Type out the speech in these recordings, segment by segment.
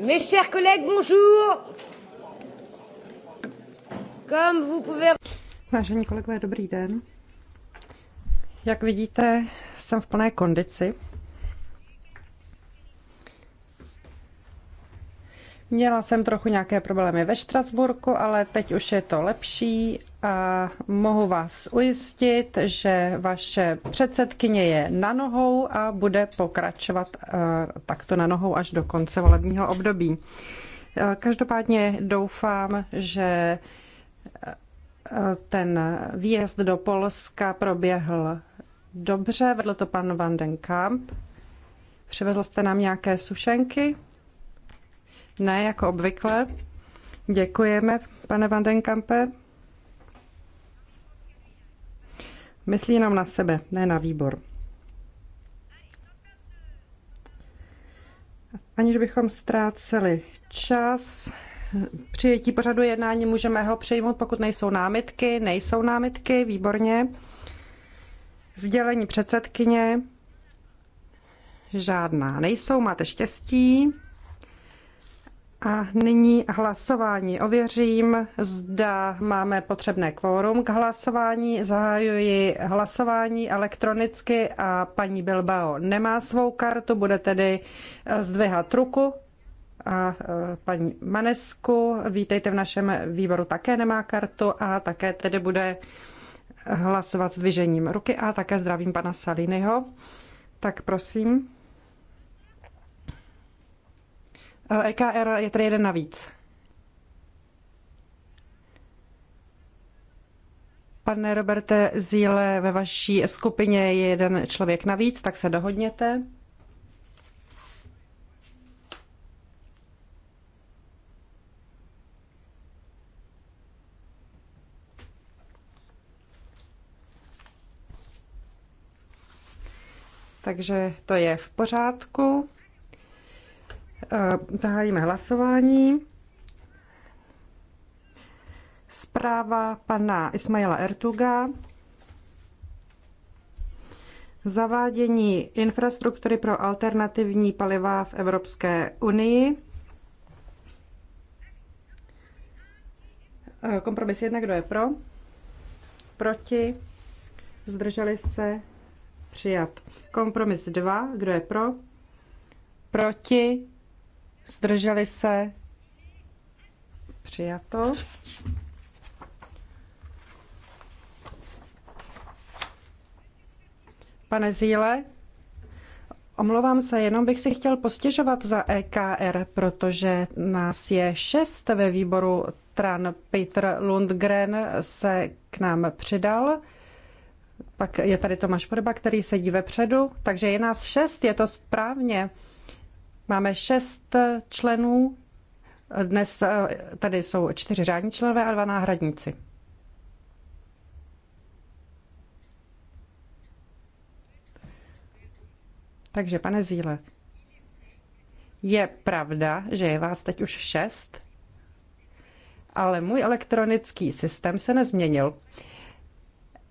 Mes chers collègues, bonjour. Comme vous pouvez... Vážení kolegové, dobrý den. Jak vidíte, jsem v plné kondici. Měla jsem trochu nějaké problémy ve Štrasburku, ale teď už je to lepší a mohu vás ujistit, že vaše předsedkyně je na nohou a bude pokračovat eh, takto na nohou až do konce volebního období. Eh, každopádně doufám, že eh, ten výjezd do Polska proběhl dobře. Vedl to pan Van den Kamp. Přivezl jste nám nějaké sušenky? Ne, jako obvykle. Děkujeme, pane Van den Kampe. Myslí jenom na sebe, ne na výbor. Aniž bychom ztráceli čas, přijetí pořadu jednání můžeme ho přejmout, pokud nejsou námitky. Nejsou námitky, výborně. Sdělení předsedkyně. Žádná nejsou, máte štěstí. A nyní hlasování. Ověřím, zda máme potřebné kvórum k hlasování. Zahajuji hlasování elektronicky a paní Bilbao nemá svou kartu, bude tedy eh, zdvihat ruku. A eh, paní Manesku, vítejte v našem výboru, také nemá kartu a také tedy bude hlasovat s dvižením ruky a také zdravím pana Salinyho. Tak prosím. EKR eh, e je tady jeden navíc. Pane Roberte Zíle, ve vaší skupině je jeden člověk navíc, tak se dohodněte. Takže to je v pořádku. Eh, zahájíme hlasování. Zpráva pana Ismaila Ertuga. Zavádění infrastruktury pro alternativní paliva v Evropské unii. Eh, kompromis jedna, kdo je pro? Proti? Zdrželi se? Přijat. Kompromis dva, kdo je pro? Proti? Zdrželi se? Přijato. Pane Zíle, omlouvám se, jenom bych si chtěl postěžovat za EKR, protože nás je šest ve výboru Tran Peter Lundgren se k nám přidal. Pak je tady Tomáš Porba, který sedí vepředu, takže je nás šest, je to správně. Máme šest členů, dnes eh, tady jsou čtyři řádní členové a dva náhradníci. Takže, pane Zíle, je pravda, že je vás teď už šest, ale můj elektronický systém se nezměnil.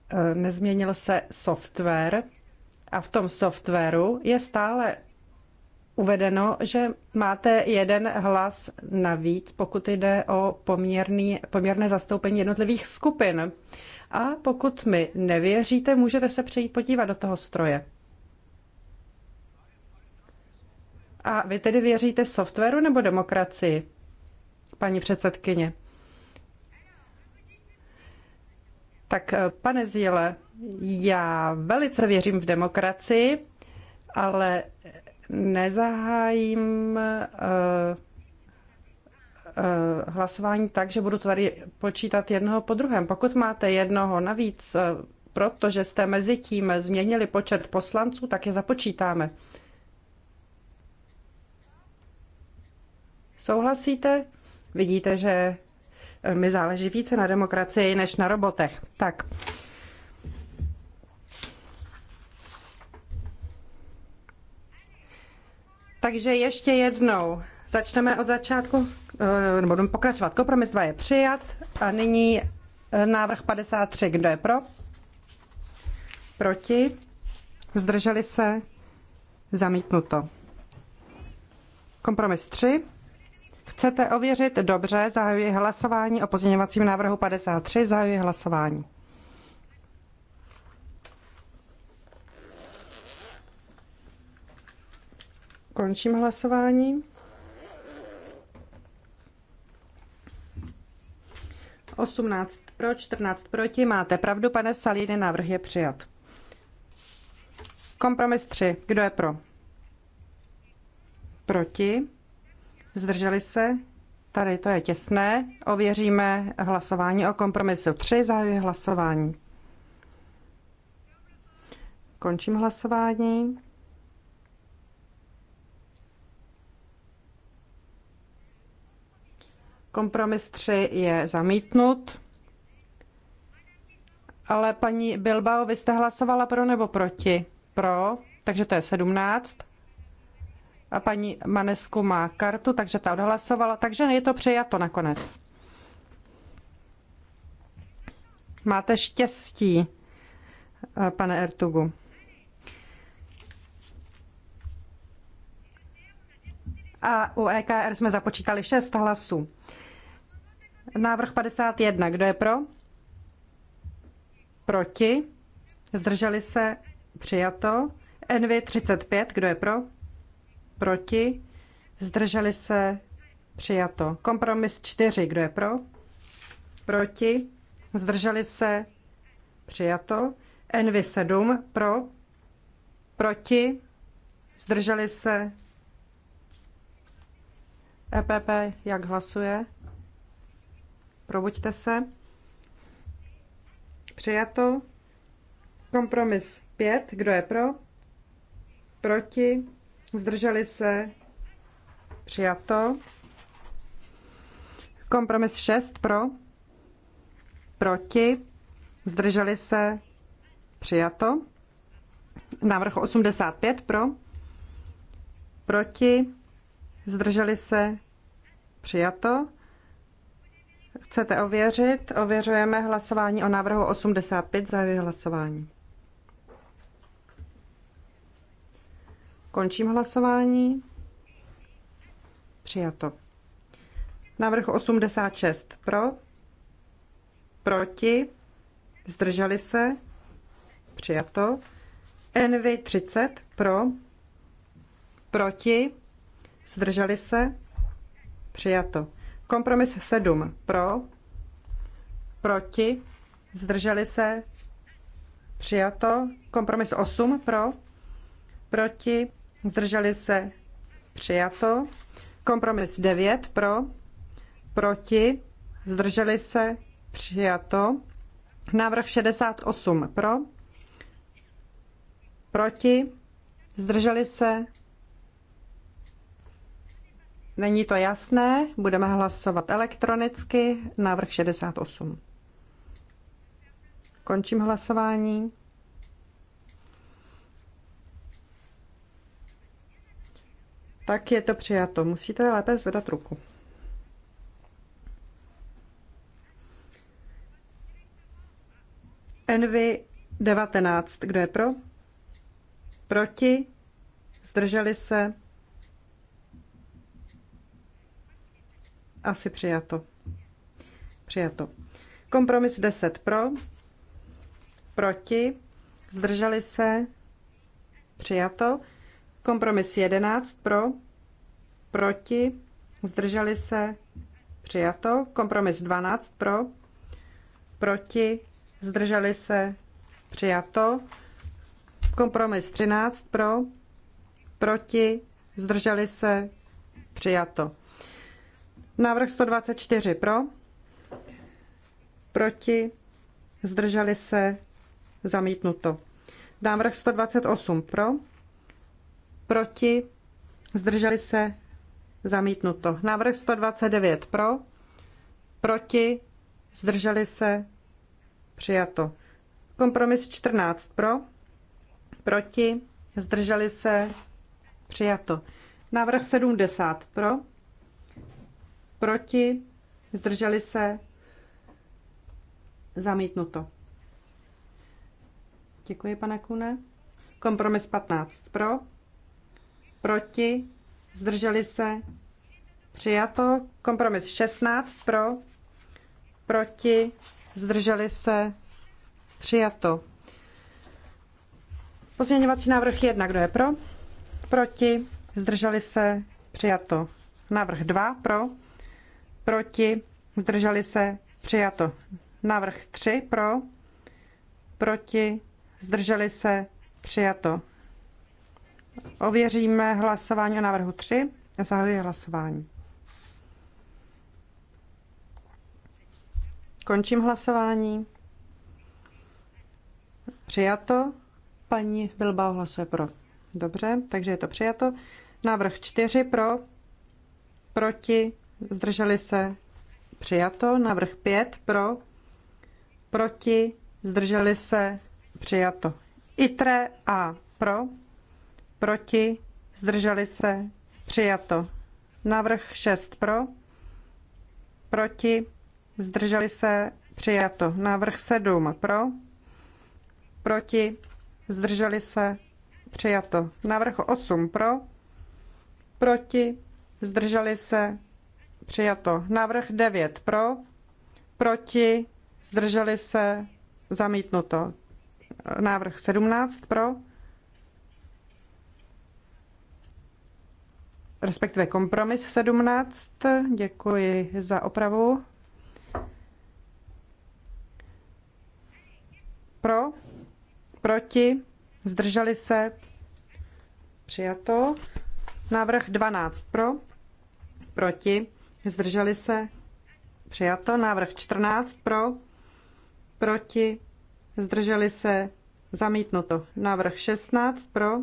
Eh, nezměnil se software a v tom softwaru je stále uvedeno, že máte jeden hlas navíc, pokud jde o poměrný, poměrné zastoupení jednotlivých skupin. A pokud mi nevěříte, můžete se přejít podívat do toho stroje. A vy tedy věříte softwaru nebo demokracii, paní předsedkyně? Tak, pane Zíle, já velice věřím v demokracii, ale nezahájím eh, eh, hlasování tak, že budu to tady počítat jednoho po druhém. Pokud máte jednoho navíc, eh, protože jste mezi tím změnili počet poslanců, tak je započítáme. Souhlasíte? Vidíte, že mi záleží více na demokracii než na robotech. Tak. Takže ještě jednou. Začneme od začátku, eh, nebo budeme pokračovat. Kompromis 2 je přijat a nyní eh, návrh 53. Kdo je pro? Proti? Zdrželi se? Zamítnuto. Kompromis 3. Chcete ověřit? Dobře, zahajuji hlasování o pozměňovacím návrhu 53, zahajuji hlasování. Končím hlasování. Osmnáct pro, 14 proti. Máte pravdu, pane Salíny, návrh je přijat. Kompromis 3. Kdo je pro? Proti? Zdrželi se? Tady to je těsné. Ověříme hlasování o kompromisu 3. Zahajuji hlasování. Končím hlasování. Kompromis 3 je zamítnut. Ale paní Bilbao, vy jste hlasovala pro nebo proti? Pro, takže to je 17. A paní Manesku má kartu, takže ta odhlasovala. Takže je to přijato nakonec. Máte štěstí, pane Ertugu. A u EKR jsme započítali 6 hlasů. Návrh 51. Kdo je pro? Proti? Zdrželi se? Přijato. NV 35. Kdo je pro? Proti? Zdrželi se? Přijato. Kompromis 4. Kdo je pro? Proti? Zdrželi se? Přijato. NV 7. Pro? Proti? Zdrželi se? EPP jak hlasuje? Probuďte se. Přijato. Kompromis 5. Kdo je pro? Proti? Zdrželi se? Přijato. Kompromis 6. Pro? Proti? Zdrželi se? Přijato. Návrh 85 pro. Proti. Zdrželi se. Přijato. Chcete ověřit? Ověřujeme hlasování o návrhu 85 za hlasování. Končím hlasování. Přijato. Návrh 86 pro, proti, zdrželi se, přijato. NV 30 pro, proti, zdrželi se, přijato. Kompromis 7 pro, proti, zdrželi se, přijato. Kompromis 8 pro, proti, zdrželi se, přijato. Kompromis 9 pro, proti, zdrželi se, přijato. Návrh 68 pro, proti, zdrželi se, Není to jasné, budeme hlasovat elektronicky. Návrh 68. Končím hlasování. Tak je to přijato. Musíte lépe zvedat ruku. Envy 19. Kdo je pro? Proti? Zdrželi se? Asi přijato. Přijato. Kompromis 10 pro, proti, zdrželi se, přijato. Kompromis 11 pro, proti, zdrželi se, přijato. Kompromis 12 pro, proti, zdrželi se, přijato. Kompromis 13 pro, proti, zdrželi se, přijato. Návrh 124 pro, proti, zdrželi se, zamítnuto. Návrh 128 pro, proti, zdrželi se, zamítnuto. Návrh 129 pro, proti, zdrželi se, přijato. Kompromis 14 pro, proti, zdrželi se, přijato. Návrh 70 pro, proti, zdrželi se, zamítnuto. Děkuji, pane Kune. Kompromis 15 pro, proti, zdrželi se, přijato. Kompromis 16 pro, proti, zdrželi se, přijato. Pozměňovací návrh 1, kdo je pro? Proti, zdrželi se, přijato. Návrh 2 pro, proti, zdrželi se, přijato. Návrh 3 pro, proti, zdrželi se, přijato. Ověříme hlasování o návrhu 3. Zahajuji hlasování. Končím hlasování. Přijato. Paní Bilbao hlasuje pro. Dobře, takže je to přijato. Návrh 4 pro, proti, zdrželi se, přijato. Návrh 5 pro, proti, zdrželi se, přijato. ITRE A pro, proti, zdrželi se, přijato. Návrh 6 pro, proti, zdrželi se, přijato. Návrh 7 pro, proti, zdrželi se, přijato. Návrh 8 pro, proti, zdrželi se, Přijato. Návrh 9 pro, proti, zdrželi se, zamítnuto. Návrh 17 pro, respektive kompromis 17. Děkuji za opravu. Pro, proti, zdrželi se, přijato. Návrh 12 pro, proti, Zdrželi se? Přijato. Návrh 14 pro, proti, zdrželi se, zamítnuto. Návrh 16 pro,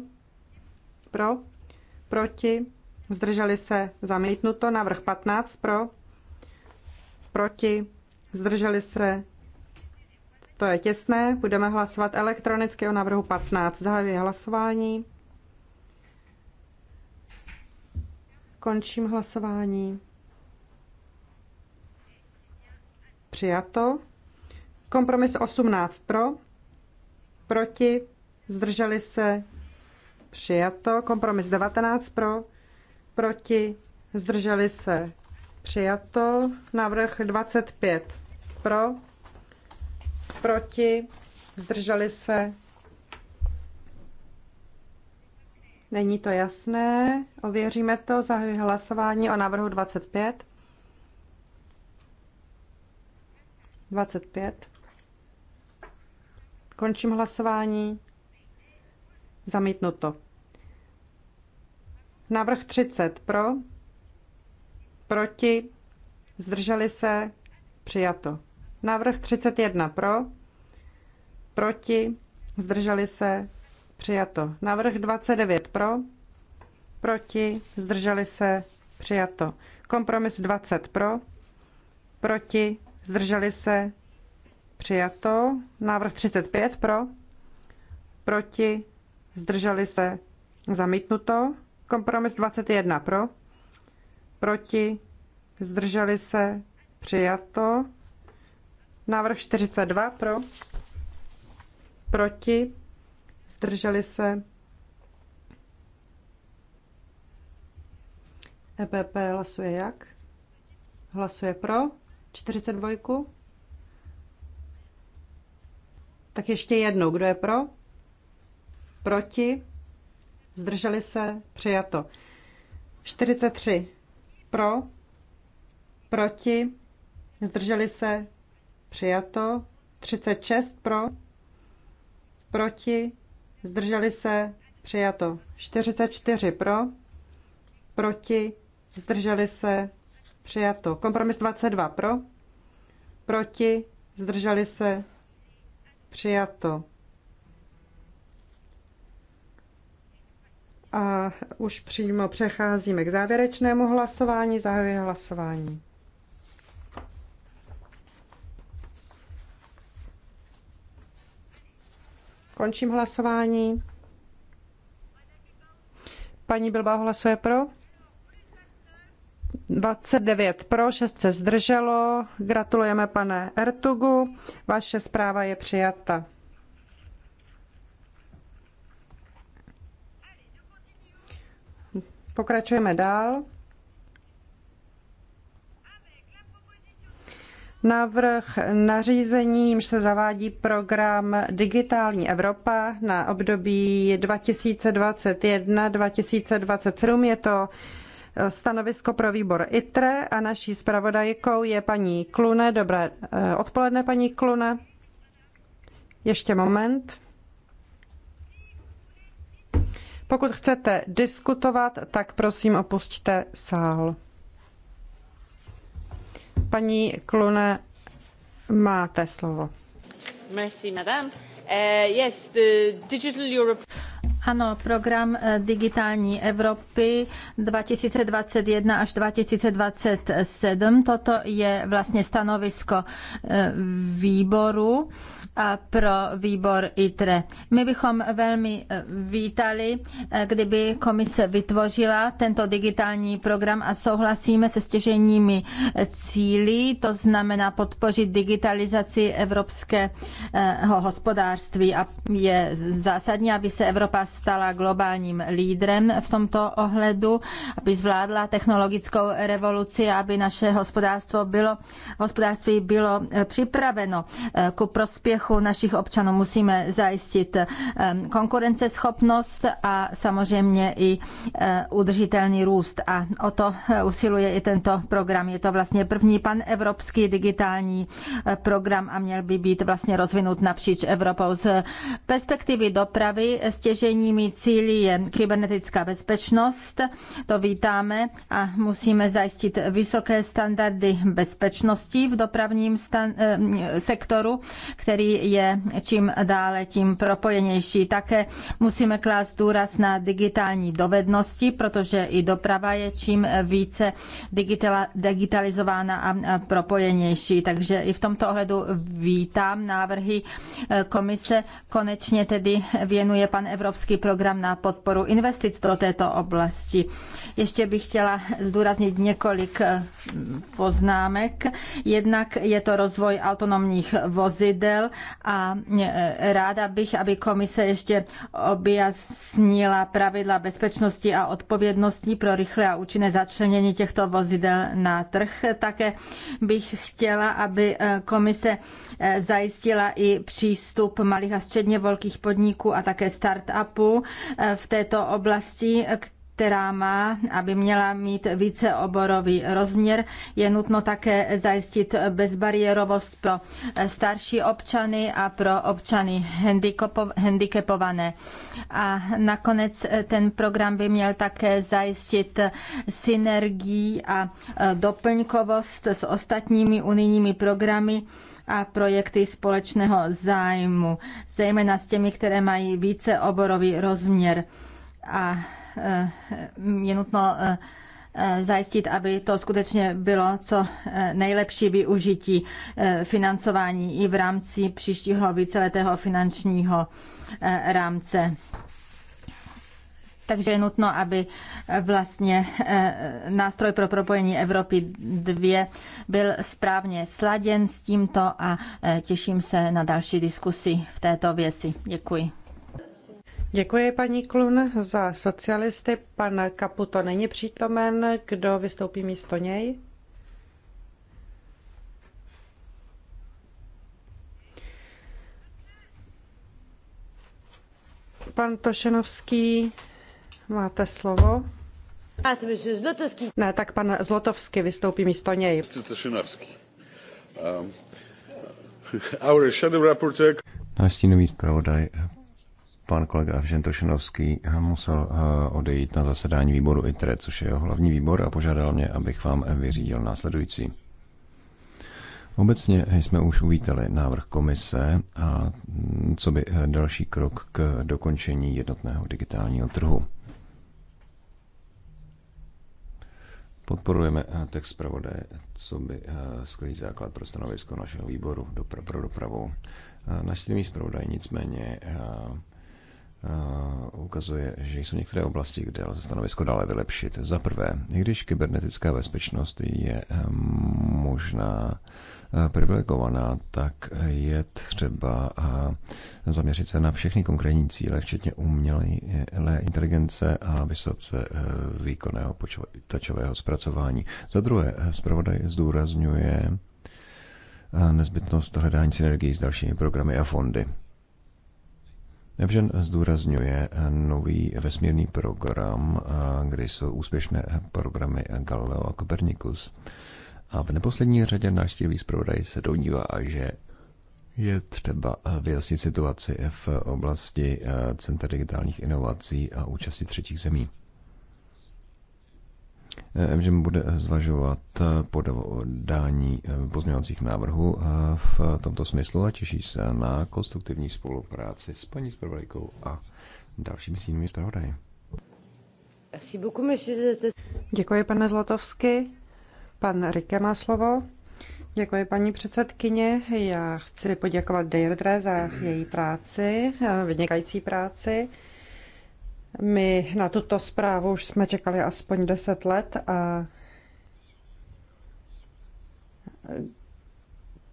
pro, proti, zdrželi se, zamítnuto. Návrh 15 pro, proti, zdrželi se, to je těsné. Budeme hlasovat elektronicky o návrhu 15. Zahajuji hlasování. Končím hlasování. Přijato. Kompromis 18 pro. Proti. Zdrželi se. Přijato. Kompromis 19 pro. Proti. Zdrželi se. Přijato. Návrh 25 pro. Proti. Zdrželi se. Není to jasné. Ověříme to. Zahajuji hlasování o návrhu 25. 25. Končím hlasování. Zamítnuto. Návrh 30 pro, proti, zdrželi se, přijato. Návrh 31 pro, proti, zdrželi se, přijato. Návrh 29 pro, proti, zdrželi se, přijato. Kompromis 20 pro, proti, Zdrželi se? Přijato. Návrh 35 pro? Proti? Zdrželi se? Zamítnuto. Kompromis 21 pro? Proti? Zdrželi se? Přijato. Návrh 42 pro? Proti? Zdrželi se? EPP hlasuje jak? Hlasuje pro? 42. Tak ještě jednou, kdo je pro? Proti? Zdrželi se? Přijato. 43. Pro? Proti? Zdrželi se? Přijato. 36 pro? Proti? Zdrželi se? Přijato. 44 pro? Proti? Zdrželi se? Přijato. Kompromis 22 pro. Proti. Zdrželi se. Přijato. A už přímo přecházíme k závěrečnému hlasování. Zahajuji hlasování. Končím hlasování. Paní Bilbao hlasuje pro. 29 pro, 6 se zdrželo. Gratulujeme, pane Ertugu. Vaše zpráva je přijata. Pokračujeme dál. Návrh nařízení, jimž se zavádí program Digitální Evropa na období 2021-2027. Je to stanovisko pro výbor ITRE a naší zpravodajkou je paní Klune. Dobré eh, odpoledne, paní Klune. Ještě moment. Pokud chcete diskutovat, tak prosím opustíte sál. Paní Klune, máte slovo. Merci, madame. Uh, yes, the digital Europe... Ano, program eh, Digitální Evropy 2021 až 2027. Toto je vlastně stanovisko eh, výboru pro výbor ITRE. My bychom velmi eh, vítali, eh, kdyby komise vytvořila tento digitální program a souhlasíme se stěženími eh, cíly, to znamená podpořit digitalizaci evropského hospodářství a je zásadní, aby se Evropa stala globálním lídrem v tomto ohledu, aby zvládla technologickou revoluci aby naše hospodářstvo bylo, hospodářství bylo připraveno ku prospěchu úspěchu našich občanů. Musíme zajistit eh, konkurenceschopnost a samozřejmě i eh, udržitelný růst. A o to eh, usiluje i tento program. Je to vlastně první panevropský digitální program a měl by být vlastně rozvinut napříč Evropou. Z perspektivy dopravy stěženími cíly je kybernetická bezpečnost. To vítáme a musíme zajistit vysoké standardy bezpečnosti v dopravním sektoru, který je čím dále tím propojenější. Také musíme klást důraz na digitální dovednosti, protože i doprava je čím více digitalizována a propojenější. Takže i v tomto ohledu vítám návrhy komise. Konečně tedy věnuje pan Evropský program na podporu investic do této oblasti. Ještě bych chtěla zdůraznit několik poznámek. Jednak je to rozvoj autonomních vozidel, a e, ráda bych, aby komise ještě objasnila pravidla bezpečnosti a odpovědnosti pro rychlé a účinné začlenění těchto vozidel na trh. Také bych chtěla, aby e, komise e, zajistila i přístup malých a středně velkých podniků a také start-upů v této oblasti, která má, aby měla mít více oborový rozměr. Je nutno také zajistit bezbariérovost pro starší občany a pro občany handicapované. A nakonec ten program by měl také zajistit synergii a doplňkovost s ostatními unijními programy a projekty společného zájmu, zejména s těmi, které mají více oborový rozměr. A Eh, je nutno eh, eh, zajistit, aby to skutečně bylo co nejlepší využití financování i v rámci příštího víceletého finančního rámce. Takže je nutno, aby vlastně nástroj pro propojení Evropy 2 byl správně sladěn s tímto a těším se na další diskusi v této věci. Děkuji. Děkuji paní Klun za socialisty. Pan Kaputo není přítomen. Kdo vystoupí místo něj? Pan Tošenovský, máte slovo. Já si myslím, Zlotovský. Ne, tak pan Zlotovský vystoupí místo něj. Tošenovský. Um, our shadow rapporteur... Náš stínový zpravodaj pan kolega Žentošenovský eh, musel eh, odejít na zasedání výboru ITRE, což je jeho hlavní výbor, a požádal mě, abych vám vyřídil následující. Obecně jsme už uvítali návrh komise a mm, co by eh, další krok k dokončení jednotného digitálního trhu. Podporujeme text zpravodaje, co by skvělý základ pro stanovisko našeho výboru pro dopravu. Naš zpravodaj nicméně Eh, ukazuje, že jsou některé oblasti, kde lze stanovisko dále vylepšit. Za prvé, i když kybernetická bezpečnost je eh, možná eh, privilegovaná, tak je třeba zaměřit se na všechny konkrétní cíle, včetně umělé inteligence a vysoce výkonného počítačového zpracování. Za druhé, zpravodaj zdůrazňuje nezbytnost hledání synergii s dalšími programy a fondy. Evžen zdůrazňuje nový vesmírný program, kde jsou úspěšné programy Galileo a Copernicus. A v neposlední řadě náš stílý zpravodaj se domnívá, že je třeba vyjasnit situaci v oblasti Centra digitálních inovací a účasti třetích zemí. Eh, MGM bude zvažovat eh, podání eh, pozměňovacích návrhů v tomto smyslu a těší se na konstruktivní spolupráci s paní zpravodajkou a dalšími stínovými zpravodaji. Děkuji, pane Zlatovsky. Pan Rike má slovo. Děkuji, paní předsedkyně. Já chci poděkovat Deirdre za její práci, vynikající práci. My na tuto zprávu už jsme čekali aspoň 10 let a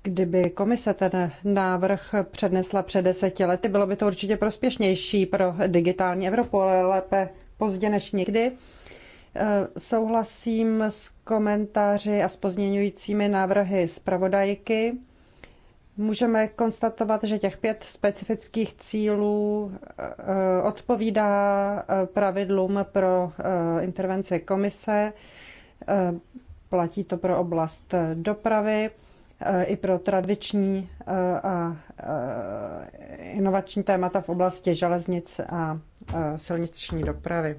kdyby komise ten návrh přednesla před deseti lety, bylo by to určitě prospěšnější pro digitální Evropu, ale lépe pozdě než nikdy. Eh, souhlasím s komentáři a s pozměňujícími návrhy zpravodajky můžeme konstatovat, že těch pět specifických cílů eh, odpovídá eh, pravidlům pro eh, intervenci komise. Platí to pro oblast dopravy i pro tradiční a inovační témata v oblasti železnic a silniční dopravy.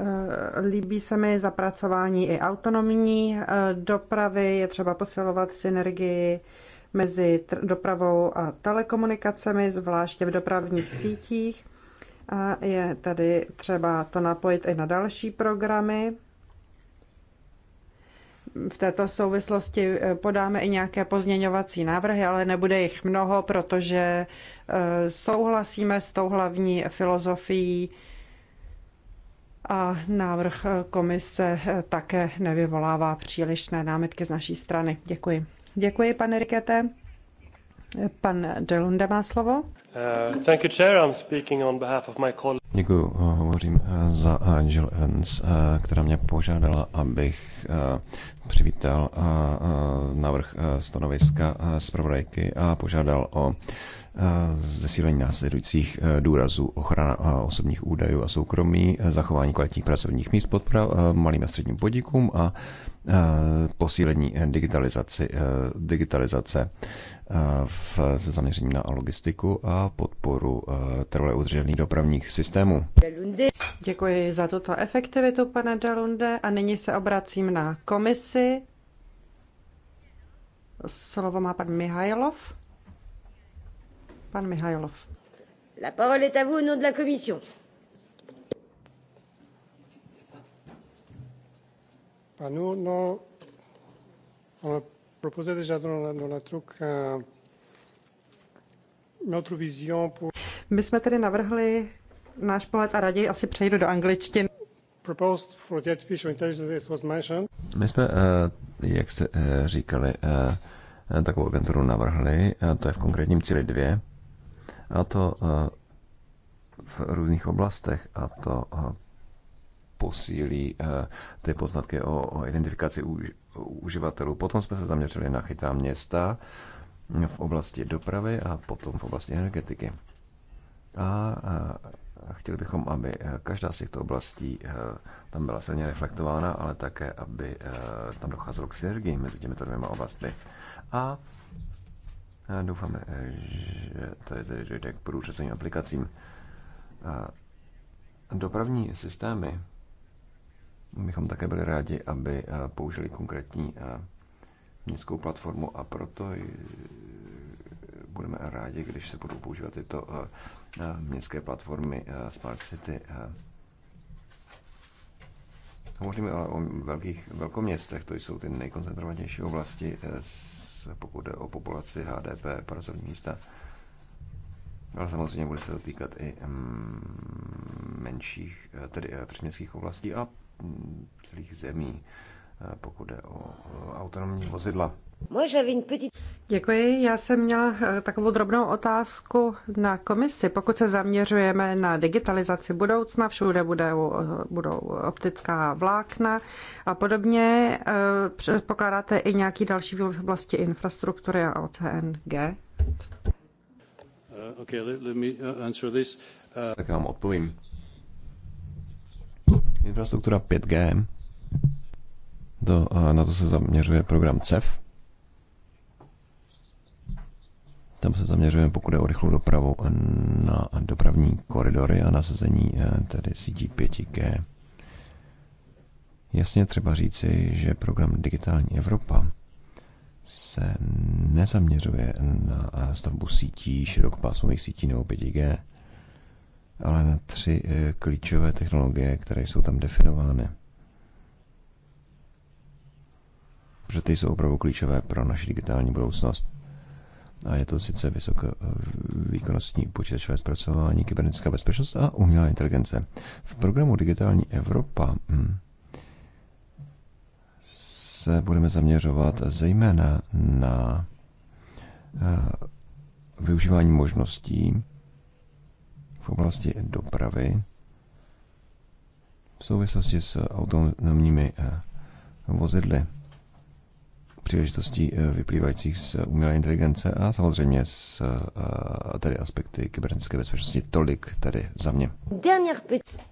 Eh, líbí se mi zapracování i autonomní eh, dopravy, je třeba posilovat synergii mezi dopravou a telekomunikacemi, zvláště v dopravních sítích. A je tady třeba to napojit i na další programy. V této souvislosti eh, podáme i nějaké pozměňovací návrhy, ale nebude jich mnoho, protože souhlasíme s tou hlavní filozofií a návrh komise také nevyvolává přílišné námitky z naší strany. Děkuji. Děkuji, pane Rikete. Pan Delunde má slovo. Uh, thank you, Chair. I'm speaking on behalf of my colleague. Děkuji. Uh, hovořím uh, za Angel Ens, která mě požádala, abych přivítal návrh stanoviska zpravodajky a požádal o Eh, zesílení následujících eh, důrazů ochrana eh, osobních údajů a soukromí, zachování kvalitních pracovních míst, podpora malým a středním podnikům a posílení digitalizaci, digitalizace v, se zaměřením na logistiku a podporu trvalé udržených dopravních systémů. Děkuji za tuto efektivitu, pane Dalunde, a nyní se obracím na komisi. Slovo má pan Mihajlov. Pan Mihajlov. La parole est à vous au nom de la commission. Ah, nous, non, on a proposé déjà dans, dans la truc euh, notre vision pour... My jsme tedy navrhli náš pohled a raději asi přejdu do angličtiny. Proposed for the artificial intelligence was mentioned. My jsme, uh, jak jste uh, říkali, uh, takovou agenturu navrhli, a to je v konkrétním cíli dvě a to eh, v různých oblastech a to eh, posílí eh, ty poznatky o, identifikaci uživatelů. Potom jsme se zaměřili na chytá města v oblasti dopravy a potom v oblasti energetiky. A, a chtěli bychom, aby každá z těchto oblastí tam byla silně reflektována, ale také, aby tam docházelo k synergii mezi těmito dvěma oblastmi. A a doufáme, eh, že tady, tady dojde k průřezovým aplikacím. A dopravní systémy bychom také byli rádi, aby eh, použili konkrétní eh, městskou platformu a proto budeme rádi, když se budou používat tyto městské platformy Smart City. Hovoříme ale o velkých velkoměstech, to jsou ty nejkoncentrovanější oblasti s pokud jde o populaci HDP, pracovní místa. Ale samozřejmě bude se dotýkat i mm, menších, eh, tedy eh, příměstských oblastí a mm, celých zemí. Eh, pokud jde o eh, autonomní vozidla. Děkuji. Já jsem měla eh, takovou drobnou otázku na komisi. Pokud se zaměřujeme na digitalizaci budoucna, všude budou, budou optická vlákna a podobně, předpokládáte i nějaký další v oblasti infrastruktury a OCNG? Tak já vám odpovím. Infrastruktura 5G to, a na to se zaměřuje program CEF. Tam se zaměřujeme, pokud je o rychlou dopravu, na dopravní koridory a nasazení eh, tedy sítí 5G. Jasně třeba říci, že program Digitální Evropa se nezaměřuje na eh, stavbu sítí, širokopásmových sítí nebo 5G, ale na tři eh, klíčové technologie, které jsou tam definovány. protože ty jsou opravdu klíčové pro naši digitální budoucnost. A je to sice vysoké eh, výkonnostní počítačové zpracování, kybernetická bezpečnost a umělá inteligence. V programu Digitální Evropa hm, se budeme zaměřovat zejména na eh, využívání možností v oblasti dopravy v souvislosti s autonomními eh, vozidly příležitostí eh, vyplývajících z eh, umělé inteligence a samozřejmě z eh, tedy aspekty kybernetické bezpečnosti. Tolik tady za mě.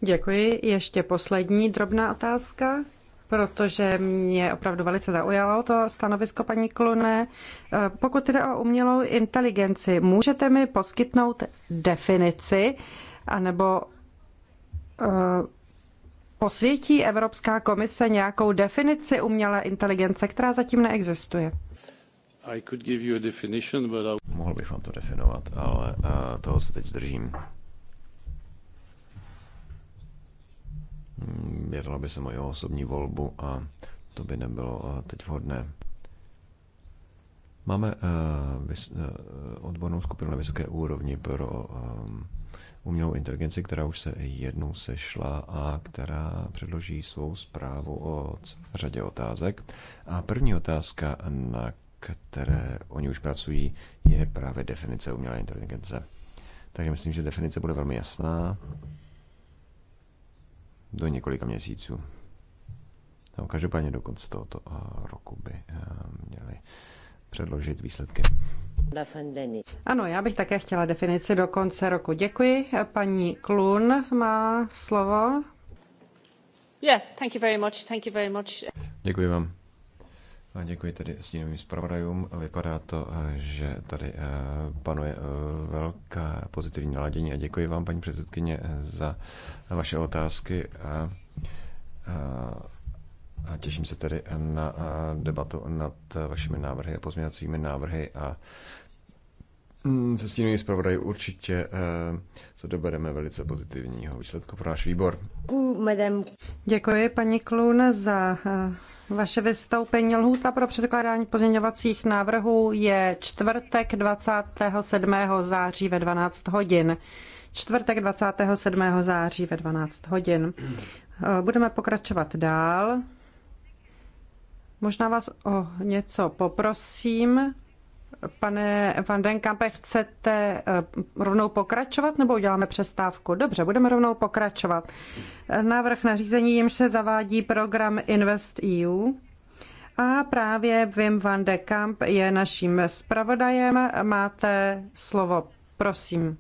Děkuji. Ještě poslední drobná otázka protože mě opravdu velice zaujalo to stanovisko paní Klune. Pokud jde o umělou inteligenci, můžete mi poskytnout definici, anebo Posvětí Evropská komise nějakou definici umělé inteligence, která zatím neexistuje? I could give you a definition, but I... Mohl bych vám to definovat, ale uh, toho se teď zdržím. Vědala hmm, by se moje osobní volbu a to by nebylo eh, teď vhodné. Máme uh, vys- uh, odbornou skupinu na vysoké úrovni pro uh, umělou inteligenci, která už se jednou sešla a která předloží svou zprávu o řadě otázek. A první otázka, na které oni už pracují, je právě definice umělé inteligence. Takže myslím, že definice bude velmi jasná do několika měsíců. No, každopádně do konce tohoto eh, roku by eh, měli předložit výsledky. Ano, já bych také chtěla definici do konce roku. Děkuji. Paní Klun má slovo. Yeah, thank you very much, thank you very much. Děkuji vám. A děkuji tedy stínovým zpravodajům. Vypadá to, že tady eh, panuje eh, velká pozitivní naladění a děkuji vám, paní předsedkyně, za vaše otázky. A, a, a těším se tedy na debatu nad vašimi návrhy a pozměňovacími návrhy a mm, se stínují zpravodaj určitě e, se dobereme velice pozitivního výsledku pro náš výbor. Děkuji paní Klun za e, vaše vystoupení. Lhůta pro předkládání pozměňovacích návrhů je čtvrtek 27. září ve 12 hodin. Čtvrtek 27. září ve 12 hodin. E, budeme pokračovat dál. Možná vás o něco poprosím. Pane Van den Kampe, chcete eh, rovnou pokračovat nebo uděláme přestávku? Dobře, budeme rovnou pokračovat. Návrh nařízení, jimž se zavádí program Invest EU. A právě Wim van de Kamp je naším zpravodajem. Máte slovo, prosím.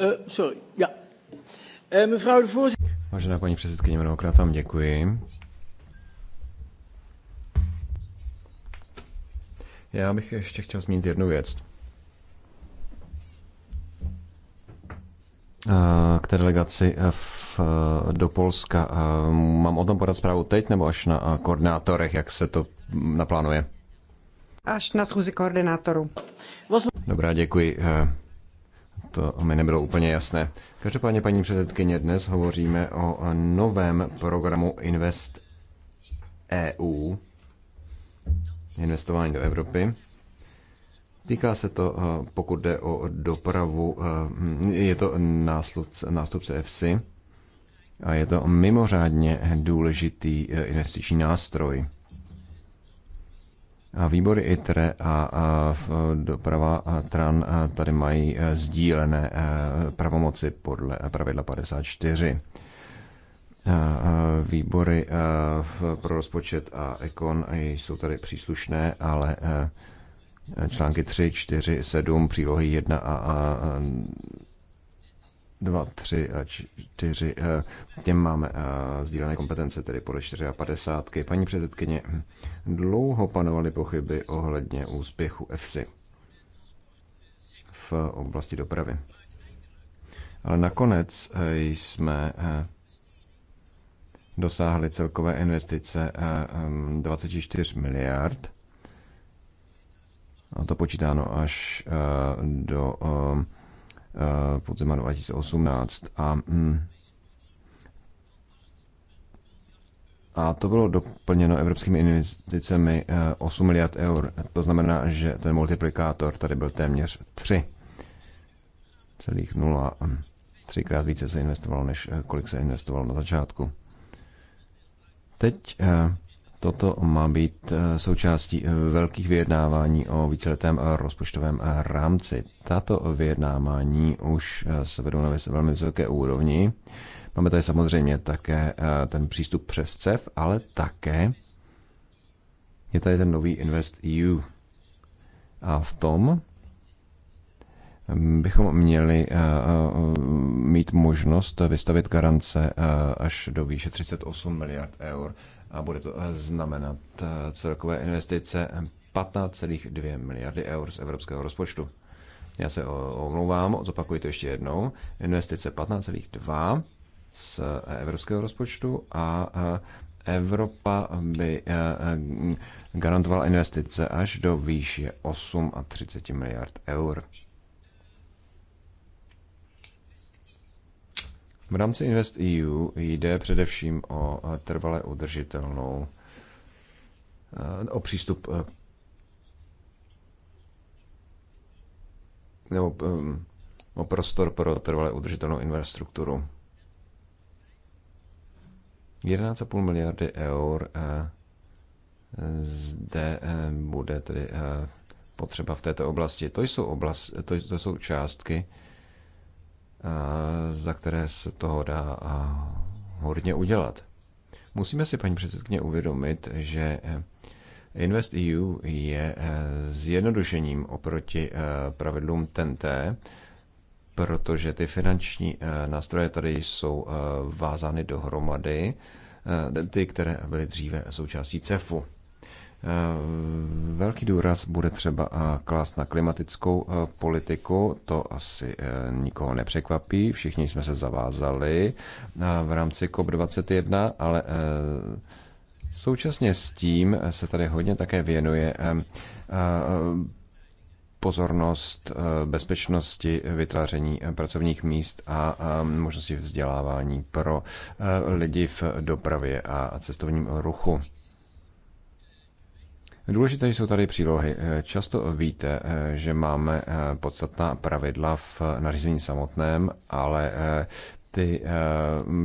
Uh, sorry, ja. Uh, mevrouw de voorzitter. Vážená paní předsedkyně, mnohokrát vám děkuji. Já bych ještě chtěl zmínit jednu věc. K té delegaci v, do Polska. Mám o tom podat zprávu teď nebo až na koordinátorech, jak se to naplánuje? Až na schůzi koordinátorů. Dobrá, děkuji to mi nebylo úplně jasné. Každopádně, paní předsedkyně, dnes hovoříme o novém programu Invest EU, investování do Evropy. Týká se to, eh, pokud jde o dopravu, eh, je to nástupce, nástupce EFSI a je to mimořádně důležitý eh, investiční nástroj. A výbory ITRE a, a doprava a TRAN a tady mají e, sdílené e, pravomoci podle pravidla 54. E, výbory pro rozpočet a ekon jsou tady příslušné, ale články 3, 4, 7, přílohy 1 a, a 2, 3 a 4, eh, těm máme eh, sdílené kompetence, tedy podle 4 a 50. Paní předsedkyně, dlouho panovaly pochyby ohledně úspěchu EFSI v oblasti dopravy. Ale nakonec eh, jsme dosáhli celkové investice 24 miliard, a to počítáno až do Eh, podzima 2018 a mm, a to bylo doplněno evropskými investicemi 8 eh, miliard eur. To znamená, že ten multiplikátor tady byl téměř 3 celých 0. Třikrát více se investovalo, než eh, kolik se investovalo na začátku. Teď Toto má být eh, součástí eh, velkých vyjednávání o víceletém eh, rozpočtovém rámci. Tato vyjednávání už se vedou na velmi vysoké úrovni. Máme tady samozřejmě také ten přístup přes CEF, ale také je tady ten nový Invest EU. A v tom mm, bychom měli mít možnost vystavit garance až do výše 38 miliard eur a bude to eh, znamenat eh, celkové investice 15,2 miliardy eur z evropského rozpočtu. Já se omlouvám, zopakuji to ještě jednou. Investice 15,2 z eh, evropského rozpočtu a Evropa by garantovala investice až do výše 8 miliard eur. V rámci Invest EU jde především o eh, trvale udržitelnou eh, o přístup eh, nebo o prostor pro trvale udržitelnou infrastrukturu. 11,5 miliardy eur zde bude tedy potřeba v této oblasti. To jsou, oblast, to, to jsou částky, za které se toho dá hodně udělat. Musíme si, paní předsedkyně, uvědomit, že e, InvestEU je e, zjednodušením oproti e, pravidlům TNT, protože ty finanční nástroje tady jsou vázány dohromady, ty, které byly dříve součástí CEFu. Eh, velký důraz bude třeba eh, klást na klimatickou eh, politiku, to asi nikoho nepřekvapí, všichni jsme se zavázali v rámci COP21, ale současně s tím se tady hodně také věnuje pozornost bezpečnosti, vytváření pracovních míst a možnosti vzdělávání pro lidi v dopravě a cestovním ruchu. Důležité jsou tady přílohy. Eh, často víte, eh, že máme eh, podstatná pravidla v nařízení samotném, ale ty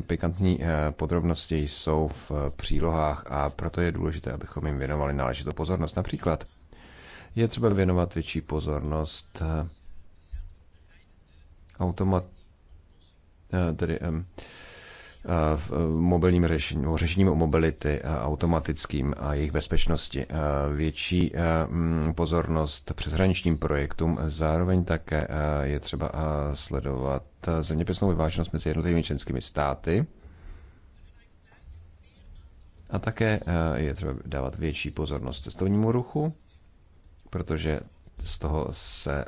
pikantní podrobnosti jsou v přílohách a proto je důležité, abychom jim věnovali náležitou pozornost. Například je třeba věnovat větší pozornost automat, tedy Eh, v eh, mobilním řešením, řešením mobility eh, automatickým a jejich bezpečnosti. Větší mm, pozornost přeshraničním projektům, zároveň také je třeba sledovat zeměpisnou vyváženost mezi jednotlivými členskými státy. A také je třeba dávat větší pozornost cestovnímu ruchu, protože z toho se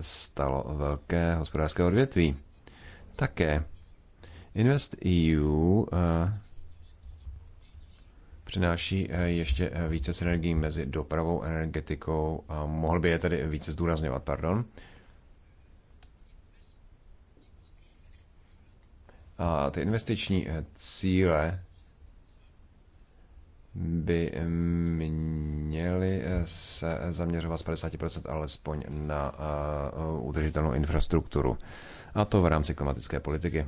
stalo velké hospodářské odvětví. Také Invest EU eh, přináší eh, ještě eh, více synergií mezi dopravou, energetikou a mohl by je tedy více zdůrazňovat, pardon. A ty investiční cíle by měly se zaměřovat z 50% alespoň na udržitelnou infrastrukturu. A to v rámci klimatické politiky.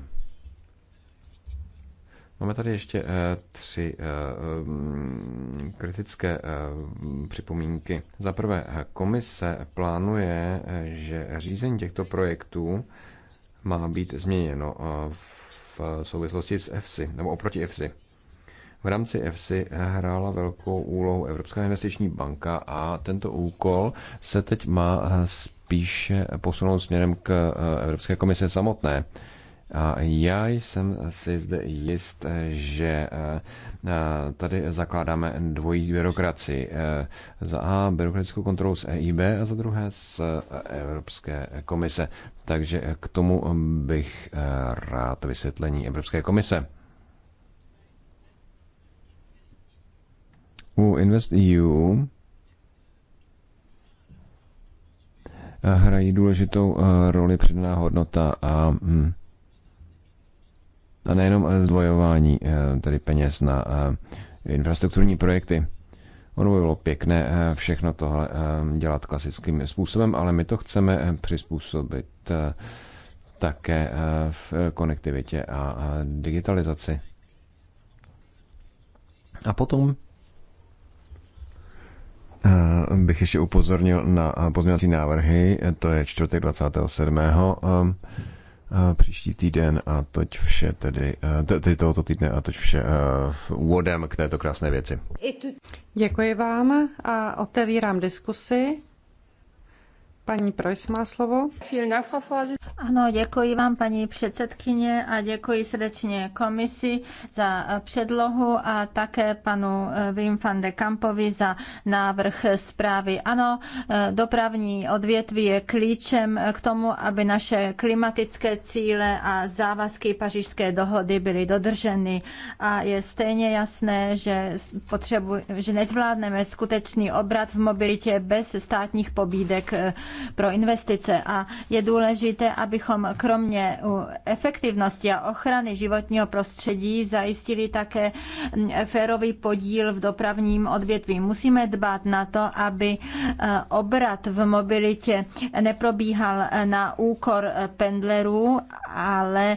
Máme tady ještě eh, tři eh, mm, kritické eh, mm, připomínky. Za prvé, komise plánuje, že řízení těchto projektů má být změněno v souvislosti s EFSI, nebo oproti EFSI. V rámci EFSI hrála velkou úlohu Evropská investiční banka a tento úkol se teď má spíše posunout směrem k Evropské komise samotné já jsem si zde jist, že eh, eh, tady zakládáme dvojí byrokracii. Eh, za A byrokratickou kontrolu z EIB a za druhé z Evropské komise. Takže k tomu bych rád vysvětlení Evropské komise. U InvestEU hrají důležitou roli předná hodnota a hm, a nejenom eh, zdvojování eh, tedy peněz na eh, infrastrukturní projekty. Ono by bylo pěkné všechno tohle dělat klasickým způsobem, ale my to chceme přizpůsobit také v konektivitě a digitalizaci. A potom bych ještě upozornil na pozměňovací návrhy, to je čtvrtek 27 Eh, příští týden a toť vše tedy, eh, tedy tohoto týdne a toť vše eh, v úvodem k této krásné věci. Děkuji vám a otevírám diskusi. Paní Projs má slovo. Ano, děkuji vám, paní předsedkyně, a děkuji srdečně komisi za eh, předlohu a také panu eh, Wim van de Kampovi za návrh zprávy. Ano, eh, dopravní odvětví je klíčem k tomu, aby naše klimatické cíle a závazky pařížské dohody byly dodrženy. A je stejně jasné, že, potřebu, že nezvládneme skutečný obrat v mobilitě bez státních pobídek pro investice a je důležité, abychom kromě efektivnosti a ochrany životního prostředí zajistili také mm, férový podíl v dopravním odvětví. Musíme dbát na to, aby e, obrat v mobilitě neprobíhal e, na úkor e, pendlerů, ale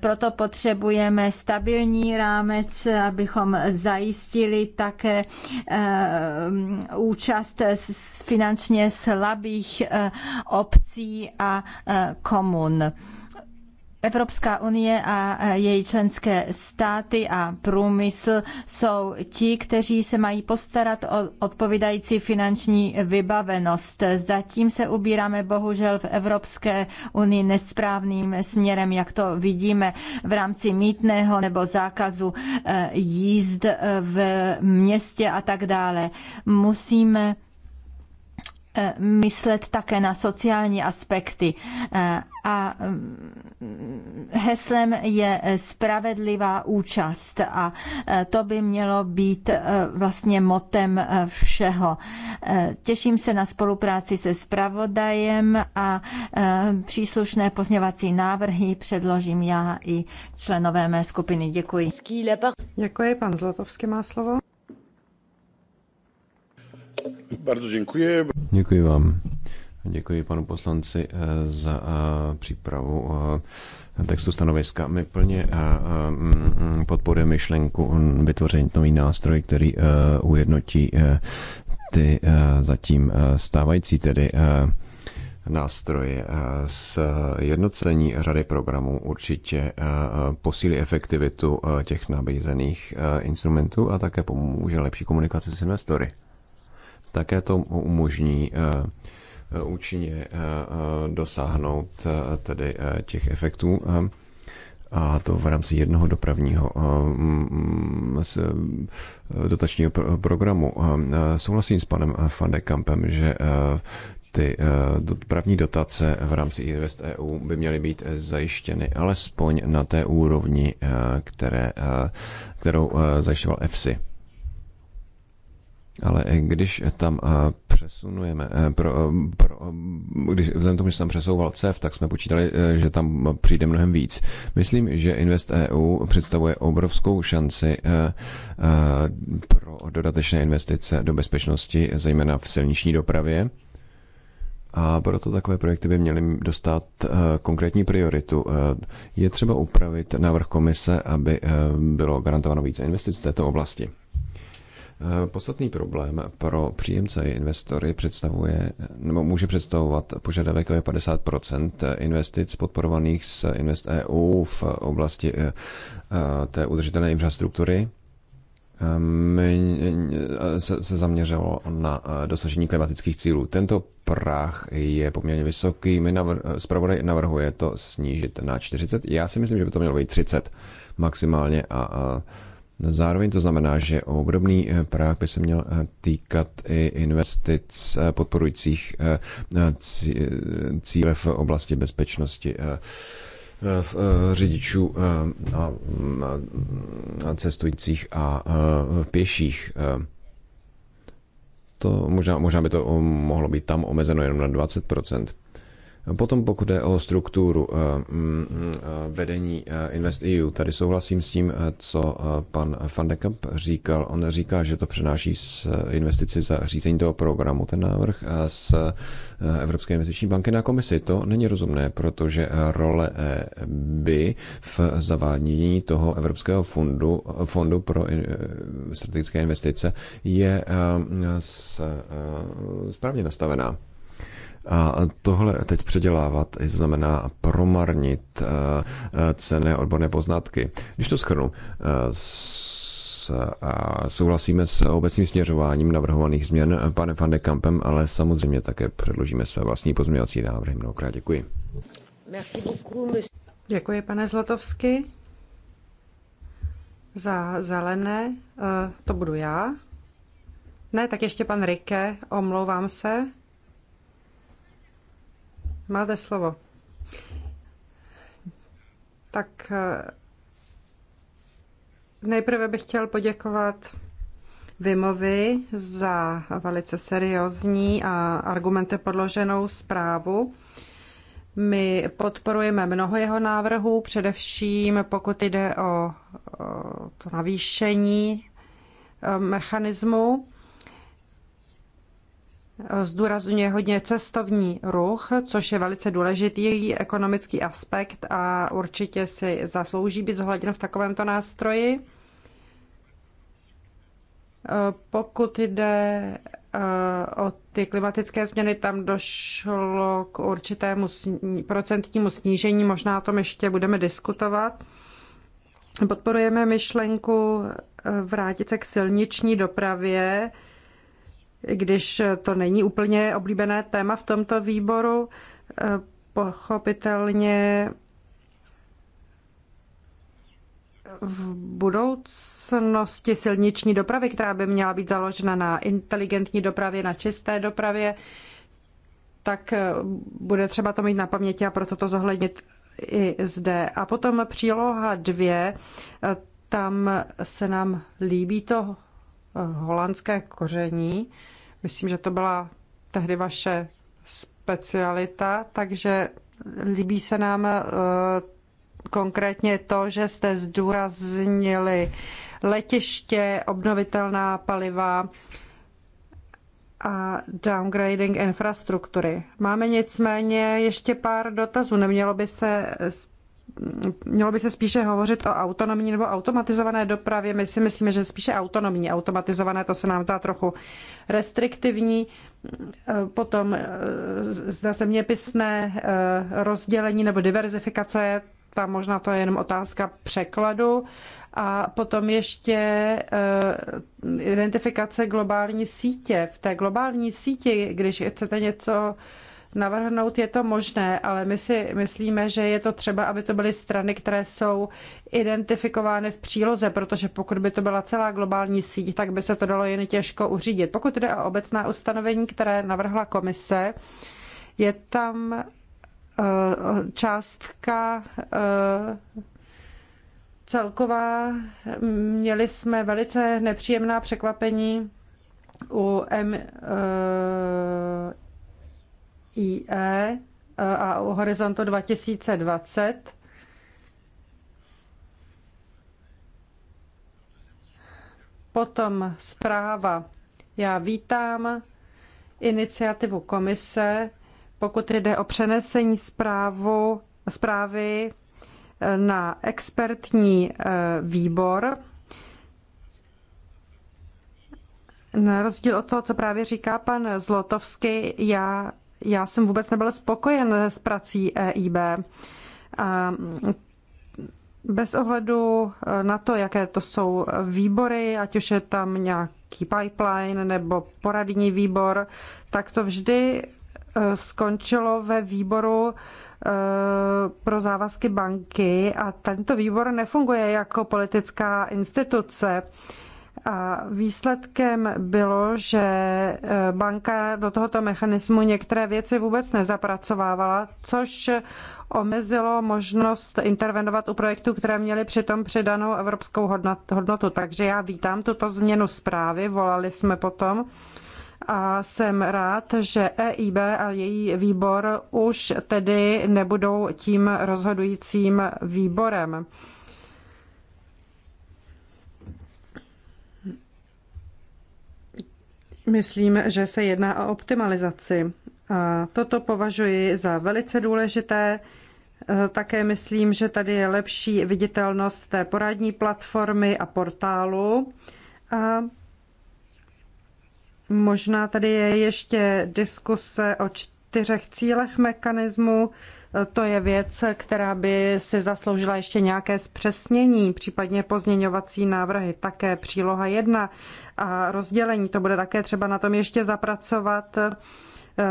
proto potřebujeme stabilní rámec, abychom zajistili také účast finančně slabých Eh, obcí a eh, komun. Evropská unie a eh, její členské státy a průmysl jsou ti, kteří se mají postarat o odpovídající finanční vybavenost. Zatím se ubíráme bohužel v Evropské unii nesprávným směrem, jak to vidíme v rámci mítného nebo zákazu jízd v městě a tak dále. Musíme Eh, myslet také na sociální aspekty. Eh, a mm, heslem je spravedlivá účast a eh, to by mělo být vlastně motem všeho. Těším se na spolupráci se spravodajem a příslušné pozměvací návrhy předložím já i členové mé skupiny. Děkuji. Děkuji, pan Zlatovský má slovo. Bardzo děkuji. Děkuji vám. Děkuji panu poslanci eh, za eh, přípravu eh, textu stanoviska. My plně podporujeme myšlenku mm, vytvoření nový nástroj, který ujednotí ty zatím stávající tedy nástroje s jednocení řady programů určitě posílí efektivitu těch nabízených instrumentů a také pomůže lepší komunikaci s investory. Také to umožní eh, eh, účinně eh, dosáhnout tedy těch efektů a to v rámci jednoho dopravního mm, dotačního programu. Souhlasím s panem Van Kampem, že ty dopravní dotace v rámci Invest EU by měly být zajištěny alespoň na té úrovni, které, kterou zajišťoval EFSI. Ale když tam eh, přesunujeme, eh, pro, eh, pro, když vzhledem tomu, že jsem přesouval CEF, tak jsme počítali, že tam přijde mnohem víc. Myslím, že Invest EU představuje obrovskou šanci pro dodatečné investice do bezpečnosti, zejména v silniční dopravě. A proto takové projekty by měly dostat konkrétní prioritu. Je třeba upravit návrh komise, aby bylo garantováno více investic v této oblasti. Eh, podstatný problém pro příjemce i investory představuje, nebo může představovat požadavek ve 50 investic podporovaných z Invest EU v oblasti eh, eh, té udržitelné infrastruktury se zaměřilo na dosažení klimatických cílů. Tento prach je poměrně vysoký. My navr- zpravodaj navrhuje to snížit na 40. Já si myslím, že by to mělo být 30 maximálně a, a Zároveň to znamená, že obdobný eh, práh by se měl eh, týkat i investic eh, podporujících cíle v oblasti bezpečnosti řidičů mm, mm, a cestujících a pěších. To možná, možná by to mohlo být tam omezeno jenom na 20 Potom pokud jde o strukturu eh, mm, mm, eh, vedení eh, InvestEU, tady souhlasím s tím, co pan Van de Kamp říkal. On říká, že to přenáší s investici za řízení toho programu, ten návrh z Evropské investiční banky na komisi. To není rozumné, protože role by v zavádění toho Evropského fondu, fondu pro strategické investice je správně nastavená. A tohle teď předělávat znamená promarnit eh, eh, cené odborné poznatky. Když to schrnu, eh, a souhlasíme s obecným směřováním navrhovaných změn panem van de Kampem, ale samozřejmě také předložíme své vlastní pozměňovací návrhy. Mnohokrát děkuji. Děkuji, pane Zlatovsky. Za zelené to budu já. Ne, tak ještě pan Rike, omlouvám se. Máte slovo. Tak eh, nejprve bych chtěl poděkovat Vimovi za velice seriózní a argumenty podloženou zprávu. My podporujeme mnoho jeho návrhů, především pokud jde o, to navýšení eh, mechanismu zdůrazňuje hodně cestovní ruch, což je velice důležitý ekonomický aspekt a určitě si zaslouží být zohledněn v takovémto nástroji. Pokud jde eh, o ty klimatické změny, tam došlo k určitému procentnímu snížení, možná o tom ještě budeme diskutovat. Podporujeme myšlenku eh, vrátit se k silniční dopravě, když to není úplně oblíbené téma v tomto výboru, eh, pochopitelně v budoucnosti silniční dopravy, která by měla být založena na inteligentní dopravě, na čisté dopravě, tak eh, bude třeba to mít na paměti a proto to zohlednit i zde. A potom příloha dvě, eh, tam se nám líbí to holandské koření. Myslím, že to byla tehdy vaše specialita, takže líbí se nám eh, konkrétně to, že jste zdůraznili letiště, obnovitelná paliva a downgrading infrastruktury. Máme nicméně ještě pár dotazů. Nemělo by se mělo by se spíše hovořit o autonomní nebo automatizované dopravě. My si myslíme, že spíše autonomní, automatizované, to se nám zdá trochu restriktivní. Potom eh, zda zeměpisné eh, rozdělení nebo diverzifikace, tam možná to je jenom otázka překladu. A potom ještě eh, identifikace globální sítě. V té globální síti, když chcete něco navrhnout, je to možné, ale my si myslíme, že je to třeba, aby to byly strany, které jsou identifikovány v příloze, protože pokud by to byla celá globální síť, tak by se to dalo jen těžko uřídit. Pokud jde o obecná ustanovení, které navrhla komise, je tam eh, částka eh, celková. Měli jsme velice nepříjemná překvapení u M, eh, IE e, a o horizontu 2020. Potom zpráva. Já vítám iniciativu komise, pokud jde o přenesení zprávu, zprávy e, na expertní e, výbor. Na rozdíl od toho, co právě říká pan Zlotovský, já já jsem vůbec nebyl spokojen s prací EIB. A bez ohledu na to, jaké to jsou výbory, ať už je tam nějaký pipeline nebo poradní výbor, tak to vždy e, skončilo ve výboru e, pro závazky banky a tento výbor nefunguje jako politická instituce. A výsledkem bylo, že eh, banka do tohoto mechanismu některé věci vůbec nezapracovávala, což omezilo možnost intervenovat u projektů, které měly přitom přidanou evropskou hodnotu. Takže já vítám tuto změnu zprávy, volali jsme potom a jsem rád, že EIB a její výbor už tedy nebudou tím rozhodujícím výborem. Myslím, že se jedná o optimalizaci. A toto považuji za velice důležité. E, také myslím, že tady je lepší viditelnost té poradní platformy a portálu. A možná tady je ještě diskuse o čtyřech cílech mechanismu, to je věc, která by si zasloužila ještě nějaké zpřesnění, případně pozměňovací návrhy, také příloha 1 a rozdělení. To bude také třeba na tom ještě zapracovat. E,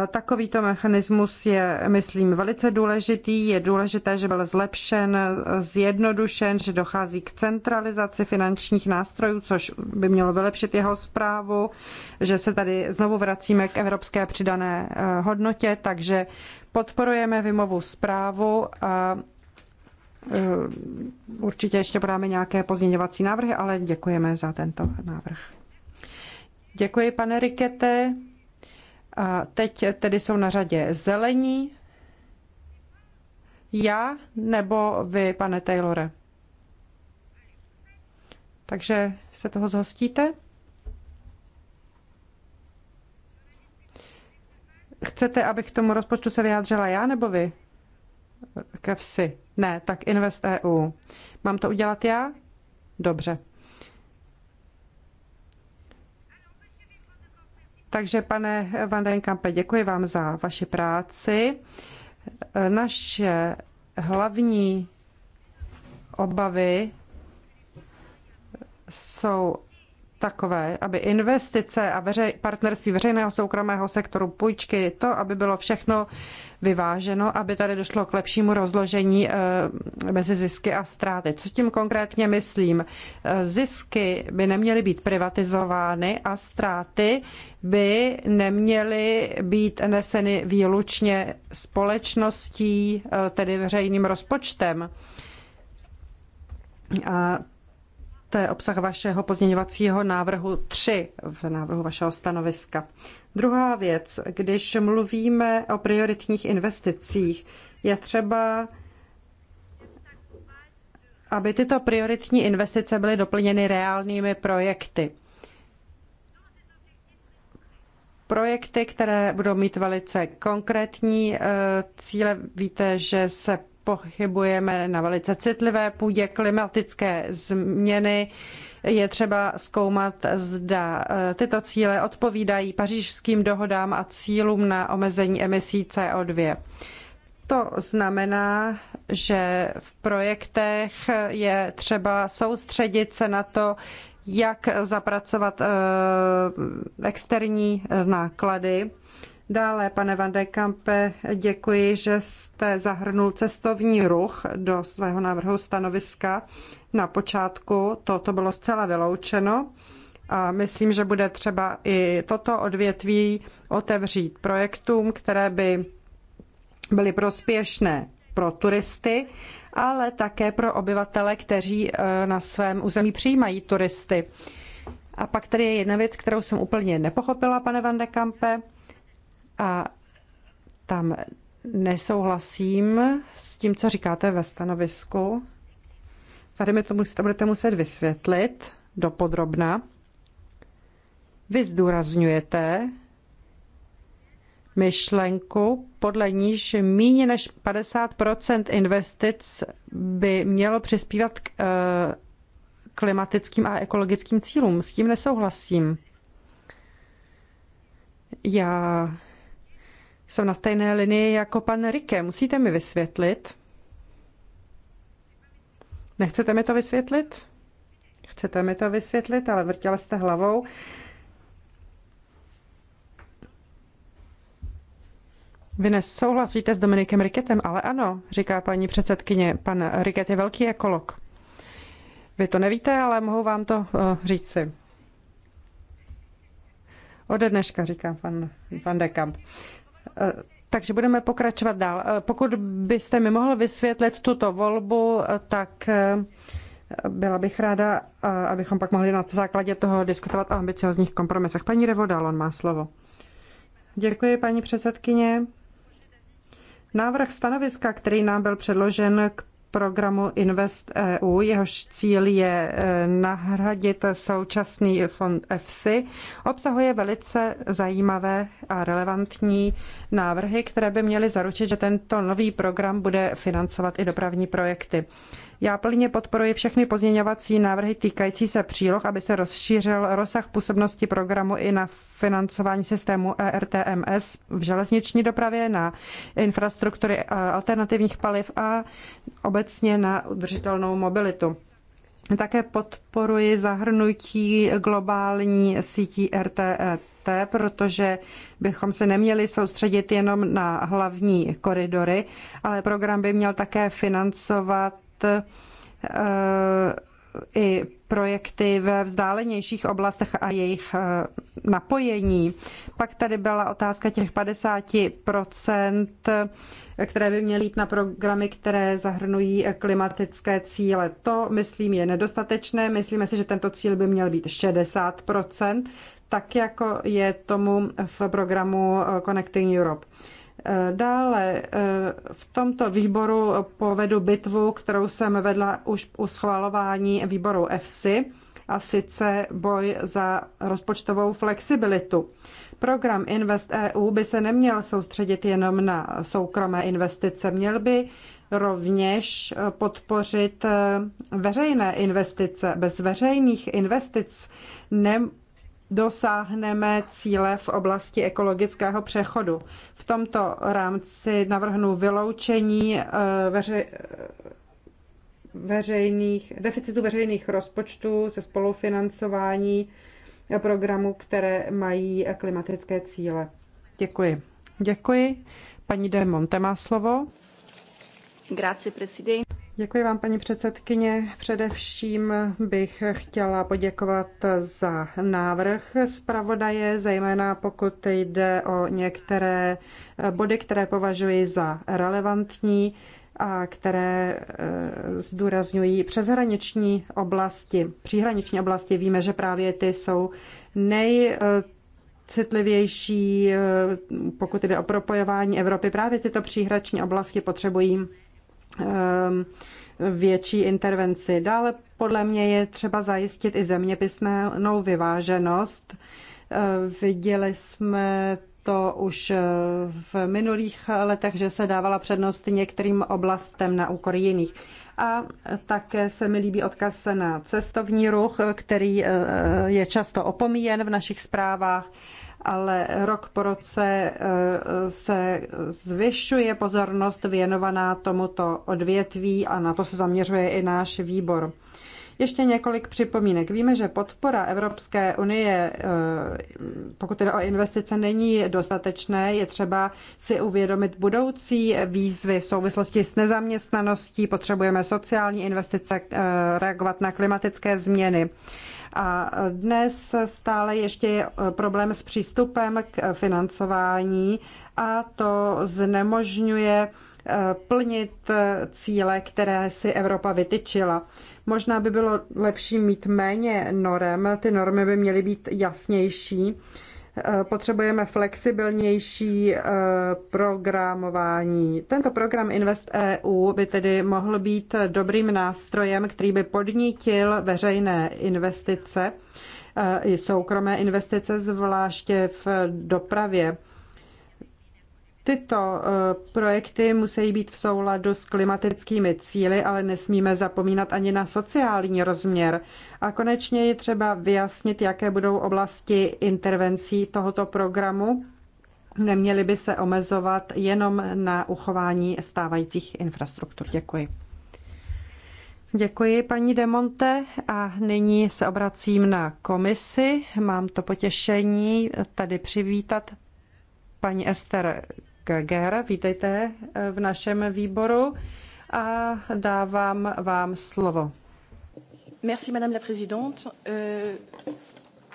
takovýto mechanismus je, myslím, velice důležitý. Je důležité, že byl zlepšen, zjednodušen, že dochází k centralizaci finančních nástrojů, což by mělo vylepšit jeho zprávu, že se tady znovu vracíme k evropské přidané e, hodnotě, takže Podporujeme Vimovu zprávu a e, určitě ještě podáme nějaké pozměňovací návrhy, ale děkujeme za tento návrh. Děkuji, pane Rikete. A teď tedy jsou na řadě zelení. Já nebo vy, pane Taylore? Takže se toho zhostíte? Chcete, abych k tomu rozpočtu se vyjádřila já nebo vy? Ke vsi. Ne, tak Invest EU. Mám to udělat já? Dobře. Takže pane Van den Kampe, děkuji vám za vaši práci. Naše hlavní obavy jsou takové, aby investice a veřej, partnerství veřejného soukromého sektoru, půjčky, to, aby bylo všechno vyváženo, aby tady došlo k lepšímu rozložení eh, mezi zisky a ztráty. Co tím konkrétně myslím? Eh, zisky by neměly být privatizovány a ztráty by neměly být neseny výlučně společností, eh, tedy veřejným rozpočtem. A to je obsah vašeho pozměňovacího návrhu 3 v návrhu vašeho stanoviska. Druhá věc, když mluvíme o prioritních investicích, je třeba, aby tyto prioritní investice byly doplněny reálnými projekty. Projekty, které budou mít velice konkrétní eh, cíle. Víte, že se pochybujeme na velice citlivé půdě klimatické změny. Je třeba zkoumat, zda eh, tyto cíle odpovídají pařížským dohodám a cílům na omezení emisí CO2. To znamená, že v projektech je třeba soustředit se na to, jak zapracovat eh, externí eh, náklady Dále, pane Van de Kampe, děkuji, že jste zahrnul cestovní ruch do svého návrhu stanoviska. Na počátku toto bylo zcela vyloučeno a myslím, že bude třeba i toto odvětví otevřít projektům, které by byly prospěšné pro turisty, ale také pro obyvatele, kteří eh, na svém území přijímají turisty. A pak tady je jedna věc, kterou jsem úplně nepochopila, pane Van de Kampe a tam nesouhlasím s tím, co říkáte ve stanovisku. Tady mi to musíte, budete muset vysvětlit dopodrobna. Vy zdůrazňujete myšlenku, podle níž méně než 50 investic by mělo přispívat k eh, klimatickým a ekologickým cílům. S tím nesouhlasím. Já jsem na stejné linii jako pan Rike. Musíte mi vysvětlit. Nechcete mi to vysvětlit? Chcete mi to vysvětlit, ale vrtěla jste hlavou. Vy nesouhlasíte s Dominikem Riketem, ale ano, říká paní předsedkyně. Pan Riket je velký ekolog. Vy to nevíte, ale mohu vám to uh, říci. Ode dneška, říká pan Van de Kamp. Eh, takže budeme pokračovat dál. Eh, pokud byste mi mohl vysvětlit tuto volbu, eh, tak byla bych ráda, abychom pak mohli na základě toho diskutovat o ambiciozních kompromisech. Paní Revodalon má slovo. Děkuji, paní předsedkyně. Návrh stanoviska, který nám byl předložen k programu Invest EU. Jehož cíl je e, nahradit současný fond EFSI. Obsahuje velice zajímavé a relevantní návrhy, které by měly zaručit, že tento nový program bude financovat i dopravní projekty. Já plně podporuji všechny pozměňovací návrhy týkající se příloh, aby se rozšířil rozsah působnosti programu i na financování systému ERTMS v železniční dopravě, na infrastruktury eh, alternativních paliv a obecně na udržitelnou mobilitu. Také podporuji zahrnutí globální sítí RTET, e protože bychom se neměli soustředit jenom na hlavní koridory, ale program by měl také financovat Eh, i projekty ve vzdálenějších oblastech a jejich eh, napojení. Pak tady byla otázka těch 50%, které by měly jít na programy, které zahrnují eh, klimatické cíle. To, myslím, je nedostatečné. Myslíme si, že tento cíl by měl být 60%, tak jako je tomu v programu Connecting Europe. Dále eh, v tomto výboru povedu bitvu, kterou jsem vedla už u schvalování výboru EFSI, a sice boj za rozpočtovou flexibilitu. Program Invest EU by se neměl soustředit jenom na soukromé investice, měl by rovněž podpořit eh, veřejné investice. Bez veřejných investic ne, dosáhneme cíle v oblasti ekologického přechodu. V tomto rámci navrhnu vyloučení eh, veře, veřejných, deficitu veřejných rozpočtů ze spolufinancování programů, které mají klimatické cíle. Děkuji. Děkuji. Paní De má slovo. Grazie, presidente. Děkuji vám, paní předsedkyně. Především bych chtěla poděkovat za návrh zpravodaje, zejména pokud jde o některé body, které považuji za relevantní a které eh, zdůrazňují přeshraniční oblasti. Příhraniční oblasti víme, že právě ty jsou nej citlivější, eh, pokud jde o propojování Evropy. Právě tyto příhrační oblasti potřebují Ehm, větší intervenci. Dále podle mě je třeba zajistit i zeměpisnou vyváženost. Ehm, viděli jsme to už eh, v minulých letech, že se dávala přednost některým oblastem na úkor jiných. A také se mi líbí odkaz na cestovní ruch, který eh, je často opomíjen v našich zprávách ale rok po roce eh, se zvyšuje pozornost věnovaná tomuto odvětví a na to se zaměřuje i náš výbor. Ještě několik připomínek. Víme, že podpora Evropské unie, eh, pokud jde o investice, není dostatečné. Je třeba si uvědomit budoucí výzvy v souvislosti s nezaměstnaností. Potřebujeme sociální investice, eh, reagovat na klimatické změny a dnes stále ještě je problém s přístupem k financování a to znemožňuje eh, plnit cíle, které si Evropa vytyčila. Možná by bylo lepší mít méně norem, ty normy by měly být jasnější Eh, potřebujeme flexibilnější eh, programování. Tento program Invest EU by tedy mohl být dobrým nástrojem, který by podnítil veřejné investice eh, i soukromé investice, zvláště v dopravě. Tyto eh, projekty musí být v souladu s klimatickými cíly, ale nesmíme zapomínat ani na sociální rozměr. A konečně je třeba vyjasnit, jaké budou oblasti intervencí tohoto programu. Neměly by se omezovat jenom na uchování stávajících infrastruktur. Děkuji. Děkuji, paní Demonte. A nyní se obracím na komisi. Mám to potěšení tady přivítat paní Ester Geger. Vítejte eh, v našem výboru a dávám vám slovo. Merci, madame la présidente. Euh,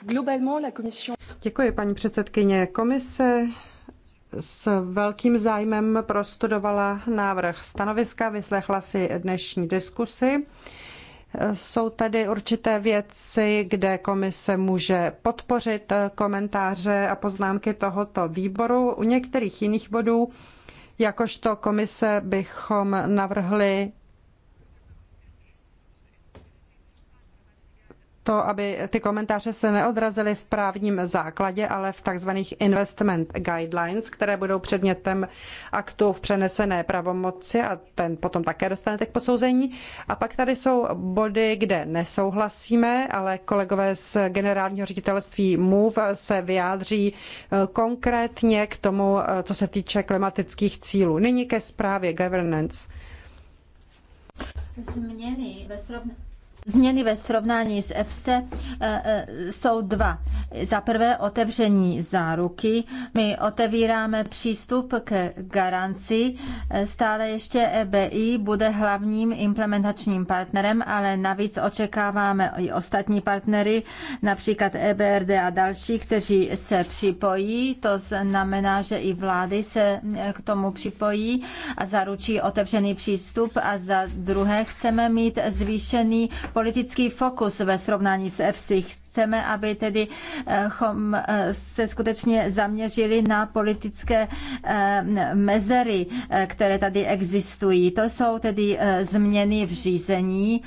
globalement, la commission... Děkuji, paní předsedkyně. Komise s velkým zájmem prostudovala návrh stanoviska, vyslechla si dnešní diskusi jsou tady určité věci, kde komise může podpořit komentáře a poznámky tohoto výboru. U některých jiných bodů, jakožto komise, bychom navrhli to, aby ty komentáře se neodrazily v právním základě, ale v takzvaných investment guidelines, které budou předmětem aktu v přenesené pravomoci a ten potom také dostanete k posouzení. A pak tady jsou body, kde nesouhlasíme, ale kolegové z generálního ředitelství MOVE se vyjádří eh, konkrétně k tomu, eh, co se týče klimatických cílů. Nyní ke zprávě governance. Změny ve srovnání Změny ve srovnání s EFSE eh, eh, jsou dva. Za prvé otevření záruky. My otevíráme přístup k garanci. Eh, stále ještě EBI bude hlavním implementačním partnerem, ale navíc očekáváme i ostatní partnery, například EBRD a další, kteří se připojí. To znamená, že i vlády se k tomu připojí a zaručí otevřený přístup. A za druhé chceme mít zvýšený politický fokus ve srovnání s EFSI. Chceme, aby tedy eh, eh, se skutečně zaměřili na politické eh, mezery, které tady existují. To jsou tedy změny v řízení.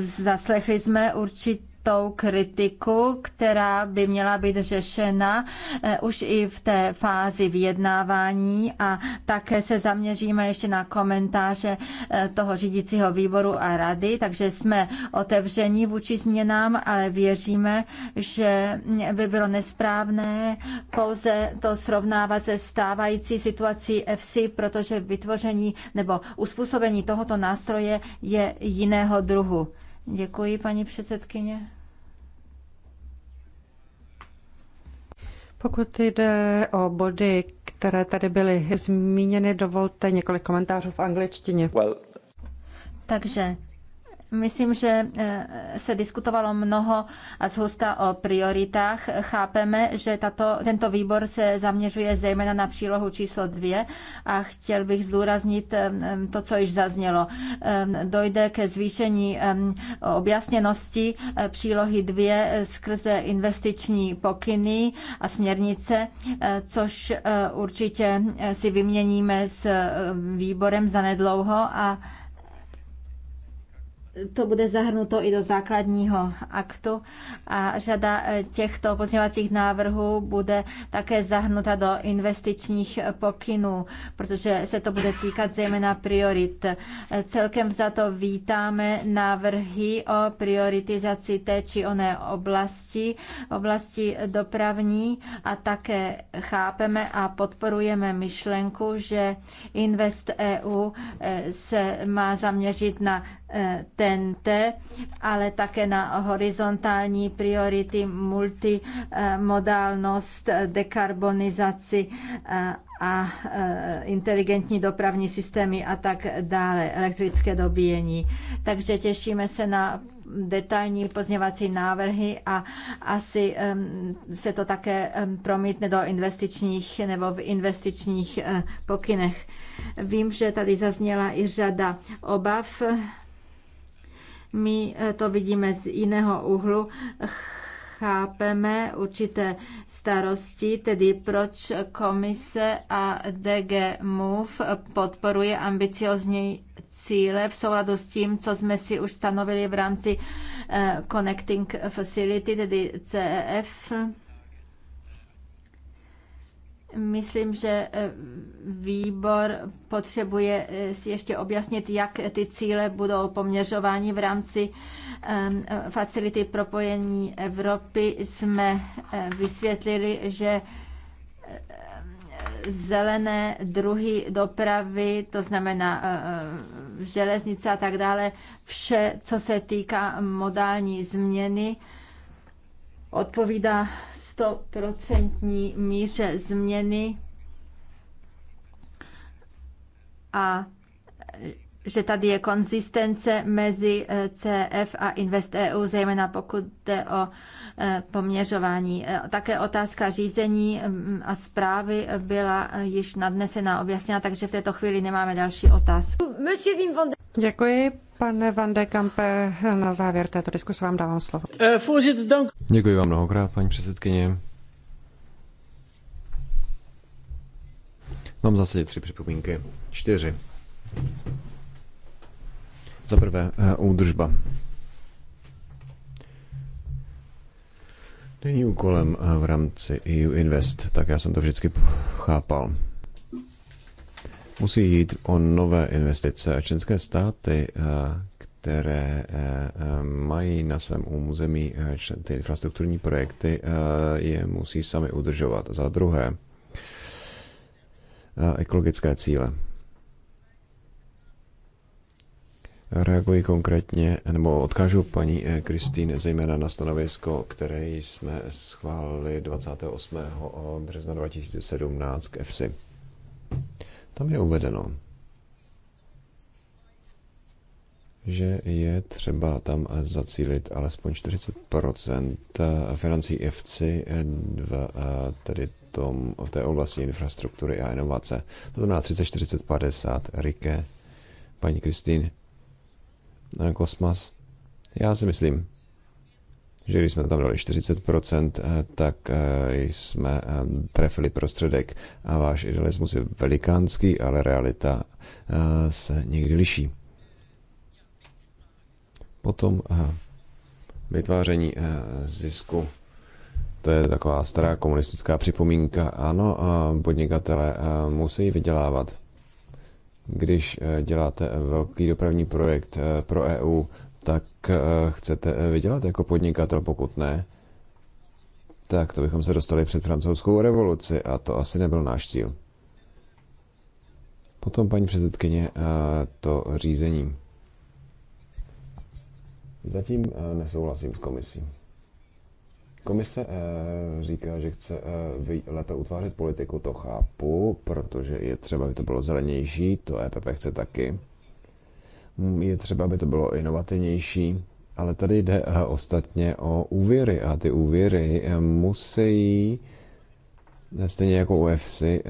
Zaslechli jsme určitě tou kritiku, která by měla být řešena eh, už i v té fázi vyjednávání a také se zaměříme ještě na komentáře eh, toho řídícího výboru a rady, takže jsme otevření vůči změnám, ale věříme, že mm, by bylo nesprávné pouze to srovnávat se stávající situací FC, protože vytvoření nebo uspůsobení tohoto nástroje je jiného druhu. Děkuji, paní předsedkyně. Pokud jde o body, které tady byly zmíněny, dovolte několik komentářů v angličtině. Well. Takže Myslím, že eh, se diskutovalo mnoho a zhusta o prioritách. Chápeme, že tato, tento výbor se zaměřuje zejména na přílohu číslo dvě a chtěl bych zdůraznit eh, to, co již zaznělo. Eh, dojde ke zvýšení objasněnosti přílohy dvě skrze investiční pokyny a směrnice, což určitě si vyměníme s výborem zanedlouho a to bude zahrnuto i do základního aktu a řada eh, těchto pozměňovacích návrhů bude také zahrnuta do investičních pokynů, protože se to bude týkat zejména priorit. Eh, celkem za to vítáme návrhy o prioritizaci té či oné oblasti, oblasti dopravní a také chápeme a podporujeme myšlenku, že Invest EU eh, se má zaměřit na tente, ale také na horizontální priority multimodálnost, dekarbonizaci eh, a eh, inteligentní dopravní systémy a tak dále, elektrické dobíjení. Takže těšíme se na detailní pozněvací návrhy a asi se to také promítne do investičních nebo v investičních eh, pokynech. Vím, že tady zazněla i řada obav my eh, to vidíme z jiného úhlu chápeme určité starosti, tedy proč komise a DG MOVE podporuje ambiciozní cíle v souladu s tím, co jsme si už stanovili v rámci eh, Connecting Facility, tedy CEF Myslím, že e, výbor potřebuje e, si ještě objasnit, jak ty cíle budou poměřovány v rámci facility propojení Evropy. Jsme e, vysvětlili, že zelené druhy dopravy, to znamená železnice a tak dále, vše, co se týká modální změny, odpovídá stoprocentní míře změny a že tady je konzistence mezi eh, CF a InvestEU, zejména pokud jde o eh, poměřování. Eh, také otázka řízení mm, a zprávy byla již nadnesena, objasněna, takže v této chvíli nemáme další otázku. Děkuji, pane Van de Kampe. Na závěr této diskuse vám dávám slovo. Děkuji vám mnohokrát, paní předsedkyně. Mám zase tři připomínky. Čtyři. Za prvé eh, údržba. Není úkolem eh, v rámci EU Invest, tak já jsem to vždycky chápal. Musí jít o nové investice a členské státy, eh, které mají na svém území ty infrastrukturní projekty, je musí sami udržovat. Za druhé, ekologické cíle. reaguji konkrétně, nebo odkážu paní eh, Kristýn zejména na stanovisko, které jsme schválili 28. Eh, března 2017 k EFSI. Tam je uvedeno, že je třeba tam eh, zacílit alespoň 40 financí EFSI v tedy tom, v té oblasti infrastruktury a inovace. To znamená 30, 40, 50, Rike, paní Kristýn kosmas? Já si myslím, že když jsme tam dali 40%, eh, tak eh, jsme eh, trefili prostředek a váš idealismus je velikánský, ale realita se někdy liší. Potom vytváření zisku. To je taková stará komunistická připomínka. Ano, podnikatele musí vydělávat. Když eh, děláte eh, velký dopravní projekt eh, pro EU, tak chcete vydělat jako podnikatel, pokud ne, tak to bychom se dostali před francouzskou revoluci a to asi nebyl náš cíl. Potom paní předsedkyně to řízení. Zatím nesouhlasím s komisí. Komise eh, říká, že chce eh, lépe utvářet politiku, to chápu, protože je třeba, aby to bylo zelenější, to EPP chce taky. Mm, je třeba, aby to bylo inovativnější, ale tady jde eh, ostatně o úvěry a ty úvěry musí stejně jako u EFSI,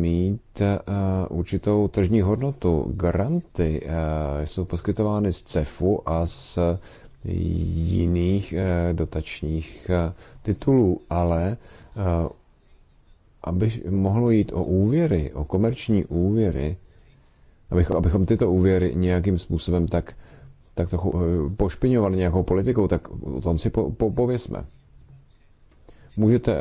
mít uh, určitou tržní hodnotu. Granty uh, jsou poskytovány z CEFu a z jiných eh, dotačních eh, titulů, ale eh, aby mohlo jít o úvěry, o komerční úvěry, abychom, abychom tyto úvěry nějakým způsobem tak, tak trochu pošpiňovali nějakou politikou, tak o tom si po, po, pověsme. Můžete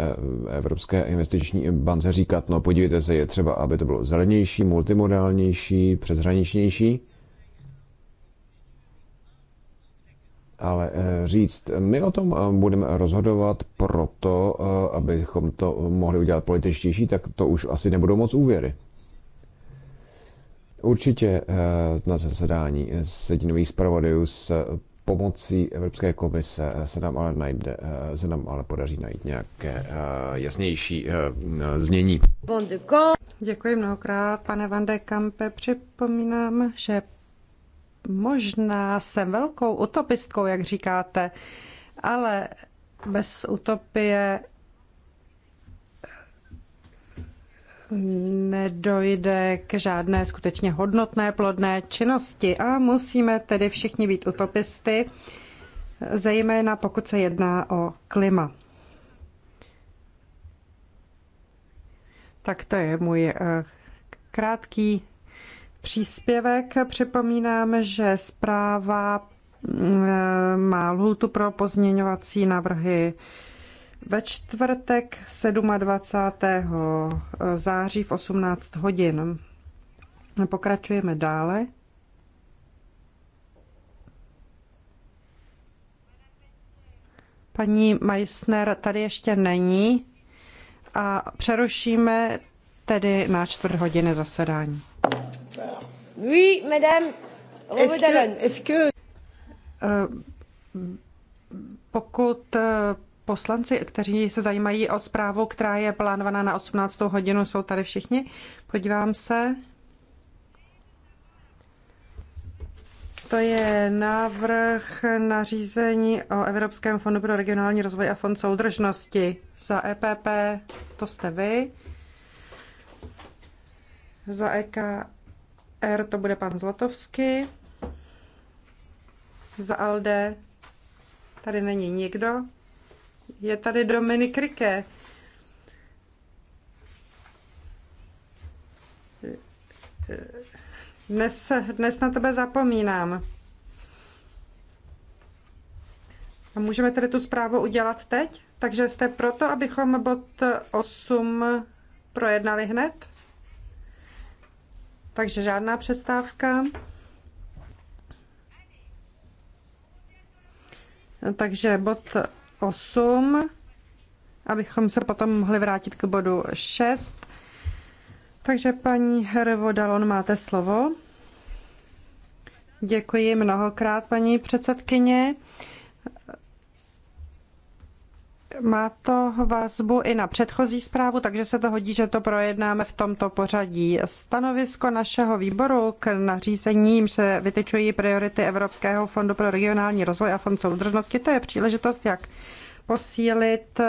Evropské investiční bance říkat, no podívejte se, je třeba, aby to bylo zelenější, multimodálnější, přeshraničnější, ale eh, říct, my o tom eh, budeme rozhodovat proto, eh, abychom to mohli udělat političtější, tak to už asi nebudou moc úvěry. Určitě na zasedání sedinových zpravodajů s pomocí Evropské komise se nám ale, najde, se nám ale podaří najít nějaké jasnější znění. Děkuji mnohokrát, pane Van de Kampe. Připomínám, že Možná jsem velkou utopistkou, jak říkáte, ale bez utopie nedojde k žádné skutečně hodnotné plodné činnosti a musíme tedy všichni být utopisty, zejména pokud se jedná o klima. Tak to je můj eh, krátký příspěvek. Připomínám, že zpráva mm, má lhůtu pro pozměňovací návrhy ve čtvrtek 27. září v 18 hodin. Pokračujeme dále. Paní Meissner tady ještě není a přerušíme tedy na čtvrt hodiny zasedání. Oui, madame Est-ce que... Eh, pokud eh, poslanci, kteří se zajímají o zprávu, která je plánovaná na 18. hodinu, jsou tady všichni. Podívám se. To je návrh na řízení o Evropském fondu pro regionální rozvoj a fond soudržnosti. Za EPP to jste vy. Za EKR R to bude pan Zlatovský. Za Alde tady není nikdo. Je tady Dominik Riké. Dnes, dnes na tebe zapomínám. A můžeme tedy tu zprávu udělat teď? Takže jste proto, abychom bod 8 projednali hned? Takže žádná přestávka. Takže bod 8, abychom se potom mohli vrátit k bodu 6. Takže paní Hervo Dalon, máte slovo. Děkuji mnohokrát, paní předsedkyně. Má to vazbu i na předchozí zprávu, takže se to hodí, že to projednáme v tomto pořadí. Stanovisko našeho výboru k nařízení, jim se vytyčují priority Evropského fondu pro regionální rozvoj a fond soudržnosti, to je příležitost, jak posílit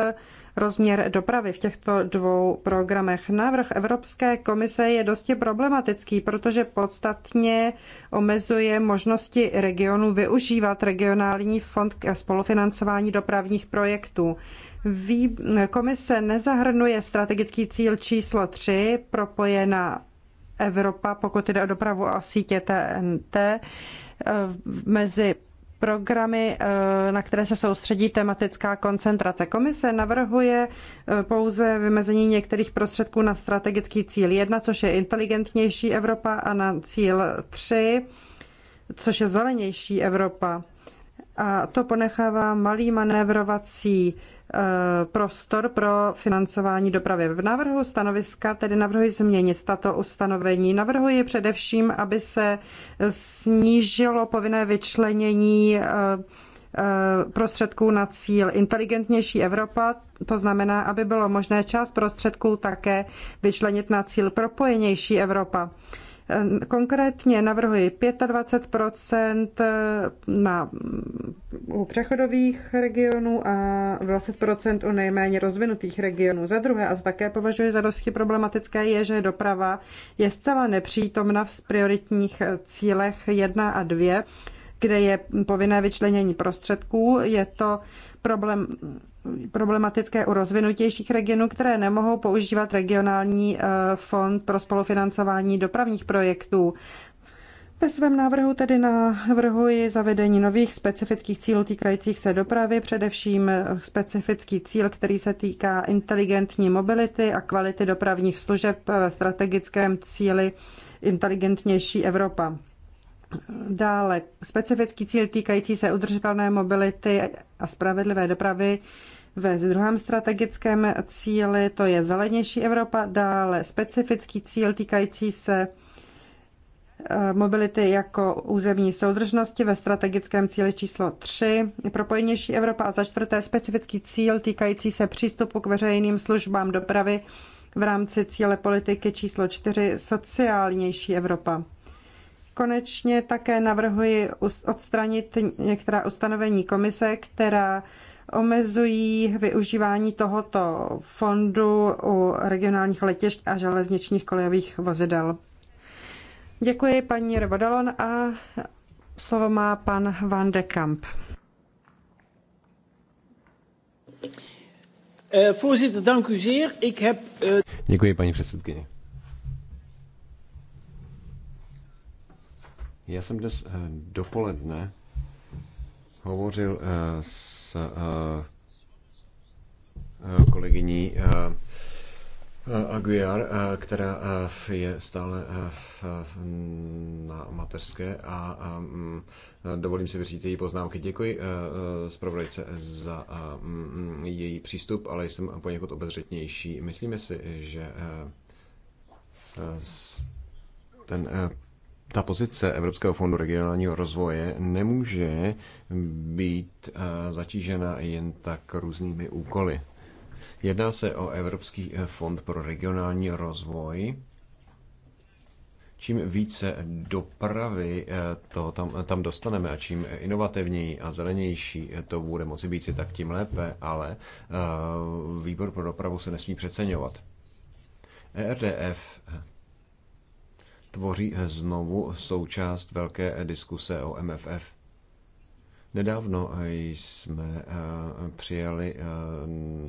rozměr dopravy v těchto dvou programech. Návrh Evropské komise je dosti problematický, protože podstatně omezuje možnosti regionu využívat regionální fond k spolufinancování dopravních projektů. Komise nezahrnuje strategický cíl číslo 3, propojená Evropa, pokud jde o dopravu a sítě TNT, eh, mezi programy, eh, na které se soustředí tematická koncentrace. Komise navrhuje eh, pouze vymezení některých prostředků na strategický cíl 1, což je inteligentnější Evropa, a na cíl 3, což je zelenější Evropa. A to ponechává malý manévrovací Eh, prostor pro financování dopravy. V návrhu stanoviska tedy navrhuji změnit tato ustanovení. Navrhuji především, aby se snížilo povinné vyčlenění eh, eh, prostředků na cíl inteligentnější Evropa, to znamená, aby bylo možné část prostředků také vyčlenit na cíl propojenější Evropa. Konkrétně navrhuji 25 na, u přechodových regionů a 20 u nejméně rozvinutých regionů. Za druhé, a to také považuji za dosti problematické, je, že doprava je zcela nepřítomna v prioritních cílech 1 a 2, kde je povinné vyčlenění prostředků. Je to problém problematické u rozvinutějších regionů, které nemohou používat regionální eh, fond pro spolufinancování dopravních projektů. Ve svém návrhu tedy navrhuji zavedení nových specifických cílů týkajících se dopravy, především eh, specifický cíl, který se týká inteligentní mobility a kvality dopravních služeb eh, v strategickém cíli inteligentnější Evropa. Dále specifický cíl týkající se udržitelné mobility a spravedlivé dopravy ve druhém strategickém cíli, to je zelenější Evropa, dále specifický cíl týkající se eh, mobility jako územní soudržnosti ve strategickém cíli číslo 3, propojenější Evropa a za čtvrté specifický cíl týkající se přístupu k veřejným službám dopravy v rámci cíle politiky číslo 4 sociálnější Evropa. Konečně také navrhuji odstranit některá ustanovení komise, která omezují využívání tohoto fondu u regionálních letišť a železničních kolejových vozidel. Děkuji paní Rebodalon a slovo má pan Van de Kamp. Eh, eh, Děkuji, paní předsedkyně. Já jsem dnes eh, dopoledne hovořil s s eh, eh, kolegyní eh, Aguiar, která je stále na mateřské a mm, dovolím si vyřídit její poznámky. Děkuji zpravodajce za mm, její přístup, ale jsem poněkud obezřetnější. Myslíme si, že ten ta pozice Evropského fondu regionálního rozvoje nemůže být eh, zatížena jen tak různými úkoly. Jedná se o Evropský eh, fond pro regionální rozvoj. Čím více dopravy eh, toho tam, tam dostaneme a čím inovativnější a zelenější to bude moci být, tak tím lépe, ale výbor pro dopravu se nesmí přeceňovat. ERDF tvoří znovu součást velké diskuse o MFF. Nedávno jsme eh, přijali eh,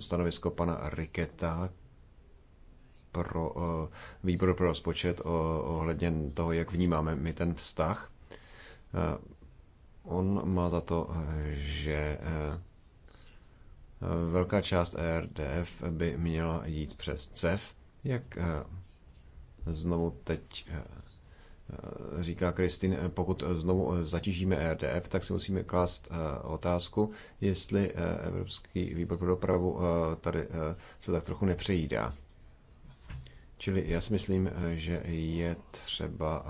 stanovisko pana Riketa pro eh, výbor pro rozpočet ohledně toho, jak vnímáme my ten vztah. On má za to, že velká část e RDF by měla jít přes CEF, jak znovu teď eh, říká Kristin, eh, pokud znovu eh, zatížíme RDF, tak si musíme klást otázku, jestli Evropský výbor pro dopravu tady se tak trochu nepřejídá. Čili já si myslím, že je třeba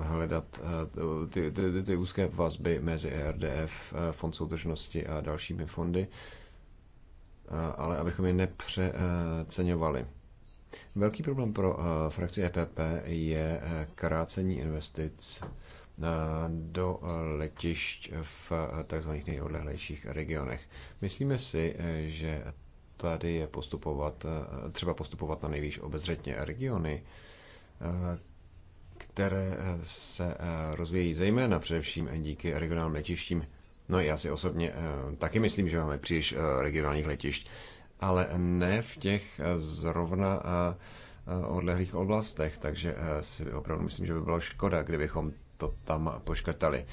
hledat ty, ty, ty úzké vazby mezi RDF, Fond soudržnosti a dalšími fondy, ale abychom je nepřeceňovali. Velký problém pro eh, frakci EPP je eh, krácení investic eh, do letišť v tzv. nejodlehlejších regionech. Myslíme si, že tady je postupovat, třeba postupovat na nejvýš obezřetně regiony, které se rozvíjí zejména především díky regionálním letištím. No já si osobně taky myslím, že máme příliš regionálních letišť ale ne v těch eh, zrovna eh, eh, odlehlých oblastech, takže si opravdu myslím, že by bylo škoda, kdybychom to tam poškrtali.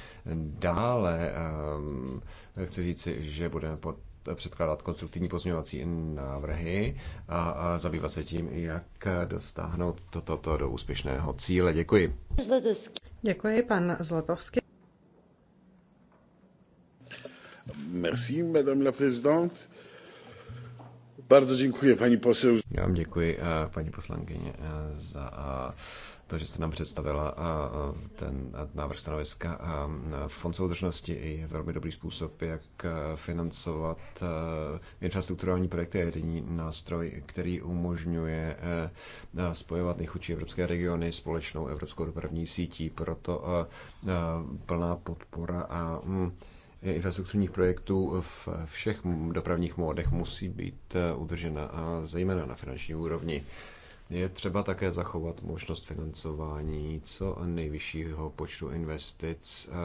Dále ehm, chci říci, že budeme pod předkládat konstruktivní pozměňovací návrhy a, a zabývat se tím, jak dostáhnout toto to, to do úspěšného cíle. Děkuji. Zlatovský. Děkuji, pan Zlatovský. Merci, madame la présidente. Bardzo děkuji, pani posel. Já vám děkuji, eh, pani poslankyně, eh, za eh, to, že jste nám představila ten návrh stanoviska. Fond soudržnosti je velmi dobrý způsob, jak financovat infrastrukturální projekty. Je jediný nástroj, který umožňuje spojovat nejchudší evropské regiony společnou evropskou dopravní sítí. Proto plná podpora a hm, infrastrukturních projektů v všech dopravních módech musí být eh, udržena a zejména na finanční úrovni. Je třeba také zachovat možnost financování co nejvyššího počtu investic eh,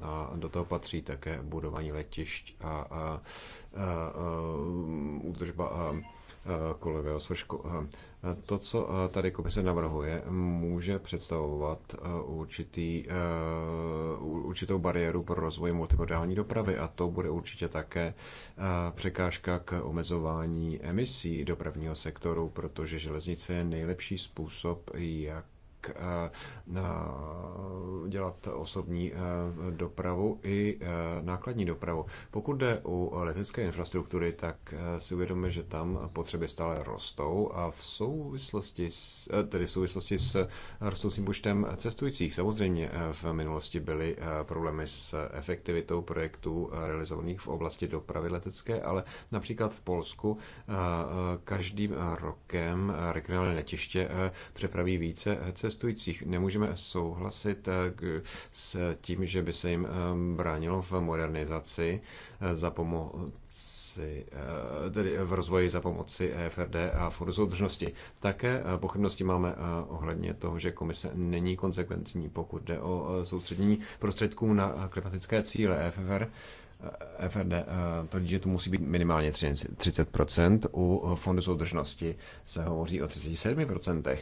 a do toho patří také budování letišť a, a, a, a mm, údržba a, a kolového svršku. Eh, to, co eh, tady komise navrhuje, může představovat eh, určitý, eh, určitou bariéru pro rozvoj multimodální dopravy a to bude určitě také překážka k omezování emisí dopravního sektoru, protože železnice je nejlepší způsob, jak Eh, dělat osobní eh, dopravu i eh, nákladní dopravu. Pokud jde u letecké infrastruktury, tak si uvědomíme, že tam potřeby stále rostou a v souvislosti s, tedy v souvislosti s rostoucím počtem cestujících. Samozřejmě v minulosti byly problémy s efektivitou projektů realizovaných v oblasti dopravy letecké, ale například v Polsku každým rokem regionální letiště přepraví více cestujících cestujících. Nemůžeme souhlasit eh, s tím, že by se jim eh, bránilo v modernizaci eh, za pomoci, tedy v rozvoji za pomoci EFRD a Fondu soudržnosti. Také pochybnosti máme ohledně toho, že komise není konsekventní, pokud jde o soustředění prostředků na klimatické cíle EFR. E FRD tvrdí, že to musí být minimálně 30%. U Fondu soudržnosti se hovoří o 37%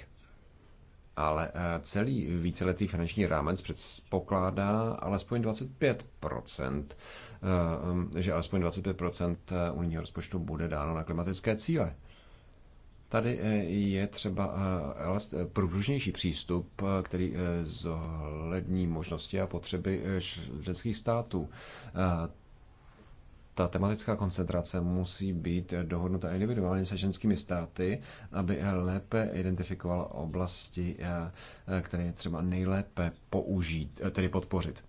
ale eh, celý víceletý finanční rámec předpokládá alespoň 25 eh, že alespoň 25 eh, unijního rozpočtu bude dáno na klimatické cíle. Tady je třeba průbružnější přístup, který zohlední možnosti a potřeby členských států ta tematická koncentrace musí být dohodnuta individuálně se ženskými státy, aby lépe identifikovala oblasti, eh, eh, které je třeba nejlépe použít, eh, tedy podpořit.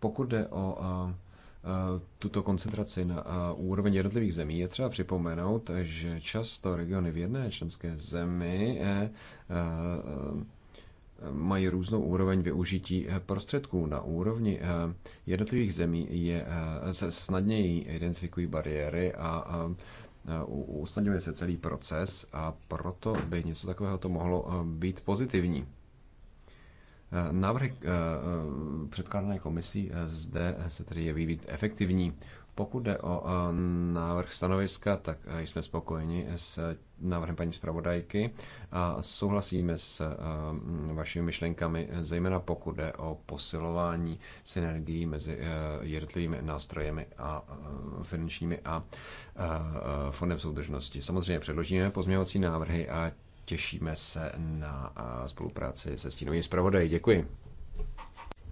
Pokud jde o tuto koncentraci na úroveň jednotlivých zemí, je třeba připomenout, že často regiony v jedné členské zemi mají různou úroveň využití eh, prostředků. Na úrovni eh, jednotlivých zemí je, eh, se snadněji identifikují bariéry a usnadňuje se celý proces a proto by něco takového to mohlo být pozitivní. Návrhy předkládané komisí zde se tedy jeví být efektivní. Pokud jde o e, návrh stanoviska, tak e, jsme spokojeni s návrhem paní zpravodajky a souhlasíme s e, vašimi myšlenkami, zejména pokud jde o posilování synergií mezi jednotlivými nástrojemi a finančními a fondem soudržnosti. Samozřejmě předložíme pozměňovací návrhy a těšíme se na spolupráci se stínovým zpravodají. Děkuji.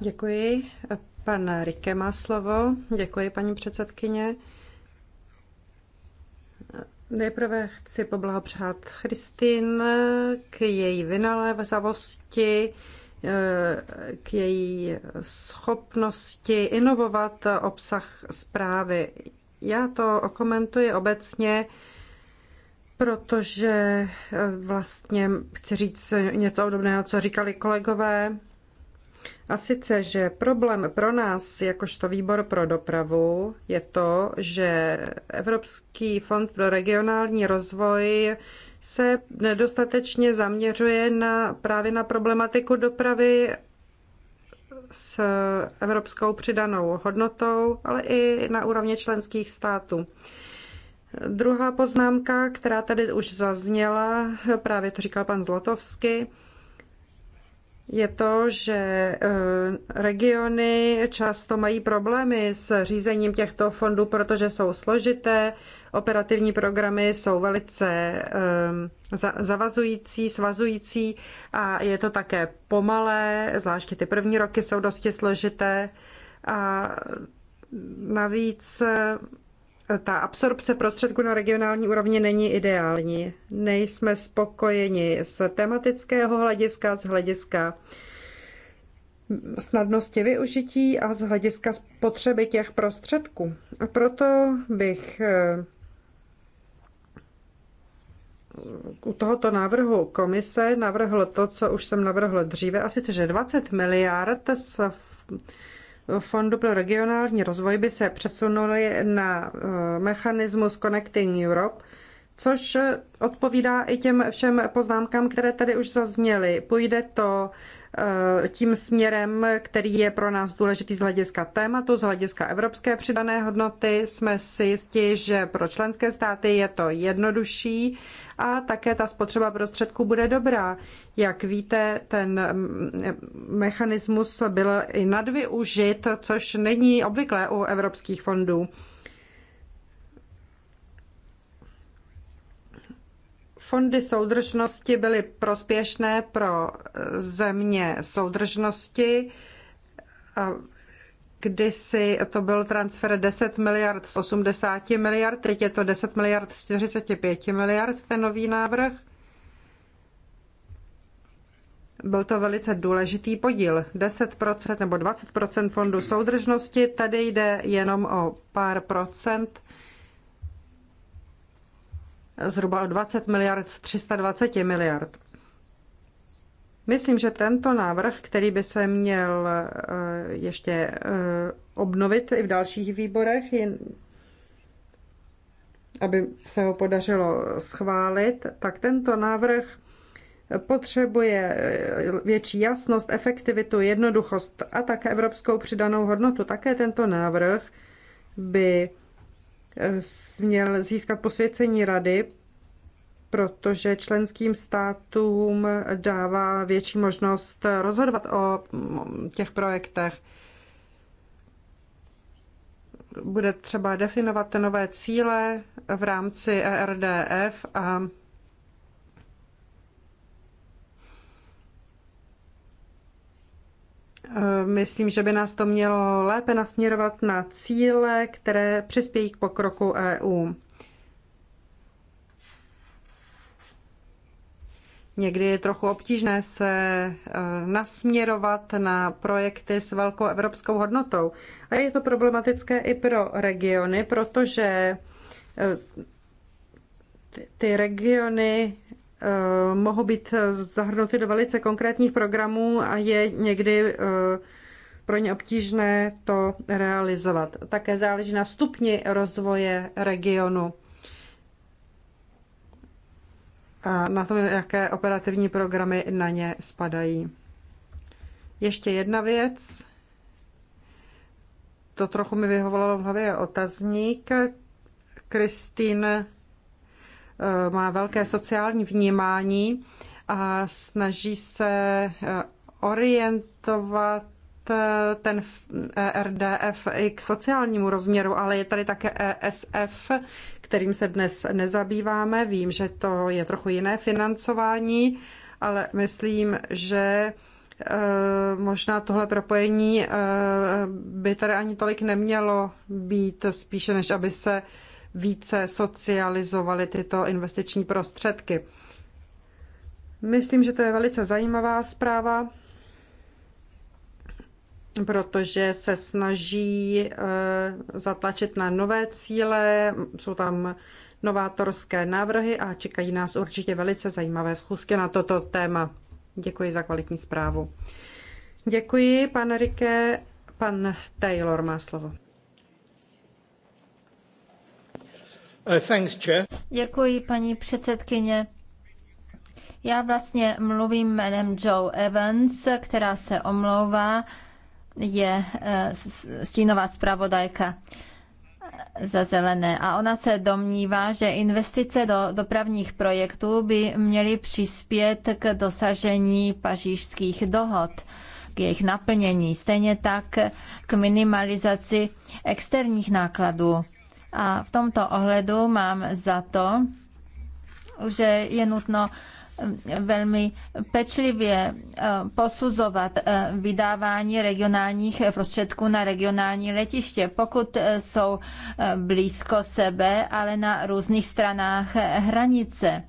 Děkuji. Pan Rike má slovo. Děkuji, paní předsedkyně. Nejprve chci poblahopřát Christine k její vynalézavosti, k její schopnosti inovovat obsah zprávy. Já to okomentuji obecně, protože vlastně chci říct něco obdobného, co říkali kolegové. A sice, že problém pro nás, jakožto výbor pro dopravu, je to, že Evropský fond pro regionální rozvoj se nedostatečně zaměřuje na, právě na problematiku dopravy s evropskou přidanou hodnotou, ale i na úrovni členských států. Druhá poznámka, která tady už zazněla, právě to říkal pan Zlotovsky, je to, že eh, regiony často mají problémy s řízením těchto fondů, protože jsou složité, operativní programy jsou velice eh, zavazující, svazující a je to také pomalé, zvláště ty první roky jsou dosti složité a navíc ta absorpce prostředků na regionální úrovni není ideální. Nejsme spokojeni z tematického hlediska, z hlediska snadnosti využití a z hlediska potřeby těch prostředků. A proto bych eh, u tohoto návrhu komise navrhl to, co už jsem navrhl dříve, a sice, že 20 miliard z Fondu pro regionální rozvoj by se přesunuly na eh, mechanismus Connecting Europe, což odpovídá i těm všem poznámkám, které tady už zazněly. Půjde to Eh, tím směrem, který je pro nás důležitý z hlediska tématu, z hlediska evropské přidané hodnoty. Jsme si jistí, že pro členské státy je to jednodušší a také ta spotřeba prostředků bude dobrá. Jak víte, ten mm, mechanismus byl i nadvyužit, což není obvyklé u evropských fondů. Fondy soudržnosti byly prospěšné pro eh, země soudržnosti. Kdysi to byl transfer 10 miliard z 80 miliard, teď je to 10 miliard z 45 miliard, ten nový návrh. Byl to velice důležitý podíl. 10% nebo 20% fondu soudržnosti, tady jde jenom o pár procent zhruba o 20 miliard z 320 miliard. Myslím, že tento návrh, který by se měl eh, ještě eh, obnovit i v dalších výborech, aby se ho podařilo schválit, tak tento návrh potřebuje eh, větší jasnost, efektivitu, jednoduchost a také evropskou přidanou hodnotu. Také tento návrh by Eh, měl získat posvěcení rady, protože členským státům dává větší možnost rozhodovat o mm, těch projektech. Bude třeba definovat nové cíle v rámci ERDF a Eh, myslím, že by nás to mělo lépe nasměrovat na cíle, které přispějí k pokroku EU. Někdy je trochu obtížné se eh, nasměrovat na projekty s velkou evropskou hodnotou. A je to problematické i pro regiony, protože eh, ty regiony Eh, mohou být eh, zahrnuty do velice konkrétních programů a je někdy eh, pro ně obtížné to realizovat. Také záleží na stupni rozvoje regionu a na tom, jaké operativní programy na ně spadají. Ještě jedna věc, to trochu mi vyhovovalo v hlavě, je otazník. Kristýn Eh, má velké sociální vnímání a snaží se eh, orientovat eh, ten RDF e i k sociálnímu rozměru, ale je tady také ESF, kterým se dnes nezabýváme. Vím, že to je trochu jiné financování, ale myslím, že možná tohle propojení by tady ani tolik nemělo být, spíše než aby se více socializovaly tyto investiční prostředky. Myslím, že to je velice zajímavá zpráva, protože se snaží eh, zatlačit na nové cíle, jsou tam novátorské návrhy a čekají nás určitě velice zajímavé schůzky na toto téma. Děkuji za kvalitní zprávu. Děkuji, pan Rike. Pan Taylor má slovo. Uh, Děkuji, paní předsedkyně. Já vlastně mluvím jménem Joe Evans, která se omlouvá, je eh, stínová zpravodajka za zelené. A ona se domnívá, že investice do dopravních projektů by měly přispět k dosažení pařížských dohod k jejich naplnění, stejně tak k minimalizaci externích nákladů a v tomto ohledu mám za to, že je nutno eh, velmi pečlivě eh, posuzovat eh, vydávání regionálních prostředků na regionální letiště, pokud jsou blízko sebe, ale na různých stranách hranice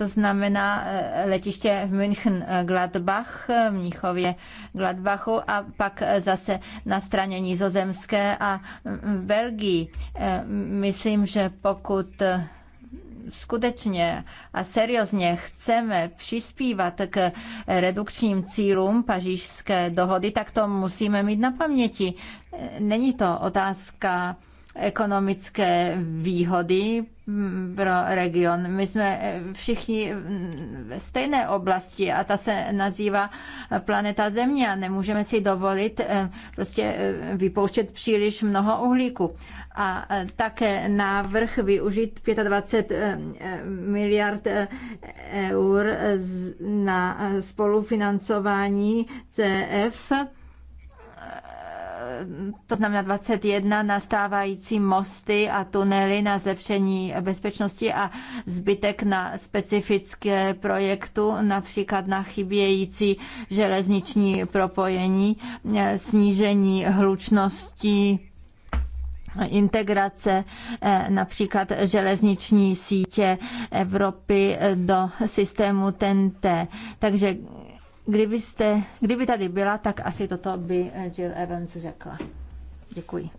to znamená e, letiště v München Gladbach, e, v Mnichově Gladbachu a pak e, zase na straně nizozemské a v Belgii. Myslím, že pokud skutečně a seriózně chceme přispívat k redukčním cílům pařížské dohody, tak to musíme mít na paměti. Není to otázka ekonomické výhody pro region. My jsme eh, všichni ve stejné oblasti a ta se nazývá planeta Země a nemůžeme si dovolit eh, prostě eh, vypouštět příliš mnoho uhlíku. A také návrh využít 25 miliard eur na spolufinancování CF to znamená 21 na stávající mosty a tunely na zlepšení bezpečnosti a zbytek na specifické projektu, například na chybějící železniční propojení, snížení hlučnosti integrace eh, například železniční sítě Evropy do systému TNT. Takže Kdybyste, kdyby tady byla, tak asi toto by eh, Jill Evans řekla. Děkuji.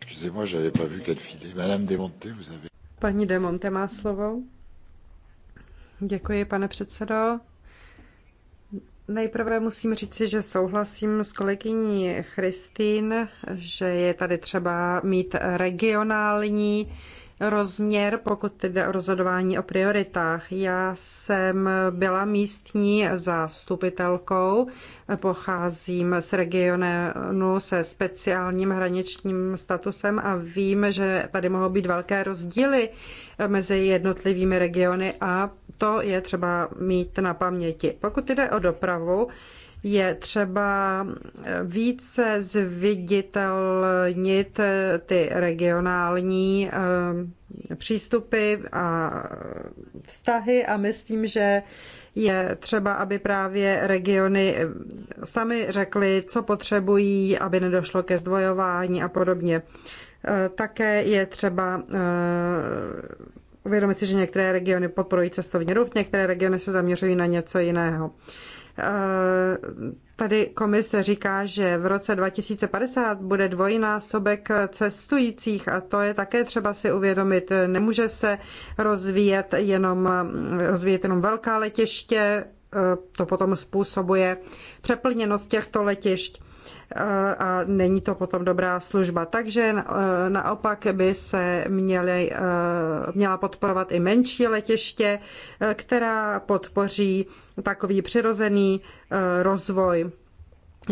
Excusez-moi, j'avais pas vu qu'elle filait. Madame Desmonté, vous avez... Paní Demonte má slovo. Děkuji, pane předsedo. Nejprve musím říci, že souhlasím s kolegyní Christine, že je tady třeba mít regionální rozměr, pokud jde o rozhodování o prioritách. Já jsem byla místní zástupitelkou, pocházím z regionu se speciálním hraničním statusem a vím, že tady mohou být velké rozdíly mezi jednotlivými regiony a to je třeba mít na paměti. Pokud jde o dopravu, je třeba eh, více zviditelnit eh, ty regionální eh, přístupy a vztahy a myslím, že je třeba, aby právě regiony sami řekly, co potřebují, aby nedošlo ke zdvojování a podobně. Také je třeba uvědomit si, že některé regiony podporují cestovní ruch, některé regiony se zaměřují na něco jiného. Eh, tady komise říká, že v roce 2050 bude dvojnásobek cestujících a to je také třeba si uvědomit. Nemůže se rozvíjet jenom, rozvíjet jenom velká letiště, eh, to potom způsobuje přeplněnost těchto letišť a není to potom dobrá služba. Takže e, naopak by se měly, e, měla podporovat i menší letiště, e, která podpoří takový přirozený rozvoj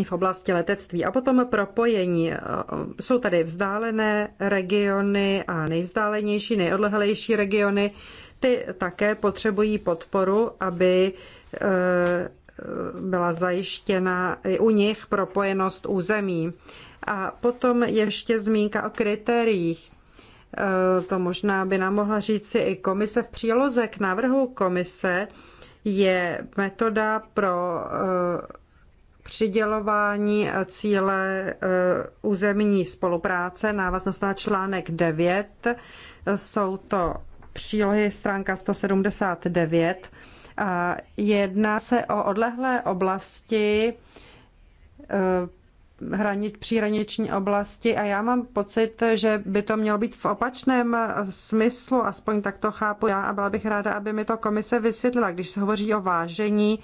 v oblasti letectví. A potom propojení. Jsou tady vzdálené regiony a nejvzdálenější, nejodlehlejší regiony. Ty také potřebují podporu, aby byla zajištěna u nich propojenost území. A potom ještě zmínka o kritériích. E, to možná by nám mohla říci i komise v příloze k návrhu komise je metoda pro e, přidělování cíle e, územní spolupráce návaznost na článek 9. Jsou to přílohy stránka 179 jedná se o odlehlé oblasti, eh, hranit příhraniční oblasti a já mám pocit, že by to mělo být v opačném eh, smyslu, aspoň tak to chápu já a byla bych ráda, aby mi to komise vysvětlila. Když se hovoří o vážení,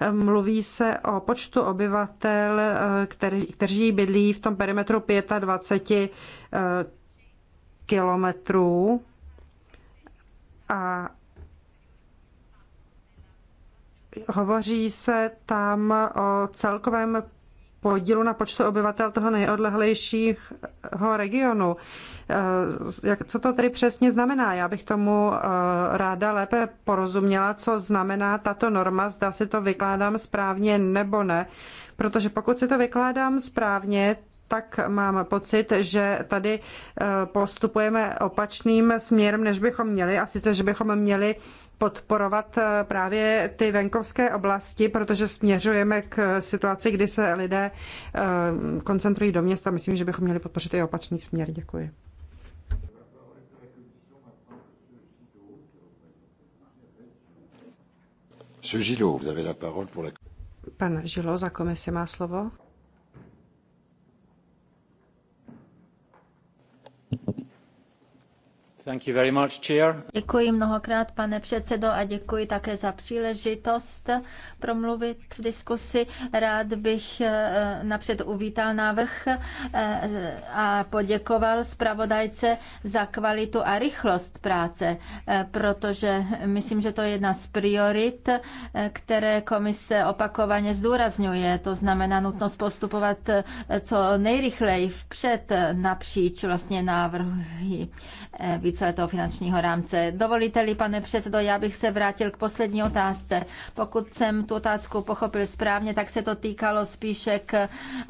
eh, mluví se o počtu obyvatel, který, kteří bydlí v tom perimetru 25 kilometrů a hovoří se tam o celkovém podílu na počtu obyvatel toho nejodlehlejšího regionu. Eh, jak, co to tedy přesně znamená? Já bych tomu eh, ráda lépe porozuměla, co znamená tato norma, zda si to vykládám správně nebo ne. Protože pokud si to vykládám správně, tak mám pocit, že tady eh, postupujeme opačným směrem, než bychom měli, a sice, že bychom měli podporovat eh, právě ty venkovské oblasti, protože směřujeme k situaci, kdy se lidé eh, koncentrují do města. Myslím, že bychom měli podpořit i opačný směr. Děkuji. Pan Žilo za komisi má slovo. Děkuji mnohokrát, pane předsedo, a děkuji také za příležitost promluvit v diskusi. Rád bych eh, napřed uvítal návrh eh, a poděkoval zpravodajce za kvalitu a rychlost práce, eh, protože myslím, že to je jedna z priorit, které komise opakovaně zdůrazňuje. To znamená nutnost postupovat co nejrychleji vpřed napříč vlastně návrhy více víceletého finančního rámce. Dovolíte-li, pane předsedo, já bych se vrátil k poslední otázce. Pokud jsem tu otázku pochopil správně, tak se to týkalo spíše k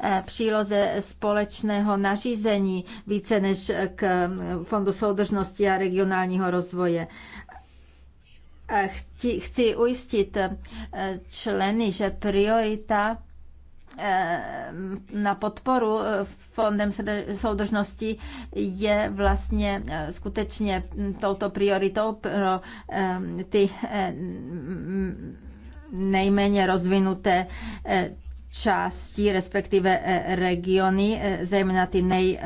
eh, příloze společného nařízení více než k eh, Fondu soudržnosti a regionálního rozvoje. Eh, chci, chci ujistit členy, že priorita Ehm, na podporu eh, Fondem soudržnosti je vlastně eh, skutečně hm, touto prioritou pro ehm, ty ehm, nejméně rozvinuté eh, části, respektive regiony, zejména ty nej,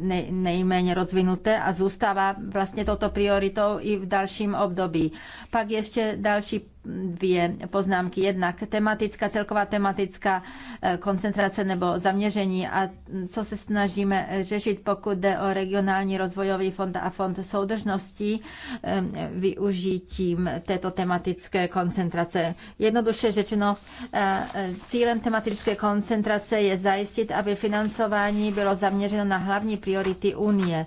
nej, nejméně rozvinuté a zůstává vlastně touto prioritou i v dalším období. Pak ještě další dvě poznámky. Jednak tematická, celková tematická eh, koncentrace nebo zaměření a co se snažíme řešit, pokud jde o regionální rozvojový fond a fond soudržnosti eh, využitím této tematické koncentrace. Jednoduše řečeno, eh, cílem tematické koncentrace je zajistit, aby financování bylo zaměřeno na hlavní priority Unie.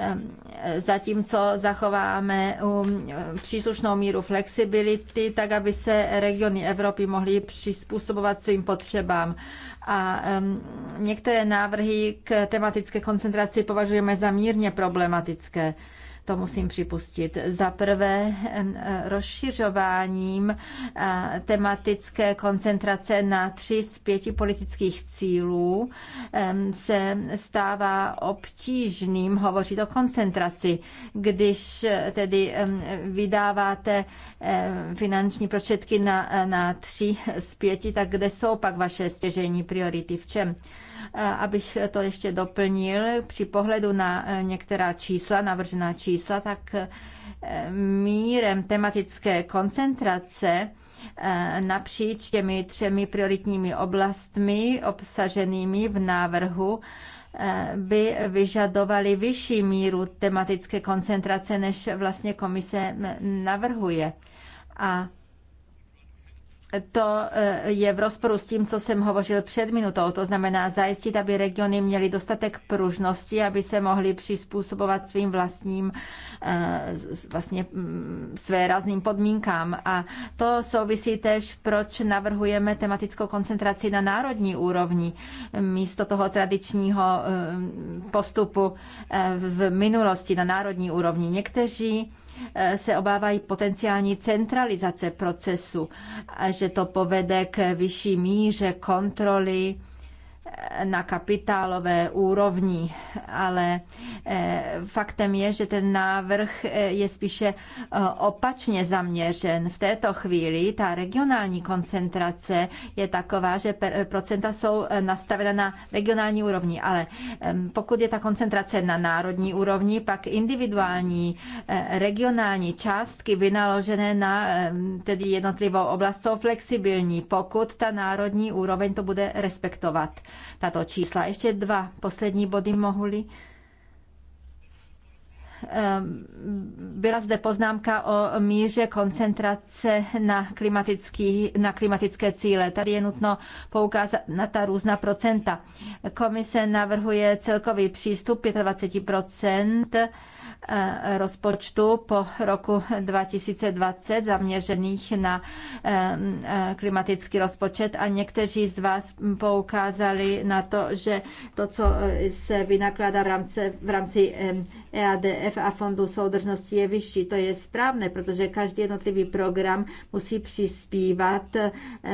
Ehm, zatímco zachováme um, příslušnou míru flexibility, tak aby se regiony Evropy mohly přizpůsobovat svým potřebám. A ehm, některé návrhy k tematické koncentraci považujeme za mírně problematické to musím připustit. Za prvé e, rozšiřováním e, tematické koncentrace na tři z pěti politických cílů se stává obtížným hovořit o koncentraci, když e, tedy vydáváte finanční prostředky na, na tři z pěti, tak kde jsou pak vaše stěžení priority? V čem? Eh, abych to ještě doplnil, při pohledu na eh, některá čísla, navržená čísla, tak eh, mírem tematické koncentrace napříč těmi třemi prioritními oblastmi obsaženými v návrhu by vyžadovali vyšší míru tematické koncentrace, než vlastně komise navrhuje. A to e, je v rozporu s tím, co jsem hovořil před minutou. To znamená zajistit, aby regiony měly dostatek pružnosti, aby se mohly přizpůsobovat svým vlastním e, vlastně své razným podmínkám. A to souvisí tež, proč navrhujeme tematickou koncentraci na národní úrovni místo toho tradičního e, postupu v minulosti na národní úrovni. Někteří Eh, se obávají potenciální centralizace procesu, že to povede k vyšší míře kontroly na kapitálové úrovni, ale eh, faktem je, že ten návrh eh, je spíše eh, opačně zaměřen. V této chvíli ta regionální koncentrace je taková, že procenta jsou nastavena na regionální úrovni, ale pokud je ta koncentrace na národní úrovni, pak individuální regionální částky vynaložené na tedy jednotlivou oblast jsou flexibilní, pokud ta národní úroveň to bude respektovat tato čísla. Ještě dva poslední body mohly. Ehm, byla zde poznámka o míře koncentrace na, klimatický, na klimatické cíle. Tady je nutno poukázat na ta různá procenta. Komise navrhuje celkový přístup 25 Eh, rozpočtu po roku 2020 zaměřených na eh, eh, klimatický rozpočet a někteří z vás poukázali na to, že to, co se vynakládá v rámci, v rámci EADF a Fondu soudržnosti je vyšší. To je správné, protože každý jednotlivý program musí přispívat eh,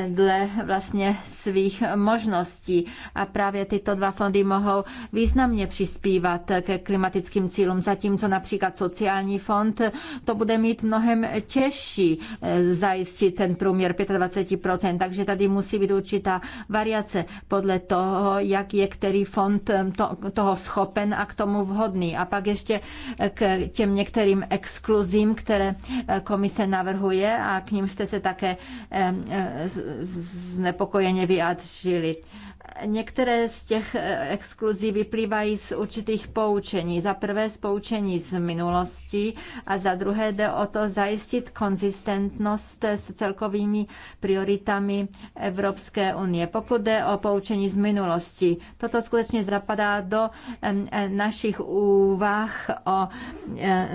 dle vlastně svých možností. A právě tyto dva fondy mohou významně přispívat ke klimatickým cílům, zatímco například sociální fond to bude mít mnohem těžší eh, zajistit ten průměr 25%, takže tady musí být určitá variace podle toho, jak je který fond eh, toho schopen a k tomu vhodný. A pak ještě ještě k těm některým exkluzím, které eh, komise navrhuje a k ním jste se také eh, eh, znepokojeně vyjádřili. Některé z těch eh, exkluzí vyplývají z určitých poučení. Za prvé z poučení z minulosti a za druhé jde o to zajistit konzistentnost s celkovými prioritami Evropské unie. Pokud jde o poučení z minulosti, toto skutečně zapadá do eh, našich úvah o eh,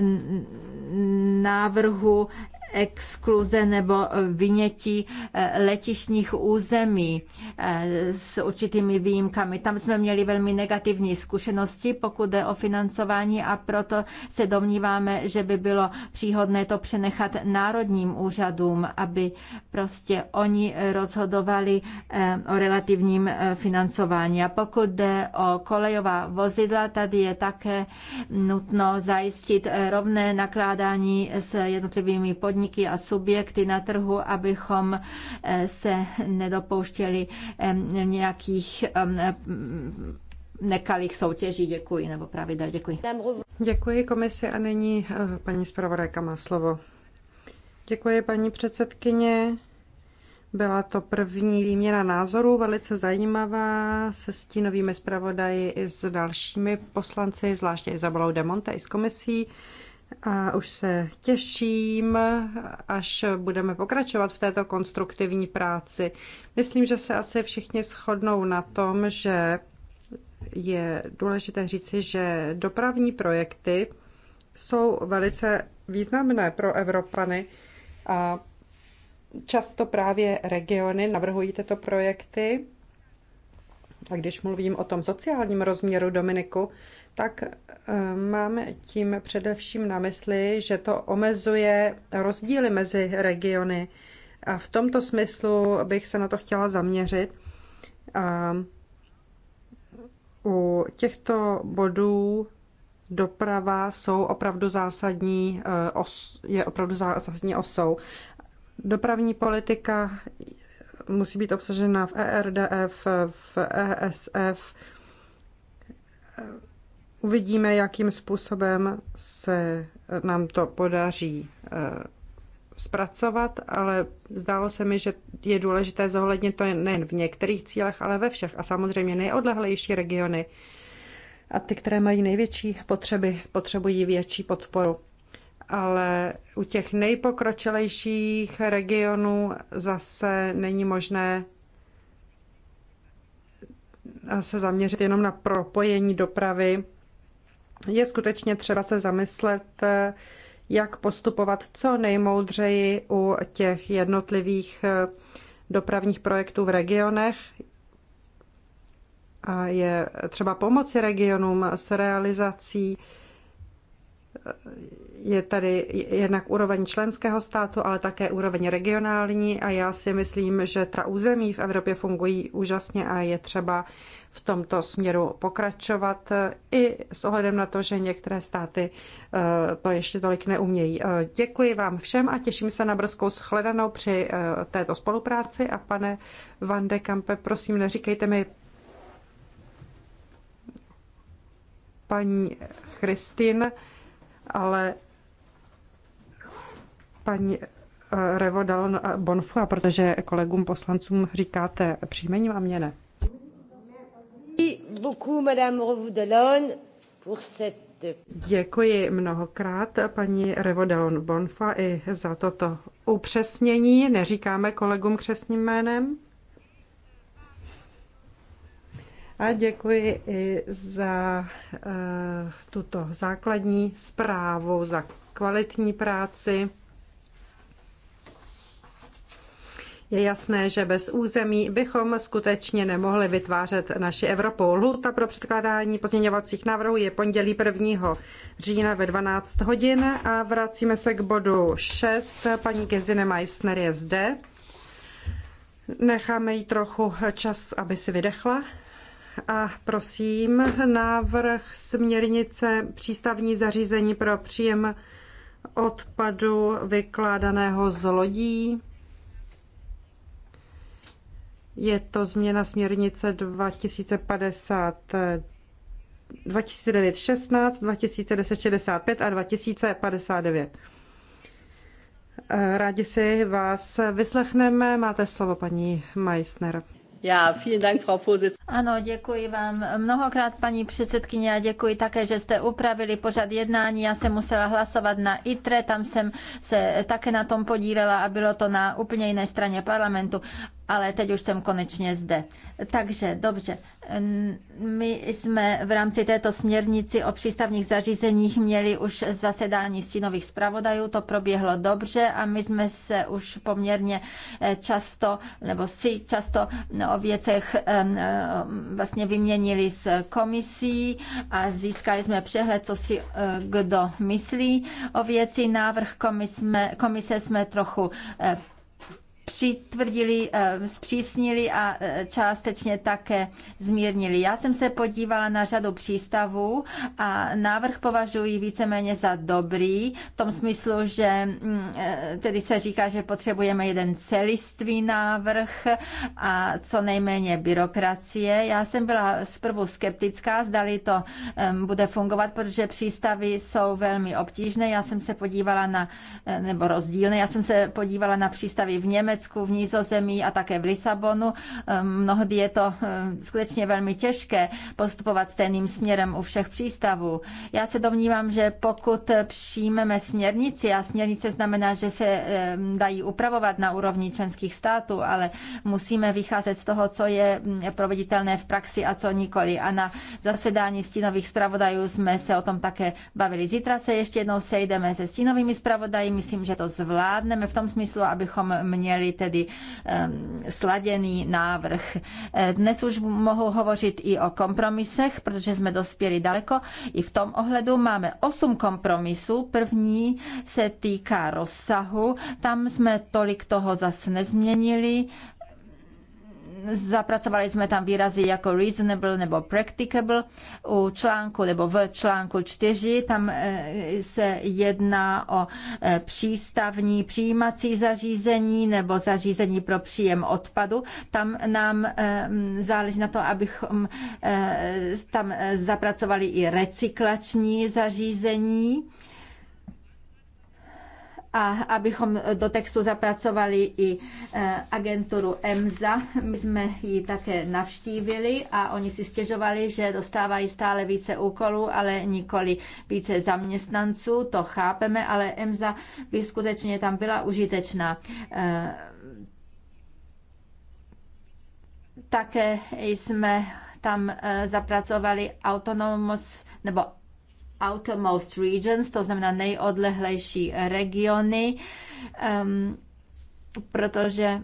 návrhu exkluze nebo vynětí eh, letišních území eh, s určitými výjimkami. Tam jsme měli velmi negativní zkušenosti, pokud jde o financování a proto se domníváme, že by bylo příhodné to přenechat národním úřadům, aby prostě oni rozhodovali eh, o relativním financování. A pokud jde o kolejová vozidla, tady je také nutno zajistit rovné nakládání s jednotlivými podniky podniky a subjekty na trhu, abychom eh, se nedopouštěli eh, nějakých eh, nekalých soutěží. Děkuji, nebo pravidel. Děkuji. Děkuji komisi a nyní paní zpravodajka má slovo. Děkuji, paní předsedkyně. Byla to první výměna názorů, velice zajímavá, se stínovými zpravodaji i s dalšími poslanci, zvláště Izabelou de Monte i s komisí. A už se těším, až budeme pokračovat v této konstruktivní práci. Myslím, že se asi všichni shodnou na tom, že je důležité říci, že dopravní projekty jsou velice významné pro Evropany a často právě regiony navrhují tyto projekty. A když mluvím o tom sociálním rozměru Dominiku, tak eh, máme tím především na mysli, že to omezuje rozdíly mezi regiony. A v tomto smyslu bych se na to chtěla zaměřit. A u těchto bodů doprava jsou opravdu zásadní, eh, je opravdu zásadní osou. Dopravní politika musí být obsažena v ERDF, v ESF, Uvidíme, jakým způsobem se eh, nám to podaří eh, zpracovat, ale zdálo se mi, že je důležité zohlednit to nejen v některých cílech, ale ve všech a samozřejmě nejodlehlejší regiony a ty, které mají největší potřeby, potřebují větší podporu. Ale u těch nejpokročilejších regionů zase není možné eh, se zaměřit jenom na propojení dopravy je skutečně třeba se zamyslet, eh, jak postupovat co nejmoudřeji u těch jednotlivých eh, dopravních projektů v regionech. A je třeba pomoci regionům s realizací eh, je tady jednak úroveň členského státu, ale také úroveň regionální a já si myslím, že ta území v Evropě fungují úžasně a je třeba v tomto směru pokračovat i s ohledem na to, že některé státy eh, to ještě tolik neumějí. Eh, děkuji vám všem a těším se na brzkou shledanou při eh, této spolupráci a pane Van de Kampe, prosím, neříkejte mi paní Christine, ale paní eh, Revodal Bonfu, a protože kolegům poslancům říkáte příjmení a mě ne. Děkuji mnohokrát paní Revodalon Bonfa i za toto upřesnění. Neříkáme kolegům křesním jménem. A děkuji i za uh, tuto základní zprávu, za kvalitní práci. Je jasné, že bez území bychom skutečně nemohli vytvářet naši Evropu. Lhuta pro předkládání pozměňovacích návrhů je pondělí 1. října ve 12 hodin a vracíme se k bodu 6. Paní Gezine Meissner je zde. Necháme jí trochu čas, aby si vydechla. A prosím, návrh směrnice přístavní zařízení pro příjem odpadu vykládaného z lodí. Je to změna směrnice 2050 2009 16, 2010 65 a 2059. Rádi si vás vyslechneme. Máte slovo, paní Meissner. Já, vielen Dank, Frau Vorsitz. Ano, děkuji vám mnohokrát, paní předsedkyně, a děkuji také, že jste upravili pořad jednání. Já jsem musela hlasovat na ITRE, tam jsem se také na tom podílela a bylo to na úplně jiné straně parlamentu ale teď už jsem konečně zde. Takže dobře, my jsme v rámci této směrnici o přístavních zařízeních měli už zasedání stínových zpravodajů, to proběhlo dobře a my jsme se už poměrně eh, často, nebo si často no, o věcech eh, vlastně vyměnili s komisí a získali jsme přehled, co si eh, kdo myslí o věci. Návrh komise jsme, jsme trochu přitvrdili, eh, zpřísnili a eh, částečně také zmírnili. Já jsem se podívala na řadu přístavů a návrh považuji víceméně za dobrý, v tom smyslu, že mm, eh, tedy se říká, že potřebujeme jeden celistvý návrh a co nejméně byrokracie. Já jsem byla zprvu skeptická, zdali to bude fungovat, protože přístavy jsou velmi obtížné. Já jsem se podívala na, nebo rozdílné, já jsem se podívala na přístavy v Německu, Německu, v Nízozemí a také v Lisabonu. Ehm, mnohdy je to ehm, skutečně velmi těžké postupovat stejným směrem u všech přístavů. Já se domnívám, že pokud přijmeme směrnici, a směrnice znamená, že se ehm, dají upravovat na úrovni členských států, ale musíme vycházet z toho, co je mm, proveditelné v praxi a co nikoli. A na zasedání stínových zpravodajů jsme se o tom také bavili. Zítra se ještě jednou sejdeme se stínovými zpravodaji. Myslím, že to zvládneme v tom smyslu, abychom měli měli tedy ehm, sladěný návrh. Eh, dnes už mohu hovořit i o kompromisech, protože jsme dospěli daleko. I v tom ohledu máme osm kompromisů. První se týká rozsahu. Tam jsme tolik toho zase nezměnili. Zapracovali jsme tam výrazy jako reasonable nebo practicable u článku nebo v článku 4. Tam eh, se jedná o eh, přístavní přijímací zařízení nebo zařízení pro příjem odpadu. Tam nám eh, záleží na to, abychom tam zapracovali i recyklační zařízení a abychom do textu zapracovali i e, agenturu EMSA. My jsme ji také navštívili a oni si stěžovali, že dostávají stále více úkolů, ale nikoli více zaměstnanců. To chápeme, ale EMSA by skutečně tam byla užitečná. E, také jsme tam e, zapracovali autonomos nebo outermost regions, to znamená nejodlehlejší regiony, um, protože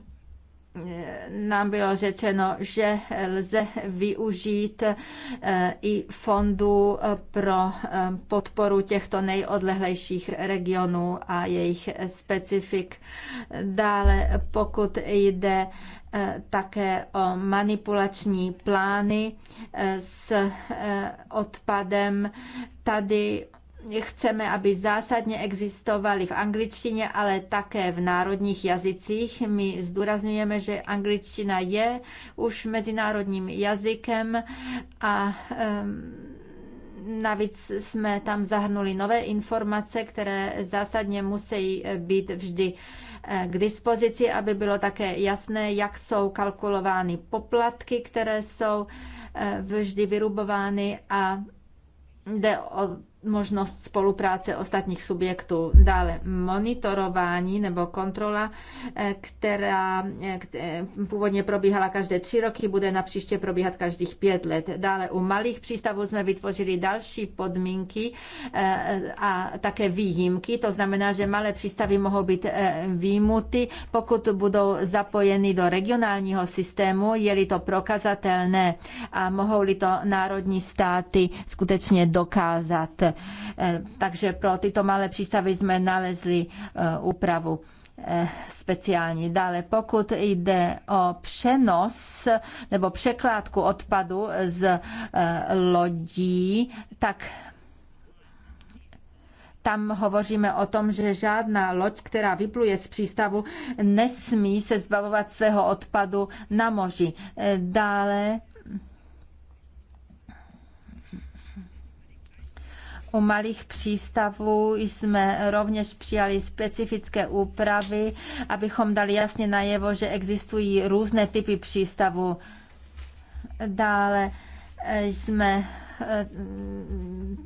Eh, nám bylo řečeno, že lze využít eh, i fondu eh, pro podporu těchto nejodlehlejších regionů a jejich specifik. Dále, pokud jde také o manipulační plány s odpadem. Tady chceme, aby zásadně existovaly v angličtině, ale také v národních jazycích. My zdůrazňujeme, že angličtina je už mezinárodním jazykem a Navíc jsme tam zahrnuli nové informace, které zásadně musí být vždy eh, k dispozici, aby bylo také jasné, jak jsou kalkulovány poplatky, které jsou eh, vždy vyrubovány a jde o možnost spolupráce ostatních subjektů. Dále monitorování nebo kontrola, eh, která eh, eh, původně probíhala každé tři roky, bude na příště probíhat každých pět let. Dále u malých přístavů jsme vytvořili další podmínky a také výjimky. To znamená, že malé přístavy mohou být výjimuty, pokud budou zapojeny do regionálního systému, je-li to prokazatelné a mohou-li to národní státy skutečně dokázat Eh, takže pro tyto malé přístavy jsme nalezli eh, úpravu eh, speciální. Dále, pokud jde o přenos nebo překládku odpadu z lodí, tak tam hovoříme o tom, že žádná loď, která vypluje z přístavu, nesmí se zbavovat svého odpadu na moři. Dále U malých přístavů jsme rovněž přijali specifické úpravy, abychom dali jasně najevo, že existují různé typy přístavů. Dále e, jsme e,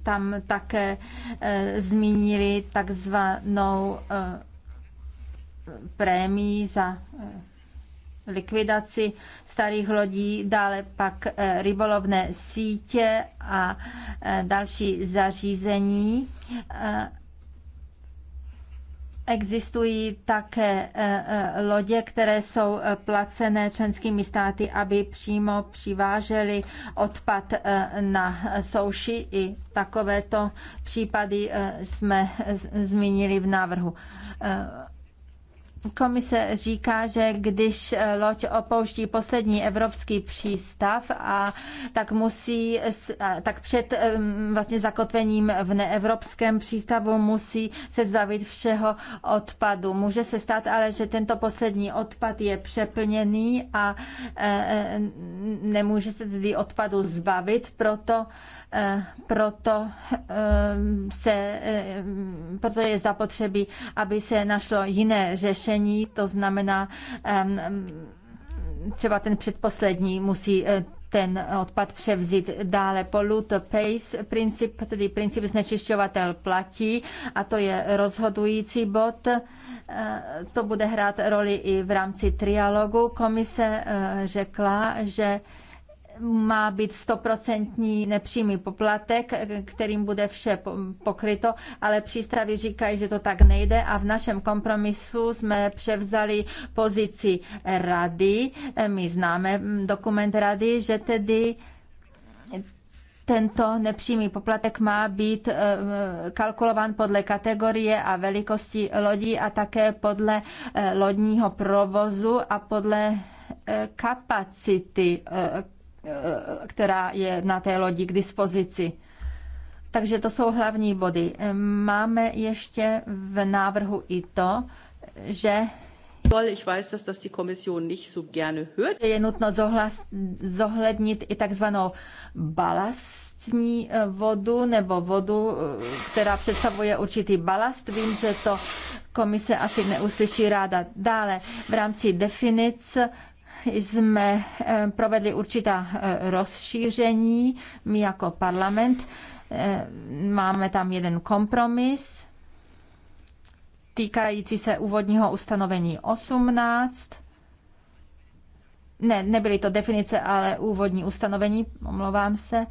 tam také e, zmínili takzvanou prémii za likvidaci starých lodí, dále pak eh, rybolovné sítě a eh, další zařízení. Eh, existují také lodě, které jsou placené členskými státy, aby přímo přiváželi odpad na souši. I takovéto případy jsme zmínili v návrhu. Komise říká, že když eh, loď opouští poslední evropský přístav, a tak musí, tak před vlastně zakotvením v neevropském přístavu musí se zbavit všeho odpadu. Může se stát ale, že tento poslední odpad je přeplněný a eh, nemůže se tedy odpadu zbavit, proto Eh, proto, eh, se, eh, proto je zapotřebí, aby se našlo jiné řešení, to znamená, třeba ten předposlední musí ten odpad převzít dále. Pollute pace princip, tedy princip znečišťovatel platí a to je rozhodující bod. To bude hrát roli i v rámci trialogu. Komise řekla, že má být stoprocentní nepřímý poplatek, kterým bude vše pokryto, ale přístavy říkají, že to tak nejde a v našem kompromisu jsme převzali pozici rady. My známe mm, dokument rady, že tedy tento nepřímý poplatek má být eh, eh, kalkulován podle kategorie a velikosti lodí a také podle eh, lodního provozu a podle kapacity Eh, která je na té lodi k dispozici. Takže to jsou hlavní body. Máme ještě v návrhu i to, že Ich weiß, dass das die Kommission nicht so gerne hört. Je nutno zohlednit i takzvanou balastní eh, vodu nebo vodu, eh, která představuje určitý balast. Vím, že to komise asi neuslyší ráda. Dále v rámci definic jsme eh, provedli určitá eh, rozšíření, my jako parlament. Eh, máme tam jeden kompromis týkající se úvodního ustanovení 18. Ne, nebyly to definice, ale úvodní ustanovení, omlouvám se.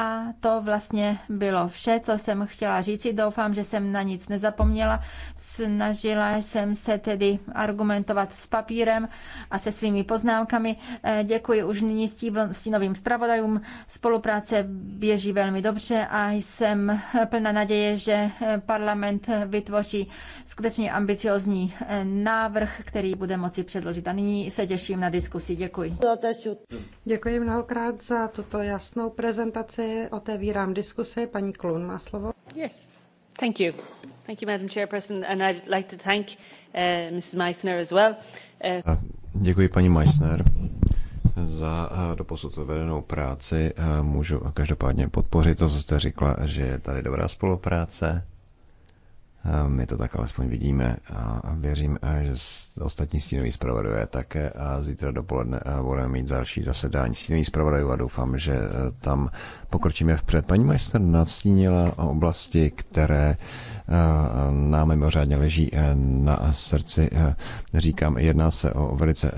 A to vlastně bylo vše, co jsem chtěla říci. Doufám, že jsem na nic nezapomněla. Snažila jsem se tedy argumentovat s papírem a se svými poznámkami. Eh, děkuji už nyní stínovým zpravodajům. Spolupráce běží velmi dobře a jsem plná naděje, že eh, parlament vytvoří skutečně ambiciozní eh, návrh, který bude moci předložit. A nyní se těším na diskusi. Děkuji. Děkuji mnohokrát za tuto jasnou prezentaci otevírám diskusi. Paní Klun má slovo. Yes. Thank you. Thank you, Madam Chairperson, and I'd like to thank uh, Mrs. Meissner as well. Uh... Děkuji, paní Meissner za eh, doposud vedenou práci. Eh, můžu každopádně podpořit to, co jste říkala, že je tady dobrá spolupráce my to tak alespoň vidíme a věřím, že ostatní stínoví zpravodajové také a zítra dopoledne budeme mít další zasedání stínoví zpravodajů a doufám, že e, tam pokročíme vpřed. Paní majster nadstínila oblasti, které Eh, nám mimořádně leží eh, na srdci. Eh, říkám, jedná se o velice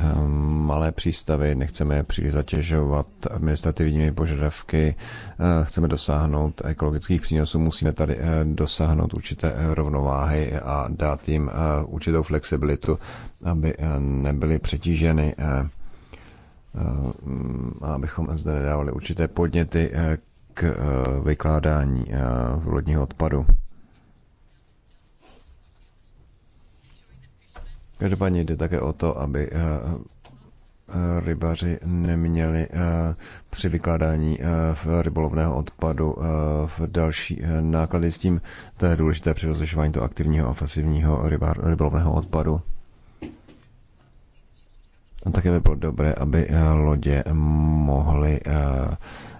malé přístavy, nechceme je příliš zatěžovat administrativními požadavky, chceme dosáhnout ekologických přínosů, musíme tady dosáhnout určité rovnováhy a dát jim určitou flexibilitu, aby nebyly přetíženy a abychom zde nedávali určité podněty k vykládání vlodního odpadu. Každopádně jde také o to, aby eh, eh, rybaři neměli eh, při vykládání rybolovného odpadu v další náklady s tím. To je důležité při rozlišování toho aktivního a pasivního rybolovného odpadu také by bylo dobré, aby eh, lodě mohly eh,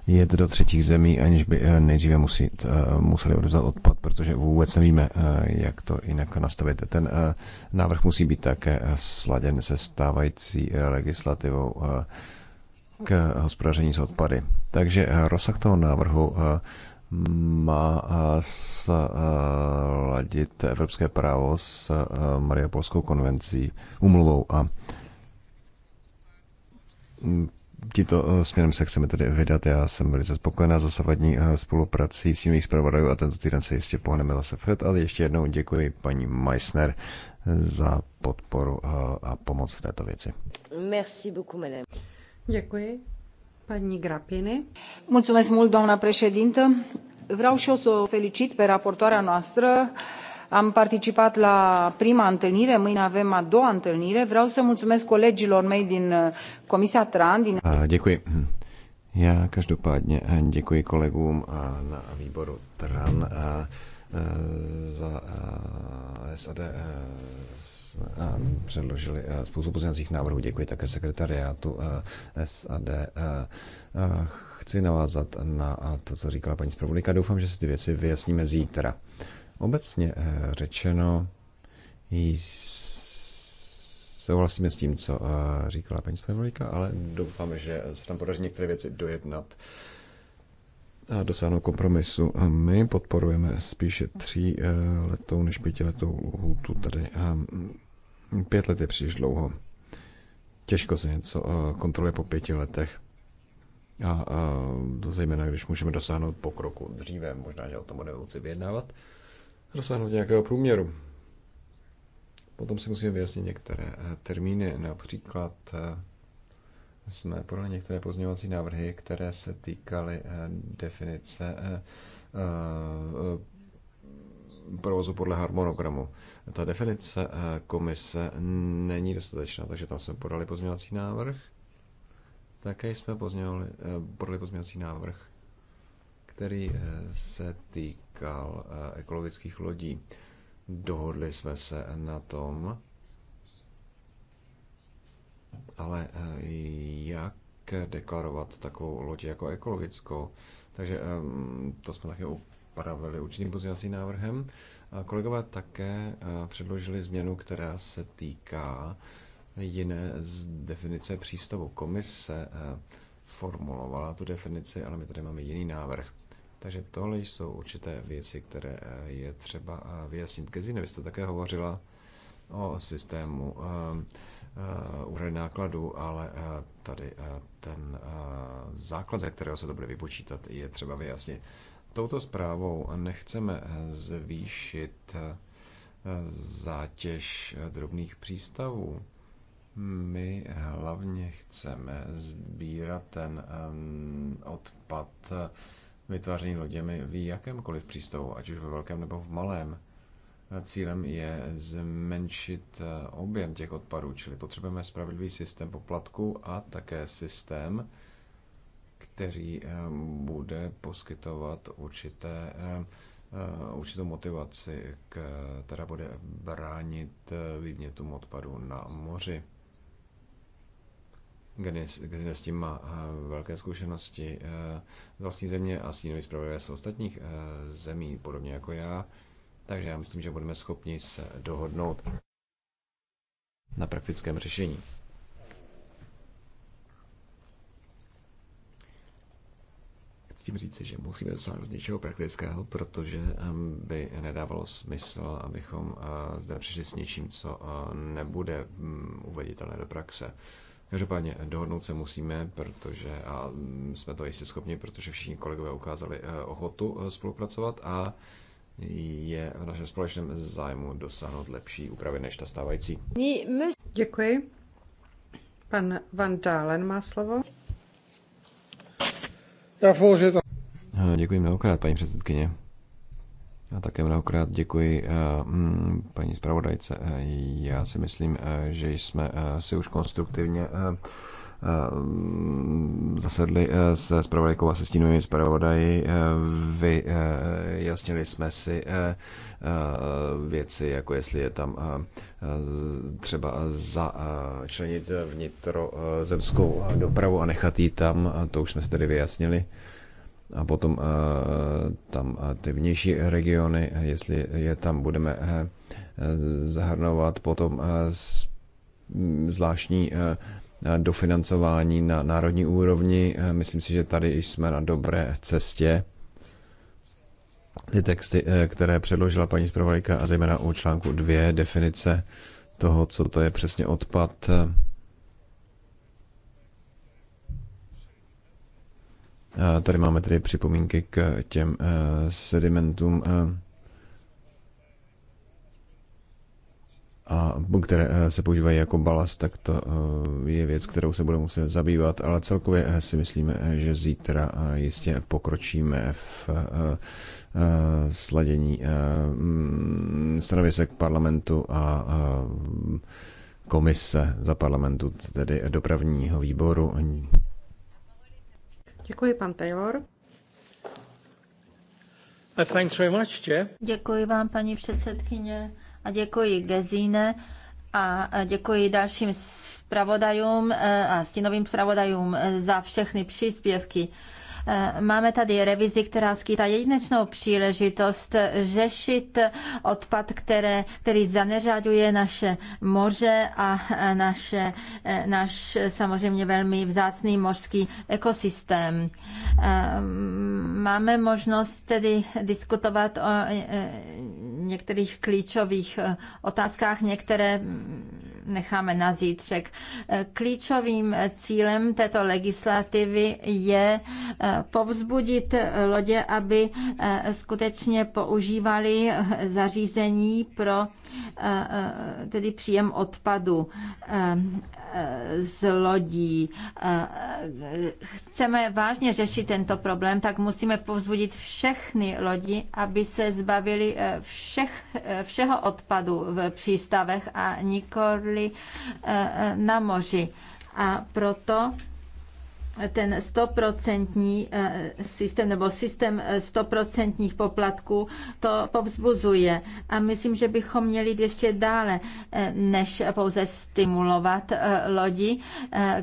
jet do třetích zemí, aniž by eh, nejdříve musít, museli odvzat odpad, protože vůbec nevíme, jak to jinak nastavit. Ten návrh musí být také sladěn se stávající legislativou k hospodaření s odpady. Takže rozsah toho návrhu má sladit evropské právo s Mariupolskou konvencí, umluvou a tímto eh, směrem se chceme tedy vydat. Já jsem velice spokojená za savadní eh, spoluprací s jiných zpravodajů a tento týden se jistě pohneme zase vpřed, ale ještě jednou děkuji paní Meissner eh, za podporu a pomoc v této věci. Merci beaucoup, madame. Děkuji. Paní Grapini. Mulțumesc mult, doamna președintă. Vreau și eu să o felicit pe raportoarea noastră. Am participat la prima întâlnire, mâine avem a doua întâlnire. Vreau să mulțumesc colegilor mei din uh, Comisia TRAN. Din... Děkuji. Já každopádně děkuji kolegům na výboru TRAN a za SAD a předložili spoustu pozměňovacích návrhů. Děkuji také sekretariátu SAD. Chci navázat na to, co říkala paní zpravodajka. Doufám, že si ty věci vyjasníme zítra. Obecně eh, řečeno, souhlasíme s tím, co eh, říkala paní zpravodajka, ale doufáme, že se tam podaří některé věci dojednat a dosáhnout kompromisu. A my podporujeme spíše tří eh, letou než pětiletou hůtu tady. A pět let je příliš dlouho. Těžko se něco kontroluje po pěti letech. A, a to zejména, když můžeme dosáhnout pokroku dříve, možná, že o tom budeme moci vyjednávat dosáhnout nějakého průměru. Potom si musíme vyjasnit některé eh, termíny. Například eh, jsme podali některé pozměňovací návrhy, které se týkaly eh, definice provozu podle harmonogramu. Ta definice komise není dostatečná, takže tam jsme podali pozměňovací návrh. Také jsme podali pozměňovací návrh, který se týká týkal eh, ekologických lodí. Dohodli jsme se na tom, ale eh, jak deklarovat takovou loď jako ekologickou? Takže eh, to jsme taky upravili určitým pozměňovacím návrhem. Kolegové také předložili změnu, která se týká jiné z definice přístavu. Komise formulovala tu definici, ale my tady máme jiný návrh. Takže tohle jsou určité věci, které eh, je třeba eh, vyjasnit. Kezine, vy jste také hovořila o systému eh, úhrady nákladu, ale tady ten základ, ze kterého se to bude vypočítat, je třeba vyjasnit. Touto zprávou nechceme zvýšit zátěž drobných přístavů. My hlavně chceme sbírat ten odpad vytváření loděmi v jakémkoliv přístavu, ať už ve velkém nebo v malém. Cílem je zmenšit eh, objem těch odpadů, čili potřebujeme spravedlivý systém poplatku a také systém, který eh, bude poskytovat určité, eh, určitou motivaci, která bude bránit výmětům odpadů na moři kde s tím má eh, velké zkušenosti eh, z vlastní země a stínový zpravodajové z ostatních eh, zemí, podobně jako já. Takže já myslím, že budeme schopni se dohodnout na praktickém řešení. Chci tím říci, že musíme dosáhnout něčeho praktického, protože by nedávalo smysl, abychom zde přišli s něčím, co nebude mm, uveditelné do praxe. Každopádně dohodnout se musíme, protože a jsme to jistě schopni, protože všichni kolegové ukázali eh, ochotu eh, spolupracovat a je v našem společném zájmu dosáhnout lepší úpravy než ta stávající. Děkuji. Pan Van Dalen má slovo. Já eh, Děkuji mnohokrát, paní předsedkyně. Já také mnohokrát děkuji eh, mm, paní zpravodajce. Eh, já si myslím, eh, že jsme si už konstruktivně zasedli se zpravodajkou a se stínovými zpravodaji. Vyjasnili jsme si věci, jako jestli je tam třeba začlenit vnitrozemskou dopravu a nechat ji tam. To už jsme si tedy vyjasnili a potom eh, tam eh, ty vnější regiony, eh, jestli je tam budeme zahrnovat, potom mm, zvláštní dofinancování na národní úrovni. Myslím si, že tady jsme na dobré cestě. Ty texty, které předložila paní zpravodajka, a zejména u článku 2, definice toho, co to je přesně odpad, Tady máme tedy připomínky k těm eh, sedimentům, eh, a které eh, se používají jako balast, tak to je věc, kterou se budeme muset zabývat, ale celkově si myslíme, že zítra jistě pokročíme v sladění mm, stanovisek parlamentu a komise za parlamentu, tedy dopravního výboru. Děkuji, pan Taylor. Uh, thanks very much, Děkuji vám, paní předsedkyně, a děkuji Gezíne a děkuji dalším zpravodajům eh, a stínovým zpravodajům eh, za všechny příspěvky. Eh, máme tady revizi, která skýtá jedinečnou příležitost řešit odpad, které, který zaneřáďuje naše moře a eh, naše, eh, naš samozřejmě velmi vzácný mořský ekosystém. Máme možnost tedy diskutovat o některých klíčových otázkách, některé necháme na zítřek. Klíčovým cílem této legislativy je eh, povzbudit lodě, aby eh, skutečně používali eh, zařízení pro tedy příjem odpadu z lodí. Chceme vážně řešit tento problém, tak musíme povzbudit všechny lodi, aby se zbavili všech, všeho odpadu v přístavech a nikoli dohodli eh, eh, na moři. A proto ten stoprocentní eh, systém nebo systém stoprocentních poplatků to povzbuzuje. A myslím, že bychom měli jít ještě dále, než pouze stimulovat lodi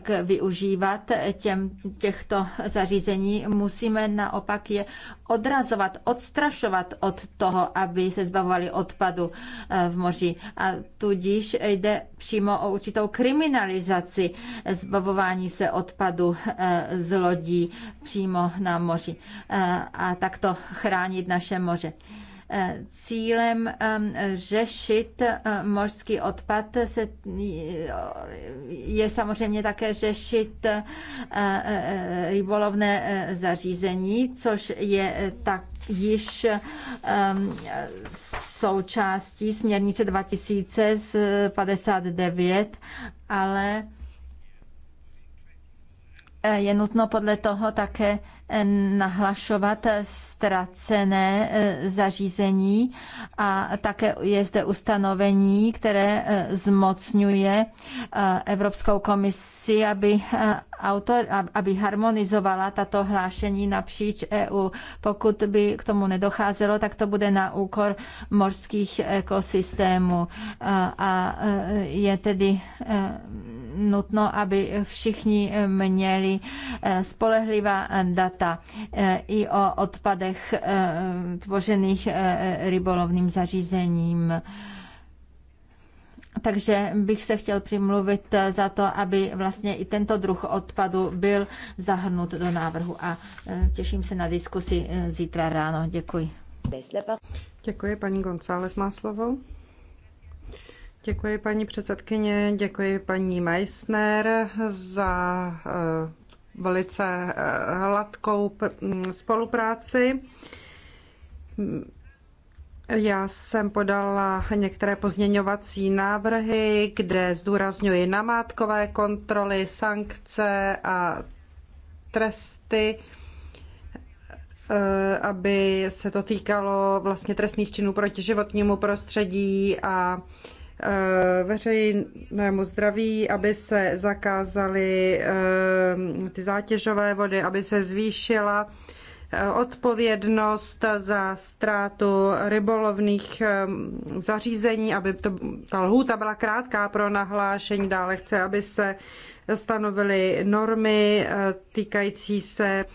k využívat těm, těchto zařízení. Musíme naopak je odrazovat, odstrašovat od toho, aby se zbavovali odpadu eh, v moři. A tudíž jde přímo o určitou kriminalizaci zbavování se odpadu eh, z lodí přímo na moři eh, a takto chránit naše moře. Eh, cílem ehm, řešit eh, mořský odpad se, eh, je samozřejmě také řešit rybolovné zařízení, což je tak již um, součástí směrnice 2059, ale je nutno podle toho také nahlašovat ztracené e, zařízení a také je zde ustanovení, které e, zmocňuje e, Evropskou komisi, aby, autor, aby harmonizovala tato hlášení napříč EU. Pokud by k tomu nedocházelo, tak to bude na úkor mořských ekosystémů. A je tedy nutno, aby všichni měli spolehlivá data data eh, i o odpadech eh, tvořených eh, rybolovným zařízením. Takže bych se chtěl přimluvit za to, aby vlastně i tento druh odpadu byl zahrnut do návrhu a těším se na diskusi zítra ráno. Děkuji. Děkuji, paní González má slovo. Děkuji, paní předsedkyně, děkuji paní Meissner za velice eh, hladkou mm, spolupráci. Já jsem podala některé pozměňovací návrhy, kde zdůrazňuji namátkové kontroly, sankce a tresty, eh, aby se to týkalo vlastně trestných činů proti životnímu prostředí a Eh, veřejnému zdraví, aby se zakázaly eh, ty zátěžové vody, aby se zvýšila eh, odpovědnost za ztrátu rybolovných zařízení, aby to, ta lhůta byla krátká pro nahlášení. Dále chce, aby se stanovily normy týkající se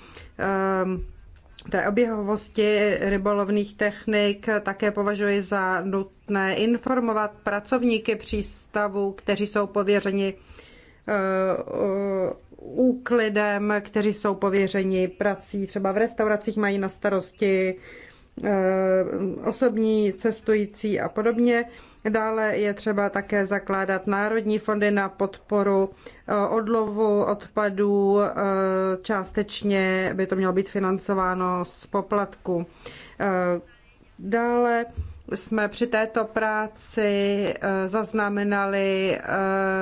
té oběhovosti rybolovných technik také považuji za nutné informovat pracovníky přístavů, kteří jsou pověřeni eh, úklidem, kteří jsou pověřeni prací, třeba v restauracích mají na starosti eh, osobní cestující a podobně. Dále je třeba také zakládat národní fondy na podporu eh, odlovu odpadů. Eh, částečně by to mělo být financováno z poplatku. Eh, dále jsme při této práci zaznamenali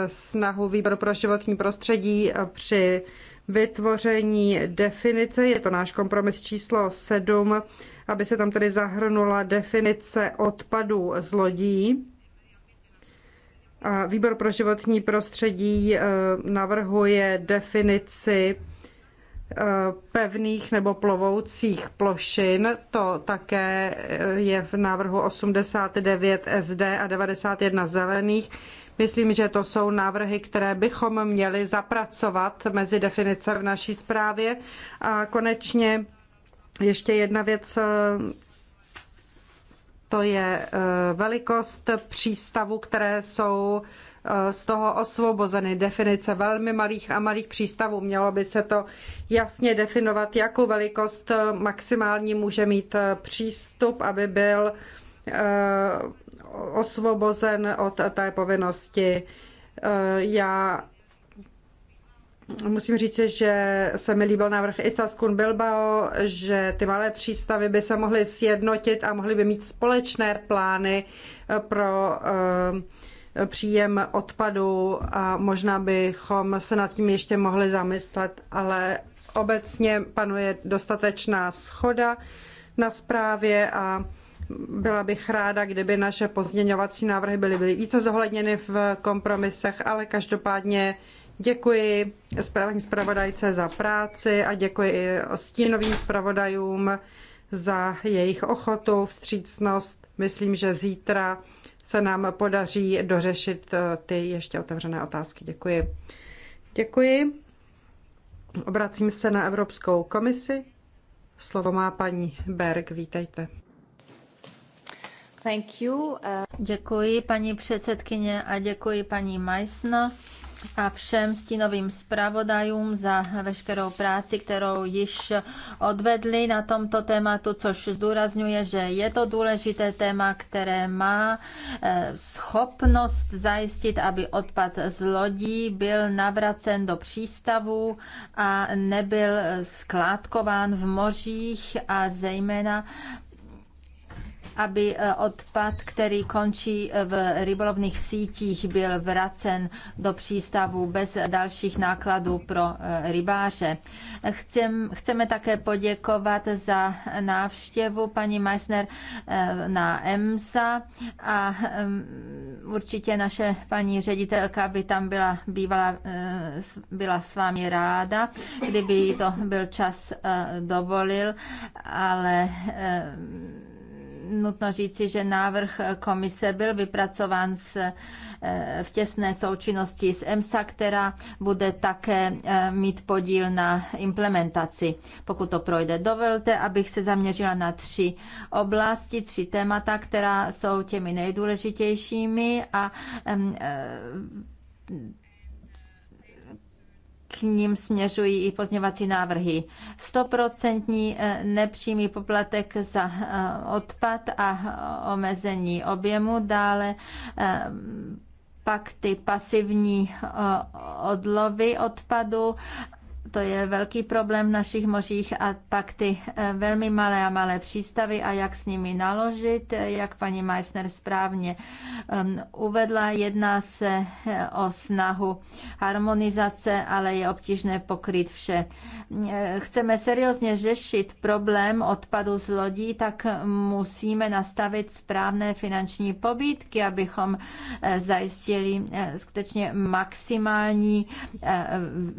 snahu Výboru pro životní prostředí při vytvoření definice, je to náš kompromis číslo 7, aby se tam tedy zahrnula definice odpadů z lodí. A výbor pro životní prostředí eh, navrhuje definici eh, pevných nebo plovoucích plošin. To také eh, je v návrhu 89 SD a 91 zelených. Myslím, že to jsou návrhy, které bychom měli zapracovat mezi definice v naší zprávě. A konečně ještě jedna věc, eh, to je eh, velikost přístavů, které jsou eh, z toho osvobozeny. Definice velmi malých a malých přístavů. Mělo by se to jasně definovat, jakou velikost maximální může mít přístup, aby byl osvobozen od té povinnosti. Já musím říct, že se mi líbil návrh Isaskun Bilbao, že ty malé přístavy by se mohly sjednotit a mohly by mít společné plány eh, pro eh, příjem odpadu a možná bychom se nad tím ještě mohli zamyslet, ale obecně panuje dostatečná schoda na zprávě a byla bych ráda, kdyby naše pozměňovací návrhy byly, byly více zohledněny v kompromisech, ale každopádně Děkuji správní zpravodajce za práci a děkuji i stínovým zpravodajům za jejich ochotu, vstřícnost. Myslím, že zítra se nám podaří dořešit eh, ty ještě otevřené otázky. Děkuji. Děkuji. Obracím se na Evropskou komisi. Slovo má paní Berg. Vítejte. Thank you. Eh. Děkuji paní předsedkyně a děkuji paní Meissner a všem stínovým zpravodajům za veškerou práci, kterou již odvedli na tomto tématu, což zdůrazňuje, že je to důležité téma, které má eh, schopnost zajistit, aby odpad z lodí byl navracen do přístavu a nebyl eh, skládkován v mořích a zejména aby e, odpad, který končí e, v rybolovných sítích, byl vracen do přístavu bez dalších nákladů pro e, rybáře. Chcem, chceme také poděkovat za návštěvu paní Meissner na EMSA a určitě naše paní ředitelka by tam byla bývala, byla s vámi ráda, kdyby jí to byl čas dovolil, ale nutno říci, že návrh komise byl vypracován s, eh, v těsné součinnosti s EMSA, která bude také eh, mít podíl na implementaci, pokud to projde. Dovolte, abych se zaměřila na tři oblasti, tři témata, která jsou těmi nejdůležitějšími a eh, k ním směřují i pozněvací návrhy. 100% eh, nepřímý poplatek za eh, odpad a eh, omezení objemu, dále pak ty pasivní odlovy odpadu to je velký problém v našich mořích a pak ty eh, velmi malé a malé přístavy a jak s nimi naložit, eh, jak paní Meissner správně ehm, uvedla, jedná se eh, o snahu harmonizace, ale je obtížné pokryt vše. Chceme seriózně řešit problém odpadu z lodí, tak musíme nastavit správné finanční pobídky, abychom zajistili skutečně maximální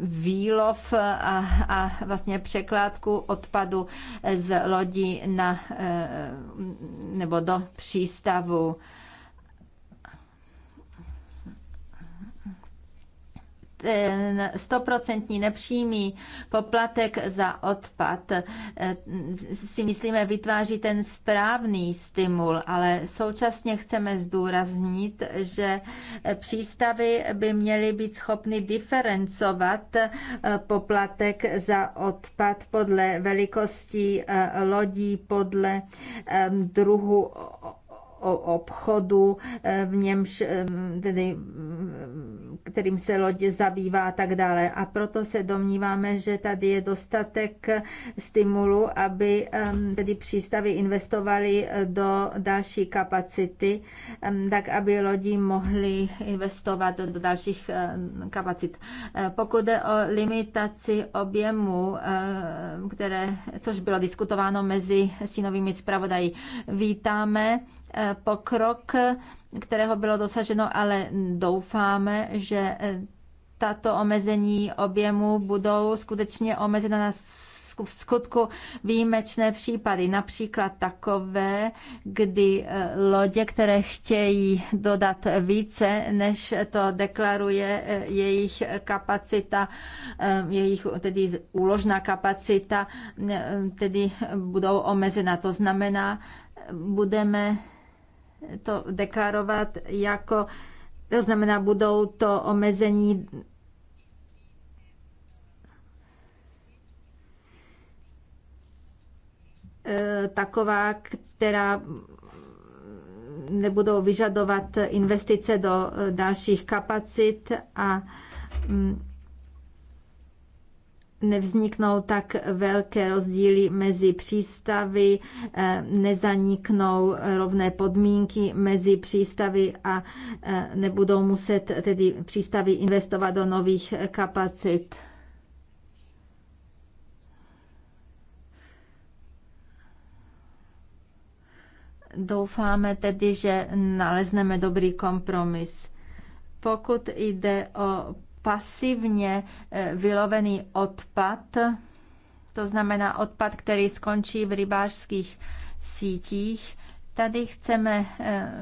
výlov a, a vlastně překládku odpadu z lodí na, e, nebo do přístavu. 100 stoprocentní nepřímý poplatek za odpad si myslíme vytváří ten správný stimul, ale současně chceme zdůraznit, že přístavy by měly být schopny diferencovat poplatek za odpad podle velikosti lodí, podle druhu obchodu, eh, v němž, eh, tedy, mm, kterým se loď zabývá a tak dále. A proto se domníváme, že tady je dostatek stimulu, aby tedy přístavy investovaly eh, do další kapacity, tak aby lodi mohly investovat do dalších kapacit. Pokud jde o limitaci objemu, které, což bylo diskutováno mezi stínovými zpravodají, vítáme Eh, pokrok, kterého bylo dosaženo, ale doufáme, že eh, tato omezení objemu budou skutečně omezena na v skutku výjimečné případy, například takové, kdy eh, lodě, které chtějí dodat více, než to deklaruje jejich kapacita, jejich tedy úložná kapacita, tedy budou omezena. To znamená, budeme to deklarovat jako, to znamená, budou to omezení e, taková, která nebudou vyžadovat investice do e, dalších kapacit a mm, nevzniknou tak velké rozdíly mezi přístavy, eh, nezaniknou rovné podmínky mezi přístavy a eh, nebudou muset tedy přístavy investovat do nových kapacit. Doufáme tedy, že nalezneme dobrý kompromis. Pokud jde o pasivně eh, vylovený odpad, to znamená odpad, který skončí v rybářských sítích. Tady chceme eh,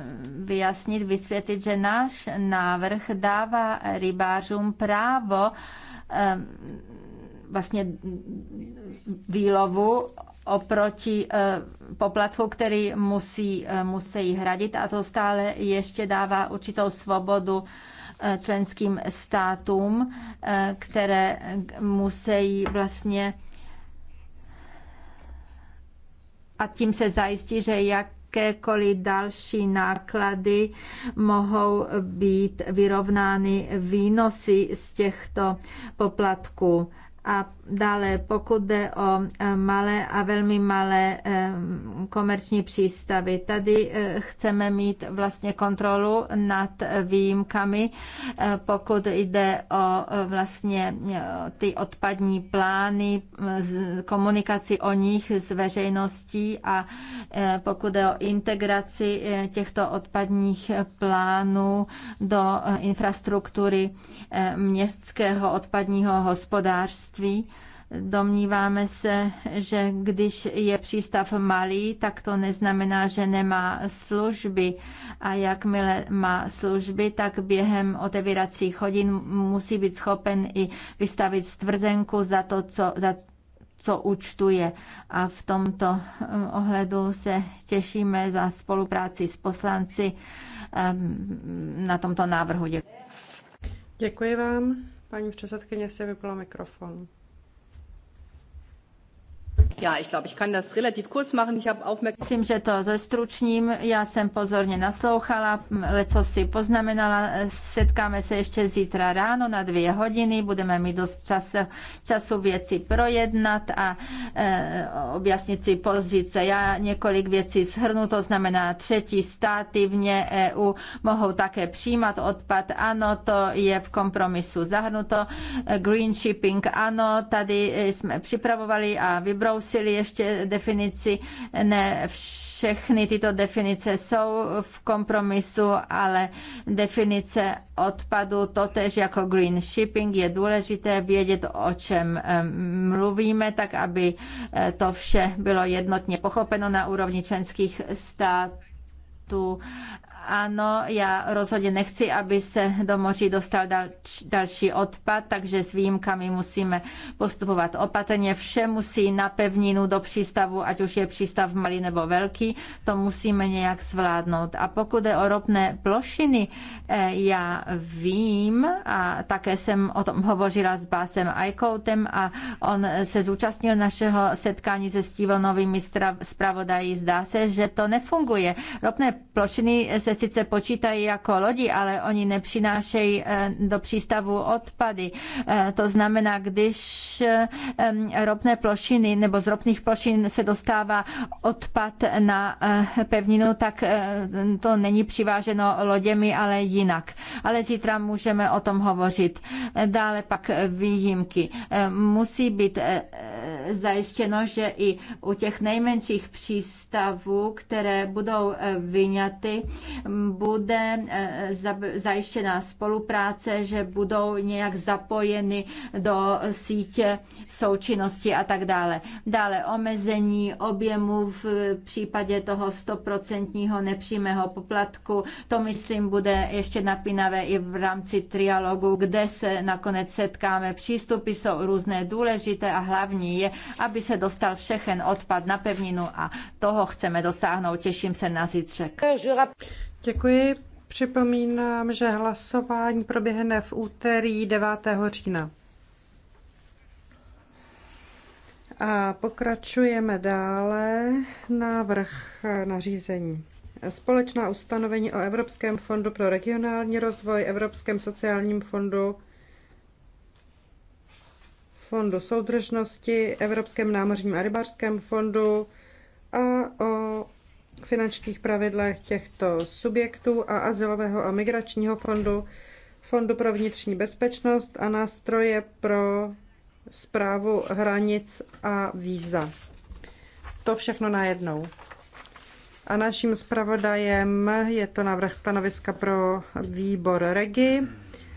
vyjasnit, vysvětlit, že náš návrh dává rybářům právo eh, vlastně výlovu oproti poplatku, který musí, musí hradit a to stále ještě dává určitou svobodu Eh, členským státům, eh, které musí vlastně a tím se zajistí, že jak jakékoliv další náklady mohou být vyrovnány výnosy z těchto poplatků. A Dále, pokud jde o eh, malé a velmi malé eh, komerční přístavy, tady eh, chceme mít vlastně kontrolu nad výjimkami, pokud jde o vlastně ty odpadní plány, komunikaci o nich s veřejností a pokud jde o integraci těchto odpadních plánů do infrastruktury městského odpadního hospodářství Domníváme se, že když je přístav malý, tak to neznamená, že nemá služby. A jakmile má služby, tak během otevíracích hodin musí být schopen i vystavit stvrzenku za to, co, za co účtuje. A v tomto um, ohledu se těšíme za spolupráci s poslanci um, na tomto návrhu. Děkuji. Děkuji vám. Paní předsedkyně si vypla mikrofon. Myslím, že to zestručním. Já jsem pozorně naslouchala, leco si poznamenala. Setkáme se ještě zítra ráno na dvě hodiny. Budeme mít dost času, času věci projednat a e, objasnit si pozice. Já několik věcí shrnu, to znamená třetí státy vně EU mohou také přijímat odpad. Ano, to je v kompromisu zahrnuto. Green shipping, ano, tady e, jsme připravovali a vybrou neobrusili ještě definici. Ne všechny tyto definice jsou v kompromisu, ale definice odpadu totež jako green shipping je důležité vědět, o čem mluvíme, tak aby eh, to vše bylo jednotně pochopeno na úrovni členských států ano, já rozhodně nechci, aby se do moří dostal dal, další odpad, takže s výjimkami musíme postupovat opatrně. Vše musí na pevninu do přístavu, ať už je přístav malý nebo velký, to musíme nějak zvládnout. A pokud je o ropné plošiny, eh, já vím a také jsem o tom hovořila s Básem Aikoutem a on se zúčastnil našeho setkání se Stevenovými zpravodají. Zdá se, že to nefunguje. Ropné plošiny se se sice počítají jako lodi, ale oni nepřinášejí eh, do přístavu odpady. Eh, to znamená, když eh, ropné plošiny nebo z ropných plošin se dostává odpad na pevninu, tak to není přiváženo loděmi, ale jinak. Ale zítra můžeme o tom hovořit. Dále pak výjimky. Musí být zajištěno, že i u těch nejmenších přístavů, které budou vyňaty, bude eh, zajištěna spolupráce, že budou nějak zapojeny do sítě součinnosti a tak dále. Dále omezení objemu v případě toho stoprocentního nepřímého poplatku. To, myslím, bude ještě napínavé i v rámci trialogu, kde se nakonec setkáme. Přístupy jsou různé důležité a hlavní je, aby se dostal všechen odpad na pevninu a toho chceme dosáhnout. Těším se na zítřek. Děkuji. Připomínám, že hlasování proběhne v úterý 9. října. A pokračujeme dále. Návrh nařízení. Společná ustanovení o Evropském fondu pro regionální rozvoj, Evropském sociálním fondu, Fondu soudržnosti, Evropském námořním a rybářském fondu a o finančních pravidlech těchto subjektů a azylového a migračního fondu, fondu pro vnitřní bezpečnost a nástroje pro zprávu hranic a víza. To všechno najednou. A naším zpravodajem je to návrh stanoviska pro výbor Regi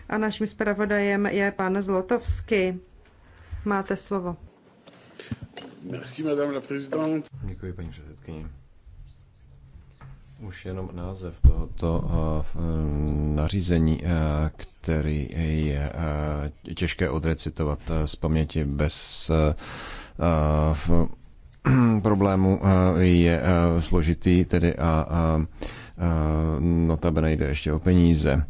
a naším zpravodajem je pan Zlotovský. Máte slovo. Merci, madame la Děkuji, paní předsedkyně. Už jenom název tohoto eh, eh, nařízení, eh, který je těžké odrecitovat z paměti bez problému, je složitý tedy a notabene jde ještě o peníze.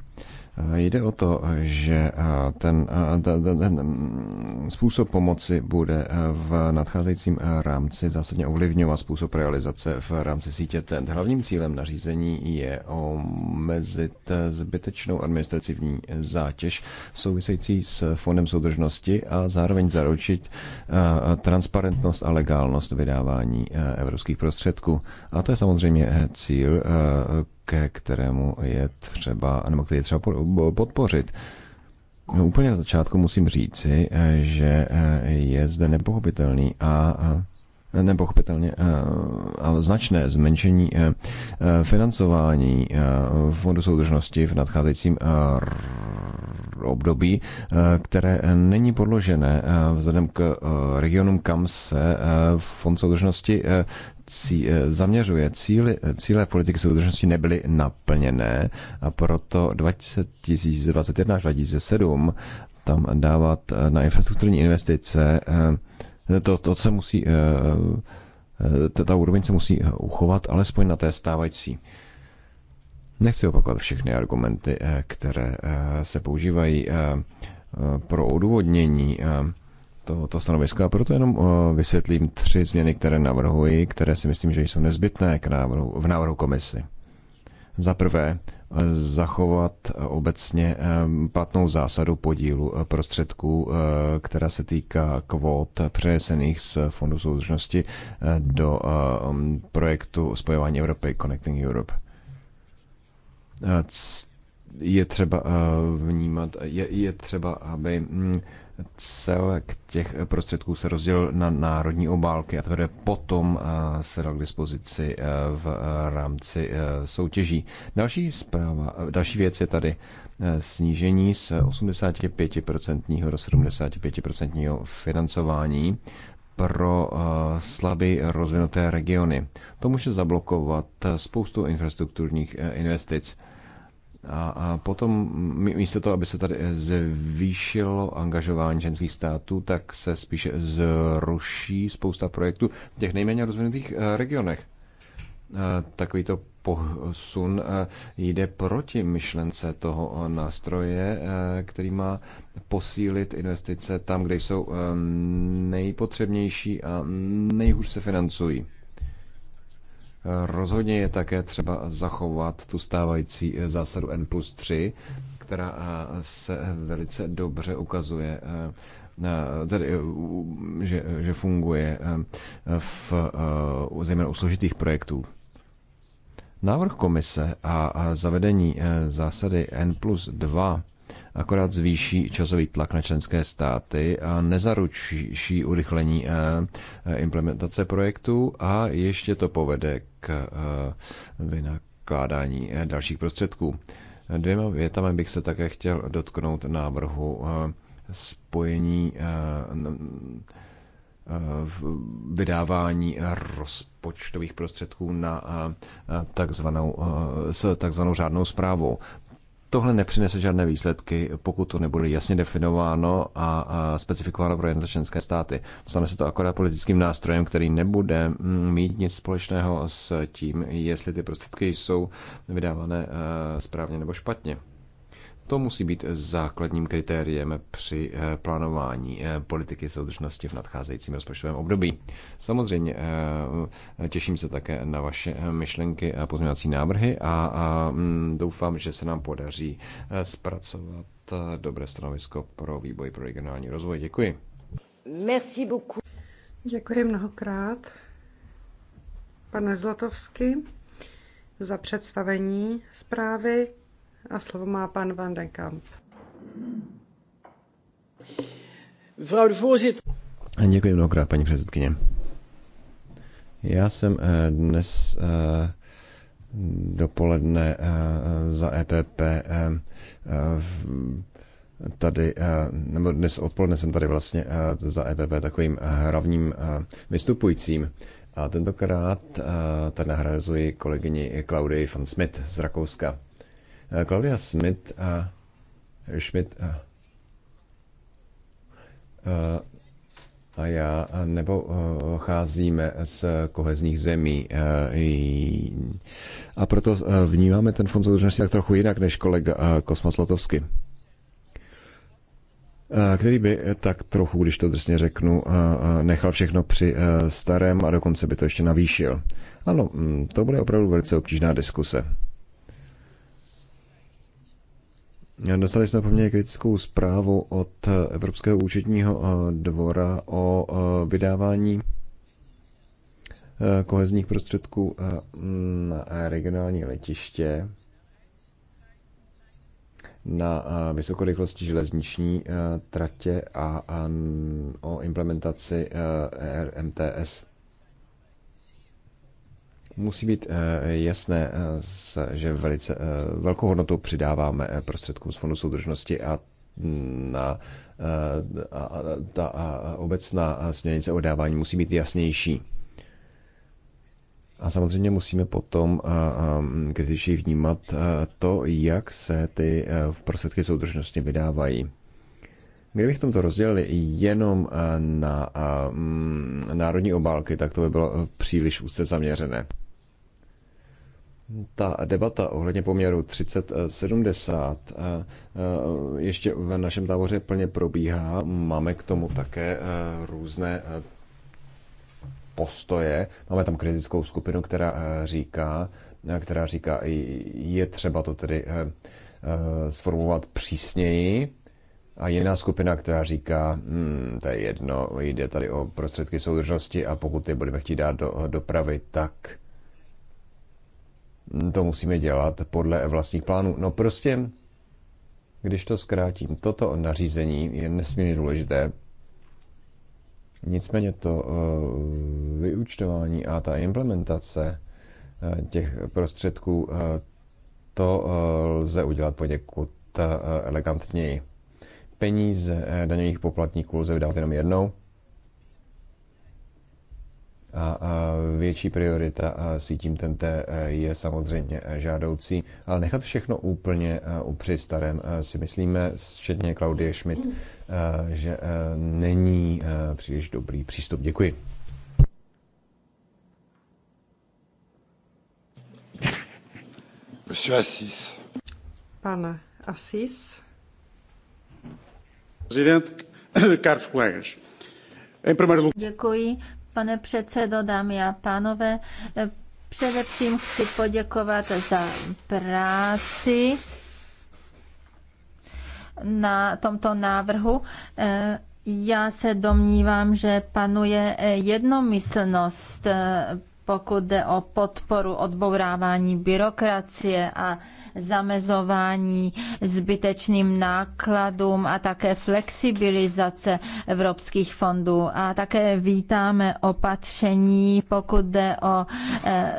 Eh, jde o to, že eh, ten, eh, ten, ten mm, způsob pomoci bude v nadcházejícím rámci zásadně ovlivňovat způsob realizace v rámci sítě TENT. E Hlavním cílem nařízení je omezit zbytečnou administrativní zátěž související s Fondem soudržnosti a zároveň zaručit transparentnost a legálnost vydávání evropských prostředků. A to je samozřejmě cíl, ke kterému je třeba, nebo který je třeba podpořit. No, úplně na začátku musím říci, eh, že eh, je zde nepochopitelný a nepochopitelně eh, a značné zmenšení financování Fondu soudržnosti v nadcházejícím období, které není podložené vzhledem k regionům, kam se Fond soudržnosti cí, eh, zaměřuje. Cíly, eh, cíle politiky soudržnosti nebyly naplněné a proto 2021 až 2007 tam dávat eh, na infrastrukturní investice, to, to se musí, to, ta úroveň se musí uchovat alespoň na té stávající. Nechci opakovat všechny argumenty, které se používají pro odůvodnění tohoto stanoviska a proto jenom eh, vysvětlím tři změny, které navrhuji, které si myslím, že jsou nezbytné k návrhu, v návrhu komisy. Za prvé, eh, zachovat eh, obecně platnou zásadu podílu prostředků, která se týká kvót přenesených z Fondu soudržnosti do projektu Spojování Evropy Connecting Europe. Je třeba vnímat, je, je třeba, aby mm, celek těch eh, prostředků se rozdělil na národní obálky a teprve potom eh, se dal k dispozici eh, v rámci soutěží. Další, zpráva, další věc je tady snížení z 85% do 75% financování pro slabě rozvinuté regiony. To může zablokovat spoustu infrastrukturních investic a, a potom místo toho, aby se tady zvýšilo angažování ženských států, tak se spíše zruší spousta projektů v těch nejméně rozvinutých eh, regionech. Eh, Takový to posun eh, jde proti myšlence toho nástroje, který má posílit investice tam, kde jsou nejpotřebnější a nejhůř se financují. Rozhodně je také třeba zachovat tu stávající zásadu N plus 3, která eh, se velice dobře ukazuje, eh, tedy, eh, že, že funguje v, zejména u složitých projektů. Návrh komise a zavedení zásady N plus 2 akorát zvýší časový tlak na členské státy a nezaručí urychlení eh, eh, implementace projektu a ještě to povede k eh, vynakládání dalších prostředků. Dvěma větami bych se také chtěl dotknout návrhu spojení vydávání rozpočtových prostředků na takzvanou, s takzvanou řádnou zprávou tohle nepřinese žádné výsledky, pokud to nebude jasně definováno a, a specifikováno pro jednotlivé členské státy. Stane se to akorát politickým nástrojem, který nebude mm, mít nic společného s tím, jestli ty prostředky jsou vydávané eh, správně nebo špatně. To musí být základním kritériem při eh, plánování eh, politiky soudržnosti v nadcházejícím rozpočtovém období. Samozřejmě eh, těším se také na vaše myšlenky a pozměňovací návrhy a mm, doufám, že se nám podaří zpracovat dobré stanovisko pro výboj pro regionální rozvoj. Děkuji. Merci beaucoup. Děkuji mnohokrát, pane Zlatovsky, za představení zprávy. A slovo má pan Van den Kamp. Děkuji mnohokrát, paní předsedkyně. Já jsem eh, dnes eh, dopoledne eh, za EPP tady, nebo dnes odpoledne jsem tady vlastně za EPP takovým hlavním vystupujícím. A tentokrát tady nahrazuji kolegyni Klaudii von Smith z Rakouska. Eh, Claudia Smith a Schmidt a, a, eh, a já nebo a, eh, cházíme z kohezních zemí a, a proto vnímáme ten fond soudržnosti tak trochu jinak než kolega Kosmas Lotovsky který by tak trochu, když to drsně řeknu, nechal všechno při starém a dokonce by to ještě navýšil. Ano, mm, to bude opravdu velice obtížná diskuse. Dostali jsme poměrně kritickou zprávu od Evropského účetního eh, dvora o eh, vydávání eh, kohezních prostředků na regionální letiště na vysokorychlosti železniční tratě a o implementaci RMTS musí být eh, jasné, eh, že velice eh, velkou hodnotu přidáváme prostředkům z Fondu soudržnosti a na a, ta a obecná směrnice o dávání musí být jasnější. A samozřejmě musíme potom kritičně vnímat to, jak se ty prostředky soudržnosti vydávají. Kdybychom to rozdělili jenom na národní obálky, tak to by bylo příliš úzce zaměřené ta debata ohledně poměru 30-70 eh, eh, ještě v našem táboře plně probíhá. Máme k tomu také eh, různé postoje. Máme tam kritickou skupinu, která říká, která říká, je třeba to tedy sformulovat přísněji, a jiná skupina, která říká, hmm, to je jedno, jde tady o prostředky soudržnosti a pokud je budeme chtít dát do dopravy, tak to musíme dělat podle vlastních plánů. No prostě, když to zkrátím, toto nařízení je nesmírně důležité. Nicméně to eh, vyúčtování a ta implementace eh, těch prostředků, eh, to lze udělat poděkud elegantněji. Peníze daňových poplatníků lze vydávat jenom jednou a větší priorita sítím TNT e, je samozřejmě e, žádoucí, ale nechat všechno úplně e, při starém si myslíme, včetně Klaudie Schmidt, že není příliš dobrý přístup. Děkuji. Monsieur Assis. Pan Assis. Prezident, caros Děkuji, Pane předsedo, dámy a pánové, především chci poděkovat za práci na tomto návrhu. Já se domnívám, že panuje jednomyslnost pokud jde o podporu odbourávání byrokracie a zamezování zbytečným nákladům a také flexibilizace evropských fondů. A také vítáme opatření, pokud jde o eh,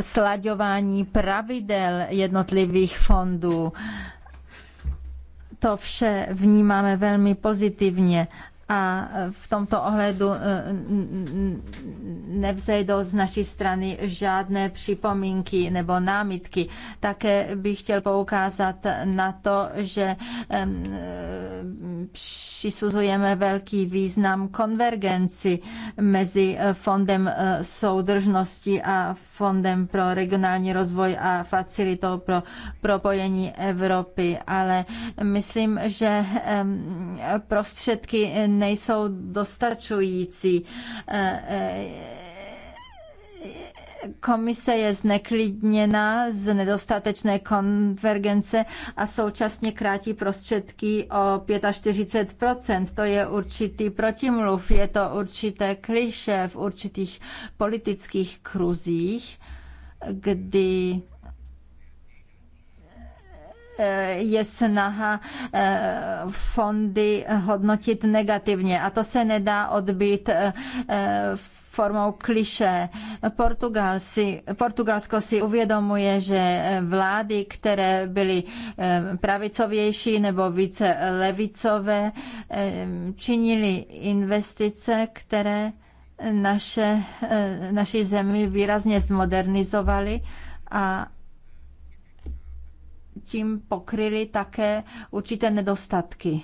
slaďování pravidel jednotlivých fondů to vše vnímáme velmi pozitivně a e, v tomto ohledu e, nevzejdou z naší strany žádné připomínky nebo námitky. Také bych chtěl poukázat na to, že e, přisuzujeme velký význam konvergenci mezi Fondem soudržnosti a Fondem pro regionální rozvoj a facilitou pro propojení Evropy, ale myslím, že prostředky ne nejsou dostačující e, e, komise je zneklidněna z nedostatečné konvergence a současně krátí prostředky o 45%. To je určitý protimluv, je to určité kliše v určitých politických kruzích, kdy Eh, je snaha eh, fondy hodnotit negativně a to se nedá odbít eh, formou kliše. Portugal si, Portugalsko si uvědomuje, že vlády, které byly pravicovější nebo více levicové, činili investice, které naše, naši zemi výrazně zmodernizovaly a tím pokryli také určité nedostatky.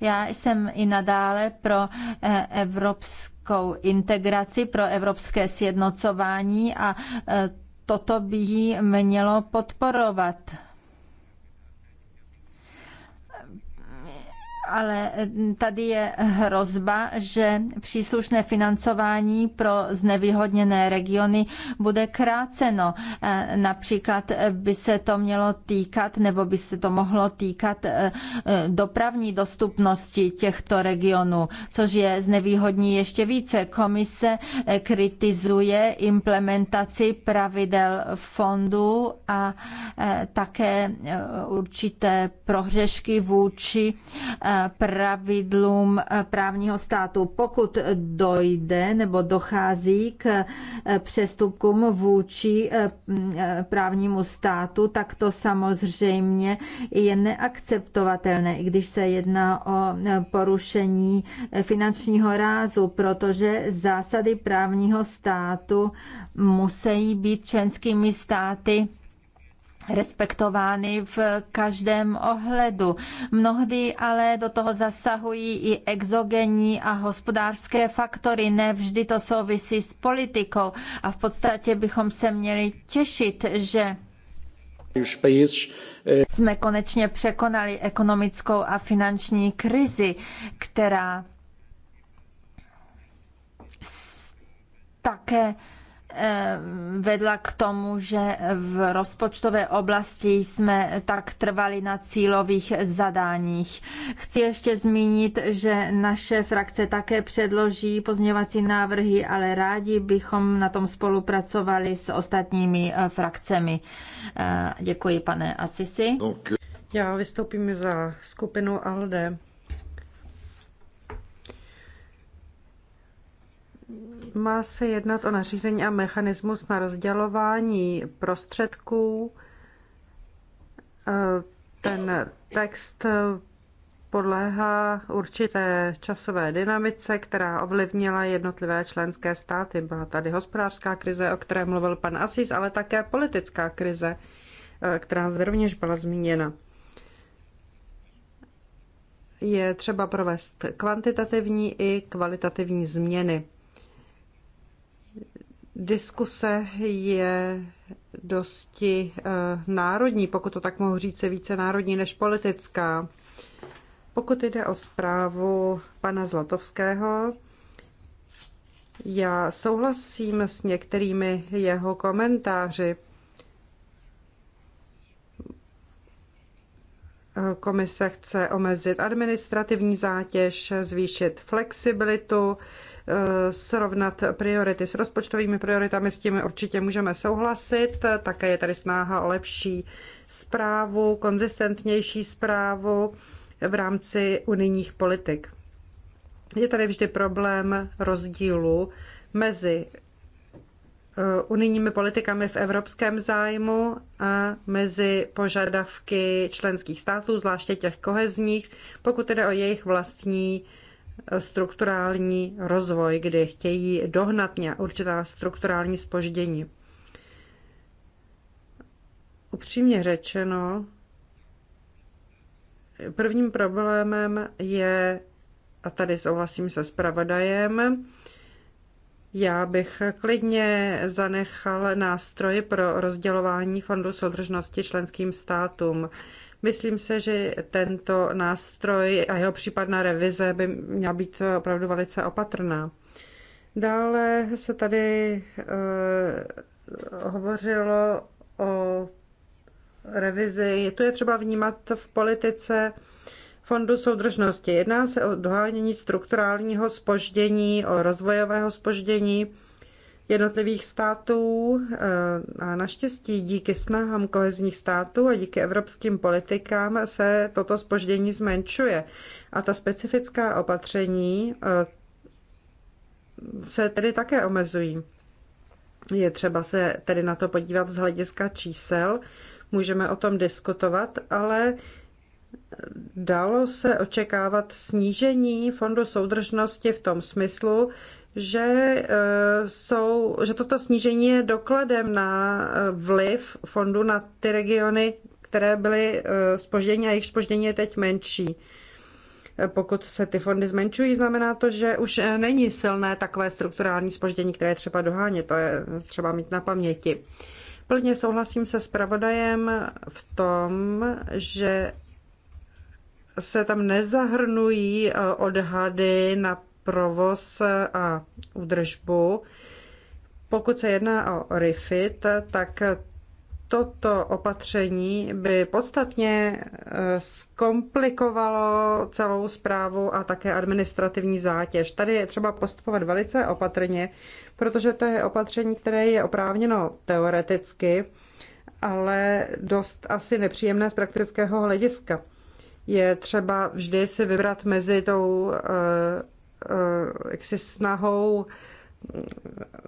Já jsem i nadále pro eh, evropskou integraci, pro evropské sjednocování a eh, toto by ji mělo podporovat. ale eh, tady je hrozba, že příslušné financování pro znevýhodněné regiony bude kráceno. Eh, například eh, by se to mělo týkat, nebo by se to mohlo týkat dopravní dostupnosti těchto regionů, což je znevýhodní ještě více. Komise kritizuje implementaci pravidel fondu a také určité prohřešky vůči pravidlům eh, právního státu. Pokud dojde nebo dochází k eh, přestupkům vůči eh, právnímu státu, tak to samozřejmě je neakceptovatelné, i když se jedná o porušení finančního rázu, protože zásady právního státu musí být členskými státy respektovány v každém ohledu. Mnohdy ale do toho zasahují i exogenní a hospodářské faktory. Nevždy to souvisí s politikou a v podstatě bychom se měli těšit, že jsme konečně překonali ekonomickou a finanční krizi, která také Eh, vedla k tomu, že v rozpočtové oblasti jsme tak trvali na cílových zadáních. Chci ještě zmínit, že naše frakce také předloží pozměňovací návrhy, ale rádi bychom na tom spolupracovali s ostatními eh, frakcemi. Eh, děkuji, pane Asisi. Já vystoupím za skupinu ALDE. Má se jednat o nařízení a mechanismus na rozdělování prostředků. E, ten text podléhá určité časové dynamice, která ovlivnila jednotlivé členské státy. Byla tady hospodářská krize, o které mluvil pan Asís, ale také politická krize, e, která zde rovněž byla zmíněna. Je třeba provést kvantitativní i kvalitativní změny. Diskuse je dosti eh, národní, pokud to tak mohu říct, je více národní než politická. Pokud jde o zprávu pana Zlatovského, já souhlasím s některými jeho komentáři. Komise chce omezit administrativní zátěž, zvýšit flexibilitu, Eh, srovnat priority s rozpočtovými prioritami, s tím určitě můžeme souhlasit. Také je tady snaha o lepší zprávu, konzistentnější zprávu v rámci unijních politik. Je tady vždy problém rozdílu mezi eh, unijními politikami v evropském zájmu a mezi požadavky členských států, zvláště těch kohezních, pokud jde o jejich vlastní strukturální rozvoj, kdy chtějí dohnat určitá strukturální spoždění. Upřímně řečeno, prvním problémem je, a tady souhlasím se zpravodajem, já bych klidně zanechal nástroje pro rozdělování fondu soudržnosti členským státům. Myslím se, že tento nástroj a jeho případná revize by měla být opravdu velice opatrná. Dále se tady uh, hovořilo o revizi. To je třeba vnímat v politice Fondu soudržnosti. Jedná se o dohánění strukturálního spoždění, o rozvojového spoždění jednotlivých států eh, a naštěstí díky snahám kohezních států a díky evropským politikám se toto spoždění zmenšuje. A ta specifická opatření eh, se tedy také omezují. Je třeba se tedy na to podívat z hlediska čísel, můžeme o tom diskutovat, ale dalo se očekávat snížení fondu soudržnosti v tom smyslu, že, eh, jsou, že toto snížení je dokladem na eh, vliv fondu na ty regiony, které byly spoždění eh, a jejich spoždění je teď menší. Pokud se ty fondy zmenšují, znamená to, že už není silné takové strukturální spoždění, které je třeba dohánět. To je třeba mít na paměti. Plně souhlasím se zpravodajem v tom, že se tam nezahrnují odhady na provoz a údržbu. Pokud se jedná o RIFIT, tak toto opatření by podstatně eh, zkomplikovalo celou zprávu a také administrativní zátěž. Tady je třeba postupovat velice opatrně, protože to je opatření, které je oprávněno teoreticky, ale dost asi nepříjemné z praktického hlediska. Je třeba vždy si vybrat mezi tou eh, Eh, jaksi snahou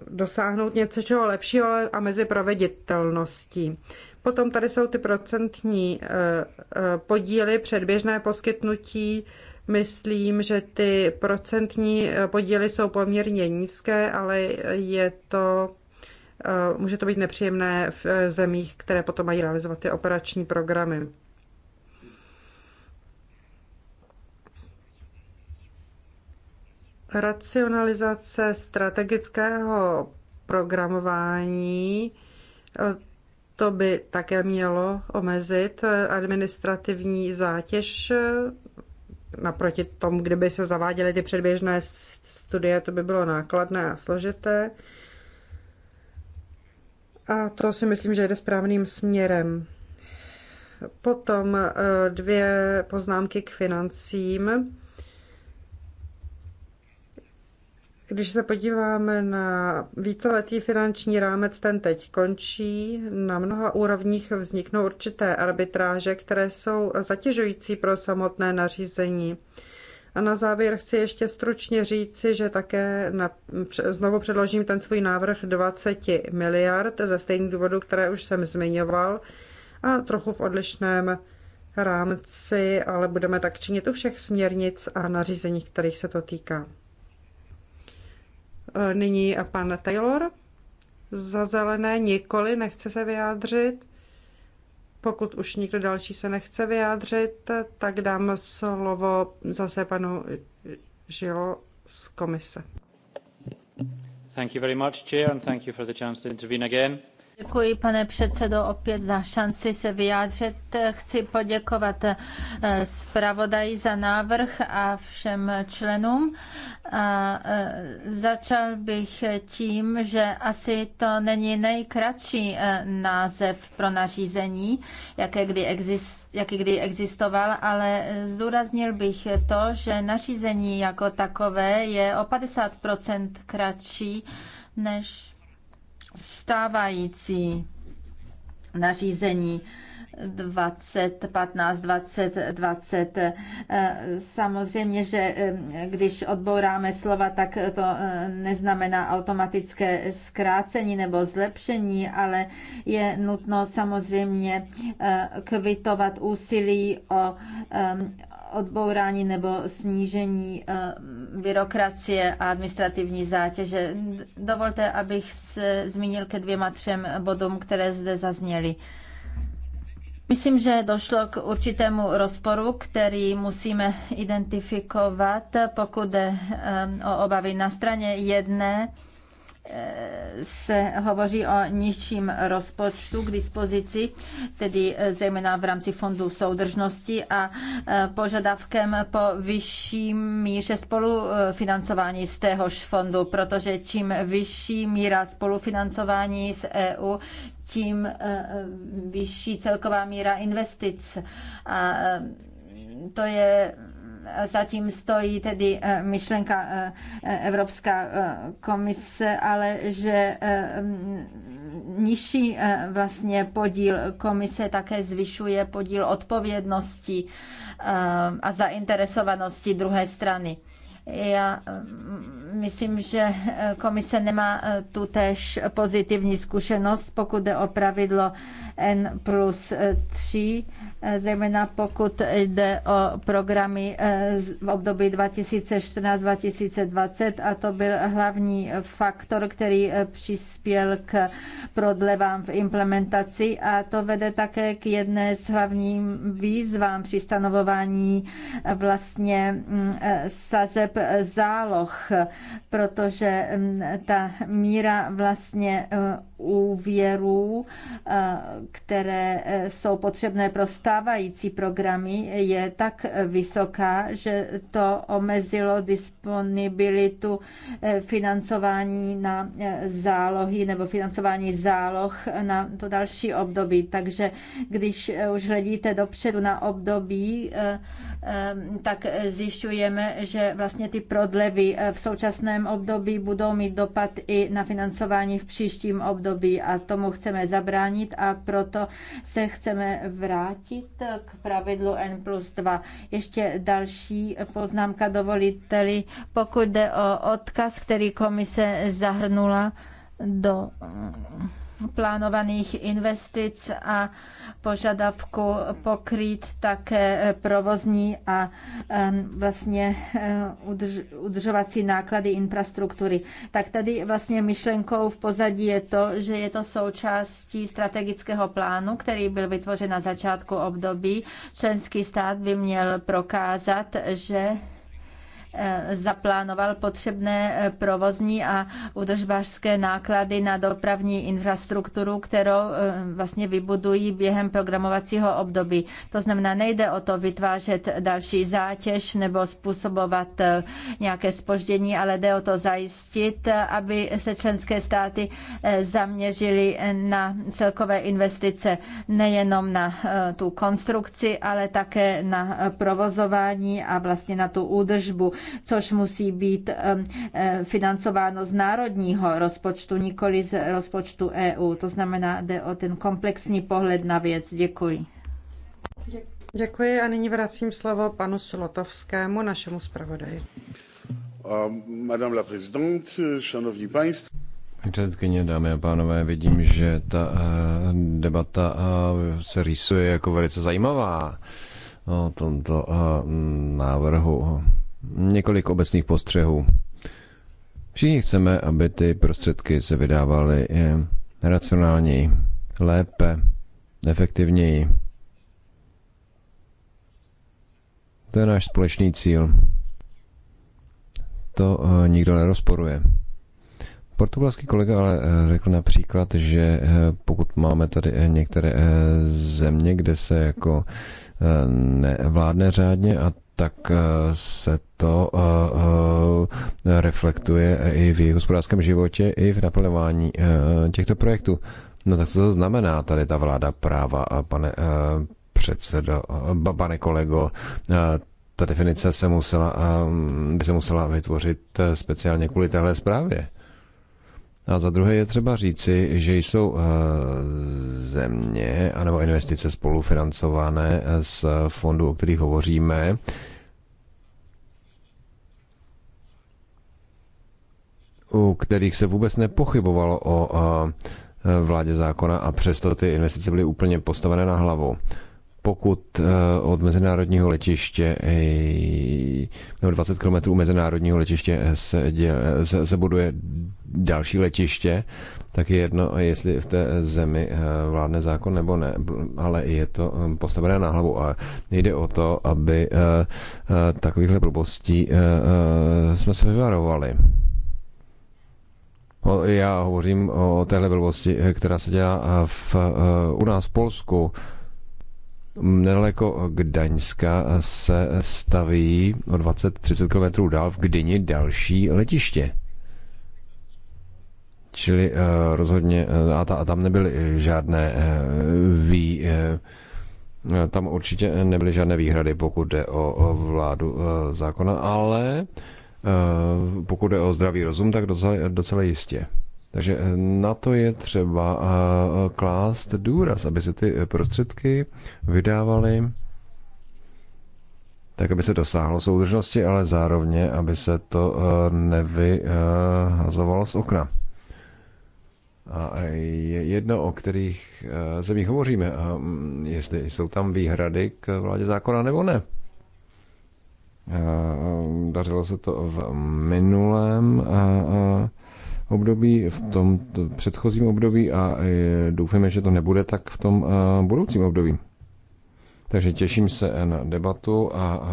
dosáhnout něčeho lepšího a mezi proveditelností. Potom tady jsou ty procentní eh, eh, podíly, předběžné poskytnutí. Myslím, že ty procentní podíly jsou poměrně nízké, ale je to, může to být nepříjemné v zemích, které potom mají realizovat ty operační programy. racionalizace strategického programování, eh, to by také mělo omezit eh, administrativní zátěž. Eh, naproti tomu, kdyby se zaváděly ty předběžné studie, to by bylo nákladné a složité. A to si myslím, že jde správným směrem. Potom dvě poznámky k financím. Když se podíváme na víceletý finanční rámec, ten teď končí. Na mnoha úrovních vzniknou určité arbitráže, které jsou zatěžující pro samotné nařízení. A na závěr chci ještě stručně říci, že také na, znovu předložím ten svůj návrh 20 miliard ze stejných důvodů, které už jsem zmiňoval, a trochu v odlišném rámci, ale budeme tak činit u všech směrnic a nařízení, kterých se to týká. Eh, nyní pan Taylor. Za zelené nikoli, nechce se vyjádřit. Pokud už nikdo další se nechce vyjádřit, tak dám slovo zase panu Žilo z komise. Thank you very much, Chair, and thank you for the chance to intervene again. Děkuji, pane předsedo, opět za šanci se vyjádřit. Chci poděkovat eh, zpravodaji za návrh a všem členům. A eh, začal bych tím, že asi to není nejkratší eh, název pro nařízení, jaké kdy exist, jaký kdy existoval, ale zdůraznil bych to, že nařízení jako takové je o 50 kratší než stávající nařízení 20, 15, 20, 20. Samozřejmě, že eh, když odbouráme slova, tak to eh, neznamená automatické zkrácení nebo zlepšení, ale je nutno samozřejmě eh, kvitovat úsilí o odbourání nebo snížení eh, byrokracie a administrativní zátěže. Dovolte, abych se zmínil ke dvěma třem bodům, které zde zazněly. Myslím, že došlo k určitému rozporu, který musíme identifikovat, pokud jde eh, o obavy na straně jedné se hovoří o nižším rozpočtu k dispozici, tedy eh, zejména v rámci fondu soudržnosti a eh, požadavkem po vyšší míře spolufinancování z téhož fondu, protože čím vyšší míra spolufinancování z EU, tím eh, vyšší celková míra investic. A to je zatím stojí tedy eh, myšlenka eh, eh, Evropská komise, ale že nižší vlastně podíl komise také zvyšuje podíl odpovědnosti a zainteresovanosti druhé strany. Já mm, Myslím, že eh, komise nemá eh, tu tež pozitivní zkušenost, pokud jde o pravidlo N plus 3, eh, zejména pokud jde o programy v období 2014-2020 a to byl hlavní faktor, který přispěl k prodlevám v implementaci a to vede také k jedné z hlavním výzvám při stanovování vlastně mm, sazeb záloh protože mm, ta míra vlastně úvěrů, eh, které eh, jsou potřebné pro stávající programy, je tak vysoká, že to omezilo disponibilitu eh, financování na zálohy nebo financování záloh na to další období. Takže když už hledíte dopředu na období, tak zjišťujeme, že vlastně ty prodlevy v současném období budou mít dopad i na financování v příštím období období a tomu chceme zabránit a proto se chceme vrátit k pravidlu N plus 2. Ještě další poznámka dovoliteli, pokud jde o odkaz, který komise zahrnula do plánovaných investic a požadavku pokrýt také provozní a vlastně eh, udržovací náklady infrastruktury. Tak tady vlastně myšlenkou v pozadí je to, že je to součástí strategického plánu, který byl vytvořen na začátku období. Členský stát by měl prokázat, že Eh, zaplánoval potřebné eh, provozní a udržbářské náklady na dopravní infrastrukturu, kterou eh, vlastně vybudují během programovacího období. To znamená, nejde o to vytvářet další zátěž nebo způsobovat nějaké spoždění, ale jde o to zajistit, aby se členské státy zaměřily na celkové investice nejenom na tu konstrukci, ale také na provozování a vlastně na tu údržbu což musí být eh, financováno z národního rozpočtu, nikoli z rozpočtu EU. To znamená, jde o ten komplexní pohled na věc. Děkuji. Děkuji a nyní vracím slovo panu Slotovskému, našemu zpravodaji. Madame la présidente, šanovní państwo. Předsedkyně, dámy a pánové, vidím, že ta eh, debata eh, se rýsuje jako velice zajímavá o tomto návrhu. Několik obecných postřehů. Všichni chceme, aby ty prostředky se vydávaly eh, racionálněji, lépe, efektivněji. To je náš společný cíl. To eh, nikdo nerozporuje. Portugalský kolega ale eh, řekl například, že pokud máme tady některé země, kde se jako nevládne řádně a tak eh, se to eh, eh, reflektuje i v jejich hospodářském životě, i v naplňování těchto projektů. No tak co to znamená tady ta vláda práva, pane předsedo, pane kolego, ta definice se musela, by se musela vytvořit speciálně kvůli téhle zprávě. A za druhé je třeba říci, že jsou země anebo investice spolufinancované z fondů, o kterých hovoříme, u kterých se vůbec nepochybovalo o e, vládě zákona a přesto ty investice byly úplně postavené na hlavu. Pokud e, od mezinárodního letiště e, nebo 20 km mezinárodního letiště se, děl, se, se buduje další letiště, tak je jedno, jestli v té zemi vládne zákon nebo ne, ale je to postavené na hlavu a jde o to, aby takovýchhle blbostí jsme se vyvarovali. Já hovořím o téhle blbosti, eh, která se dělá eh, v, eh, u nás v Polsku. Nedaleko Gdaňska se staví o 20-30 km dál v Gdyni další letiště. Čili uh, rozhodně, a, ta, a tam nebyly žádné uh, vý, uh, tam určitě nebyly žádné výhrady, pokud jde o, o vládu uh, zákona, ale uh, Eh, pokud je o zdravý rozum, tak docela, docela jistě. Takže eh, na to je třeba eh, klást důraz, aby se ty prostředky vydávaly tak, aby se dosáhlo soudržnosti, ale zároveň, aby se to nevyhazovalo z okna. A je jedno, o kterých zemích hovoříme, mm, jestli jsou tam výhrady k vládě zákona nebo ne. Eh, dařilo se to v minulém eh, eh, období, v tom předchozím období a doufáme, že to nebude tak v tom budoucím období. Takže těším se na debatu a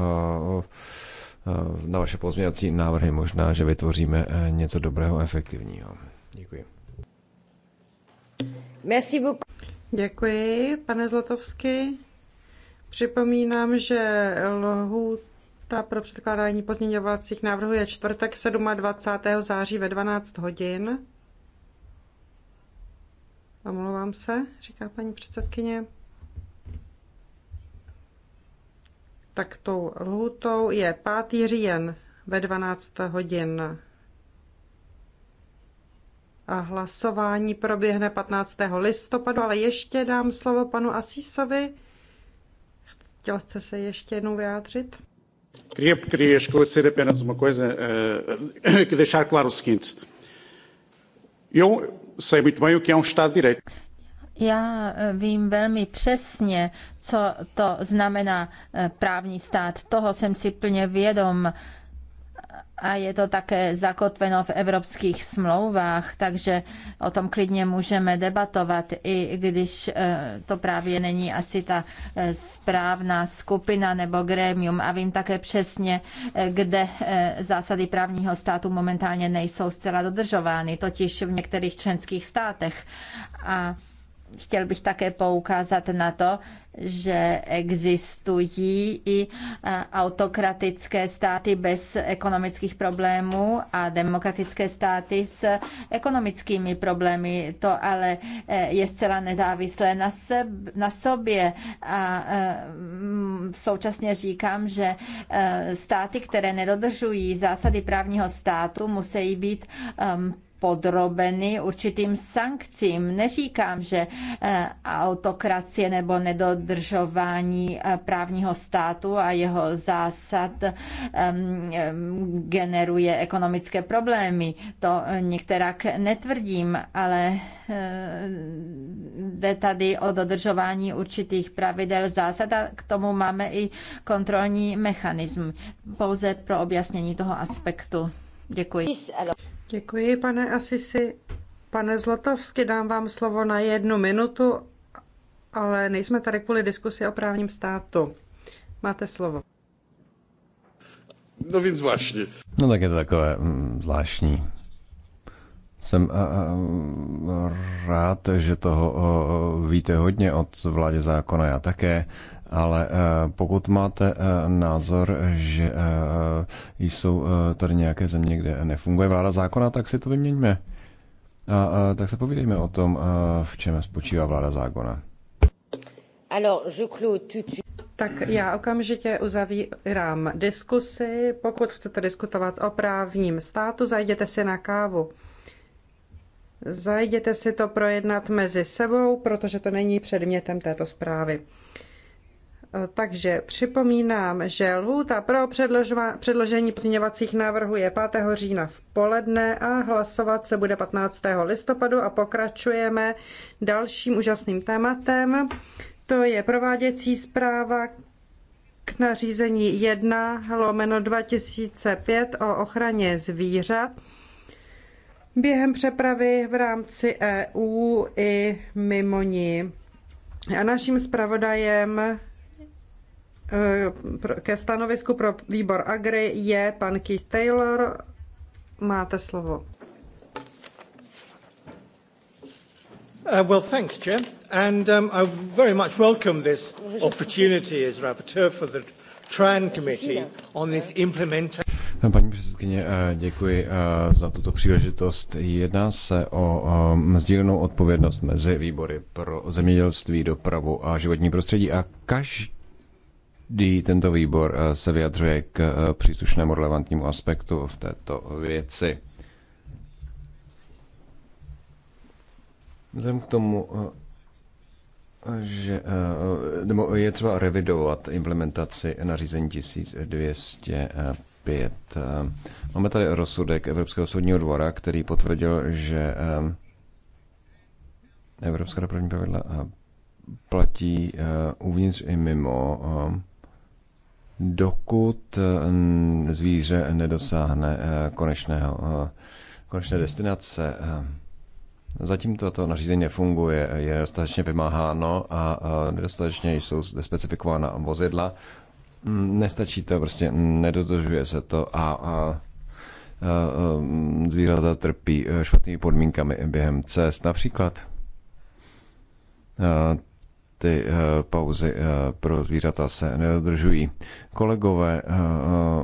na vaše pozměňovací návrhy možná, že vytvoříme něco dobrého a efektivního. Děkuji. Merci Děkuji, pane Zlatovsky. Připomínám, že lhůt Lhůta pro předkládání pozměňovacích návrhů je čtvrtek 27. září ve 12 hodin. Omlouvám se, říká paní předsedkyně. Tak tou lhůtou je 5. říjen ve 12 hodin. A hlasování proběhne 15. listopadu, ale ještě dám slovo panu Asísovi. Chtěl jste se ještě jednou vyjádřit? Queria, queria esclarecer apenas uma coisa, uh, deixar claro o seguinte. Eu sei muito bem o que é um Estado de Direito. Já eh, vím velmi přesně, co to znamená eh, právní stát. Toho jsem si plně vědom. Uh, a je to také zakotveno v evropských smlouvách, takže o tom klidně můžeme debatovat, i když e, to právě není asi ta e, správná skupina nebo grémium. A vím také přesně, e, kde zásady právního státu momentálně nejsou zcela dodržovány, totiž v některých členských státech. A chtěl bych také poukázat na to, že existují i e, autokratické státy bez ekonomických problémů a demokratické státy s ekonomickými problémy. To ale e, je zcela nezávislé na, seb- na sobě. A e, současně říkám, že státy, které nedodržují zásady právního státu, musí být podrobeny určitým sankcím. Neříkám, že eh, autokracie nebo nedodržování eh, právního státu a jeho zásad ehm, ehm, generuje ekonomické problémy. To eh, některak netvrdím, ale jde tady o dodržování určitých pravidel zásad a k tomu máme i kontrolní mechanism. Pouze pro objasnění toho aspektu. Děkuji. Děkuji, pane Asisi. Pane Zlatovsky, dám vám slovo na jednu minutu, ale nejsme tady kvůli diskusi o právním státu. Máte slovo. No víc zvláštní. No tak je to takové mm, zvláštní. Jsem a, a, rád, že toho a, víte hodně od vládě zákona, já také. Ale eh, pokud máte eh, názor, že eh, jsou tady nějaké země, kde nefunguje vláda zákona, tak si to vyměňme. A, a, tak se povídejme o tom, a, v čem spočívá vláda zákona. Tak já okamžitě uzavírám diskusy. Pokud chcete diskutovat o právním státu, zajděte si na kávu. Zajděte si to projednat mezi sebou, protože to není předmětem této zprávy. Eh, takže připomínám, že lhůta pro předložení pozměňovacích návrhů je 5. října v poledne a hlasovat se bude 15. listopadu a pokračujeme dalším úžasným tématem. To je prováděcí zpráva k nařízení 1 lomeno 2005 o ochraně zvířat během přepravy v rámci EU i mimo ní. A naším zpravodajem Eh, ke stanovisku pro výbor Agri je pan Keith Taylor. Máte slovo. Uh, well, thanks, Chair. And um, I very much welcome this opportunity as rapporteur for the TRAN Committee on this implementation. No, paní předsedkyně, eh, děkuji eh, za tuto příležitost. Jedná se o sdílenou odpovědnost mezi výbory pro zemědělství, dopravu a životní prostředí a každý kdy tento výbor eh, se vyjadřuje k eh, příslušnému relevantnímu aspektu v této věci. Vzhledem k tomu, eh, že nebo je třeba revidovat implementaci nařízení 1205. Máme tady rozsudek Evropského soudního dvora, který potvrdil, že Evropská dopravní pravidla platí uvnitř i mimo dokud eh, zvíře nedosáhne eh, konečného, eh, konečné destinace. Zatím toto nařízení funguje, je nedostatečně vymáháno a nedostatečně jsou specifikována vozidla. Mm, nestačí to, prostě nedodržuje se to a, a zvířata trpí špatnými podmínkami během cest. Například ty eh, pauzy eh, pro zvířata se nedodržují. Kolegové eh,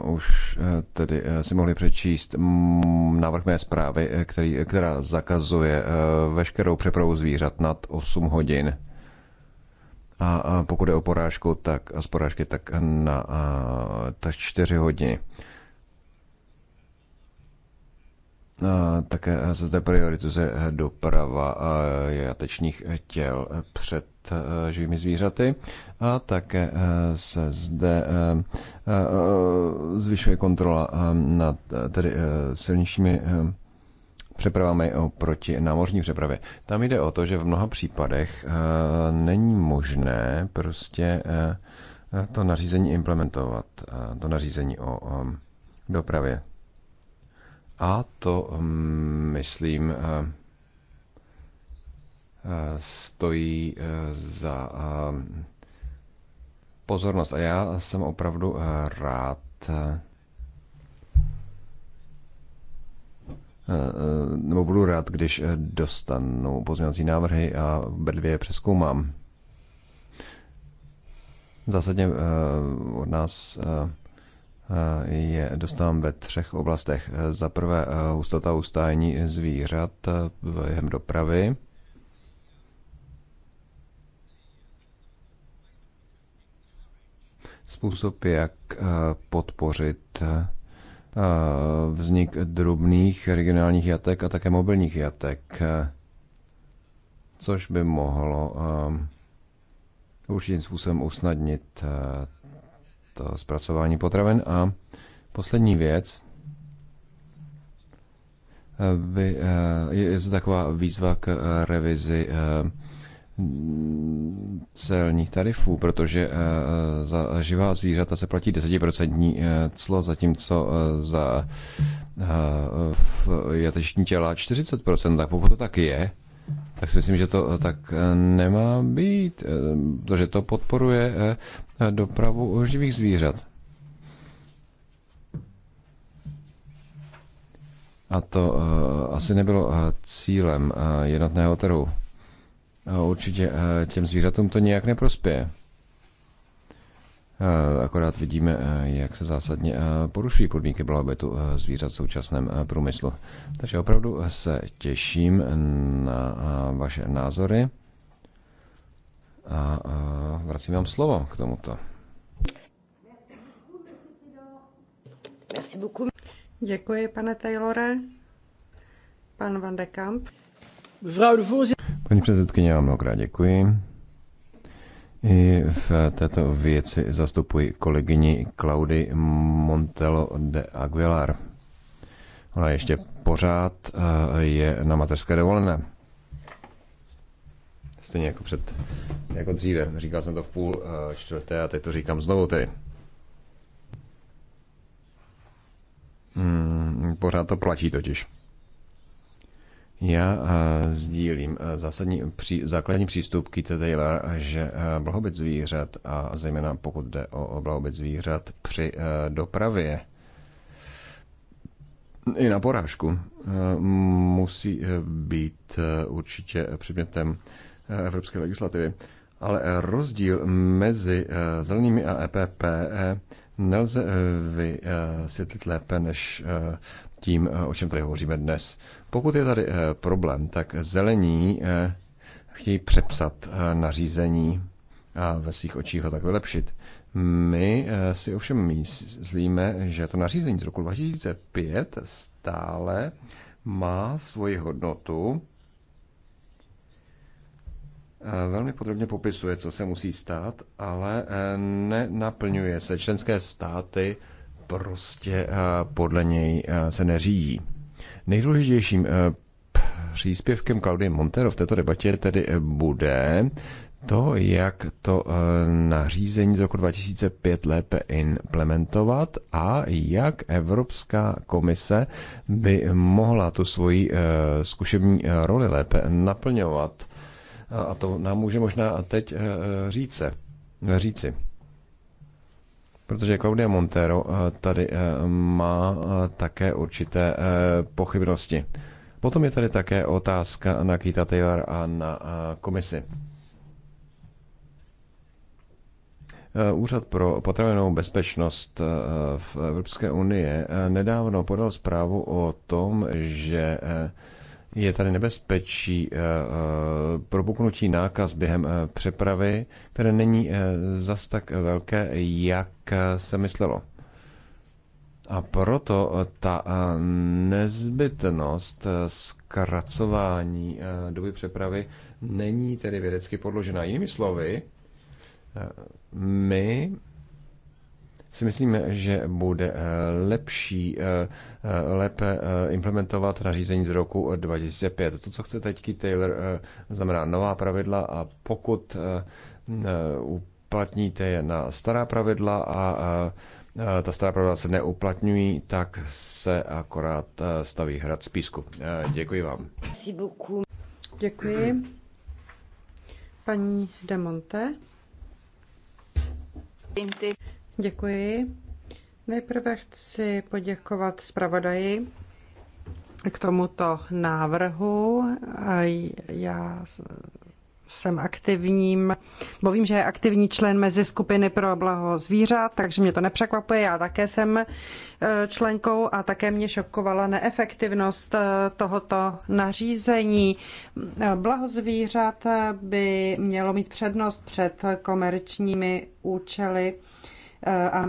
už tedy si mohli přečíst mm, návrh mé zprávy, který, která zakazuje veškerou přepravu zvířat nad 8 hodin. A pokud je o porážku, tak z porážky tak na tak 4 hodiny. Také eh, se zde prioritizuje eh, doprava eh, jatečních těl před živými zvířaty a také se zde zvyšuje kontrola nad tedy silničními přepravami proti námořní přepravě. Tam jde o to, že v mnoha případech není možné prostě to nařízení implementovat, to nařízení o dopravě. A to, hm, myslím, eh, eh, stojí eh, za pozornost. A já jsem opravdu rád nebo budu rád, když dostanu pozměňovací návrhy a bedlivě je přeskoumám. Zásadně od nás Eh, je dostávám ve třech oblastech. Eh, za prvé eh, hustota ustájení zvířat během dopravy. Způsob, jak podpořit vznik drobných regionálních jatek a také mobilních jatek, což by mohlo určitým způsobem usnadnit to zpracování potravin. A poslední věc, by, eh, eh, je to taková výzva k eh, revizi celních tarifů, protože za živá zvířata se platí 10% clo, zatímco za jateční těla 40%, tak pokud to tak je, tak si myslím, že to tak nemá být, protože to podporuje dopravu živých zvířat. A to uh, asi nebylo uh, cílem uh, jednotného trhu. Uh, určitě uh, těm zvířatům to nějak neprospěje. Uh, akorát vidíme, uh, jak se zásadně uh, porušují podmínky blahobytu uh, zvířat v současném uh, průmyslu. Takže opravdu se těším na uh, vaše názory. A, a vracím vám slovo k tomuto. Děkuji, pane Taylore. Pan Van de Kamp. Paní předsedkyně, já vám mnohokrát děkuji. I v této věci zastupuji kolegyni Claudy Montelo de Aguilar. Ona ještě pořád eh, je na mateřské dovolené. Stejně jako před, jako dříve. Říkal jsem to v půl eh, čtvrté a teď to říkám znovu tedy. Hmm, pořád to platí totiž. Já eh, sdílím eh, zásadní pří, základní přístup Kita Taylor, že blahobyt zvířat, a zejména pokud jde o blahobyt zvířat při dopravě i na porážku, musí být určitě předmětem evropské legislativy. Ale rozdíl mezi eh, zelenými a EPP eh, nelze eh, vysvětlit lépe než tím, o čem tady hovoříme dnes. Pokud je tady problém, tak zelení chtějí přepsat nařízení a ve svých očích ho tak vylepšit. My si ovšem myslíme, že to nařízení z roku 2005 stále má svoji hodnotu Eh, velmi podrobně popisuje, co se musí stát, ale eh, nenaplňuje se. Členské státy prostě eh, podle něj se neřídí. Nejdůležitějším příspěvkem Claudie Montero v této debatě tedy bude to, jak to nařízení z roku 2005 lépe implementovat a jak Evropská komise by mohla tu svoji zkušební roli lépe naplňovat a to nám může možná teď eh, eh, říce, říci. Protože Claudia Montero eh, tady má také určité pochybnosti. Potom je tady také otázka na Kita Taylor a na komisi. Úřad pro potravinovou bezpečnost v Evropské unii nedávno podal zprávu o tom, že je tady nebezpečí eh, eh, propuknutí nákaz během eh, přepravy, které není zas tak velké, jak se myslelo. A proto ta nezbytnost zkracování doby přepravy není tedy vědecky podložená. Jinými slovy, my si myslíme, že bude eh, lepší eh, eh, lépe implementovat nařízení z roku 2005. To, co chce teď Taylor, znamená nová pravidla a pokud uplatníte je na stará pravidla a ta stará pravidla se neuplatňují, tak se akorát staví hrad z písku. Děkuji vám. Děkuji. Paní Demonte. Děkuji. Nejprve chci poděkovat zpravodaji k tomuto návrhu. Já jsem aktivním, bo vím, že je aktivní člen mezi skupiny pro blaho zvířat, takže mě to nepřekvapuje. Já také jsem e, členkou a také mě šokovala neefektivnost e, tohoto nařízení. Blaho zvířat by mělo mít přednost před komerčními účely. A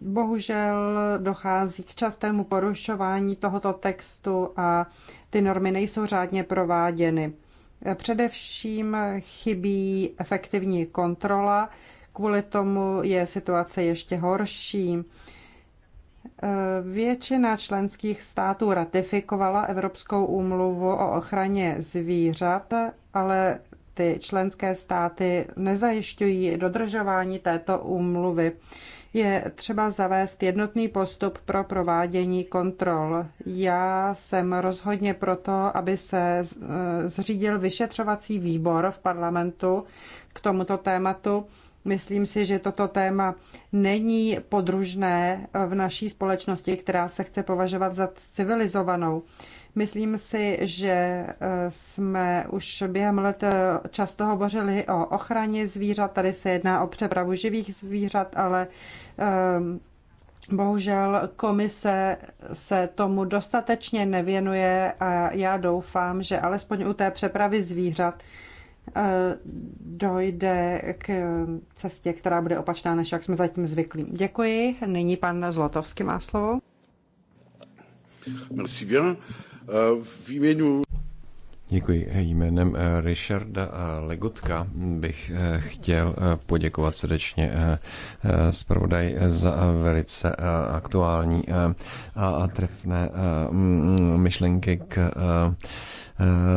bohužel dochází k častému porušování tohoto textu a ty normy nejsou řádně prováděny. Především chybí efektivní kontrola, kvůli tomu je situace ještě horší. Většina členských států ratifikovala Evropskou úmluvu o ochraně zvířat, ale ty členské státy nezajišťují dodržování této úmluvy. Je třeba zavést jednotný postup pro provádění kontrol. Já jsem rozhodně proto, aby se eh, zřídil vyšetřovací výbor v parlamentu k tomuto tématu. Myslím si, že toto téma není podružné v naší společnosti, která se chce považovat za civilizovanou. Myslím si, že eh, jsme už během let eh, často hovořili o ochraně zvířat. Tady se jedná o přepravu živých zvířat, ale eh, Bohužel komise se tomu dostatečně nevěnuje a já doufám, že alespoň u té přepravy zvířat dojde k cestě, která bude opačná, než jak jsme zatím zvyklí. Děkuji. Nyní pan Zlotovský má slovo. Merci bien. Eh, v jménu... Děkuji. Eh, jménem eh, Richarda Legutka bych chtěl poděkovat srdečně zpravodaj za velice aktuální a trefné myšlenky k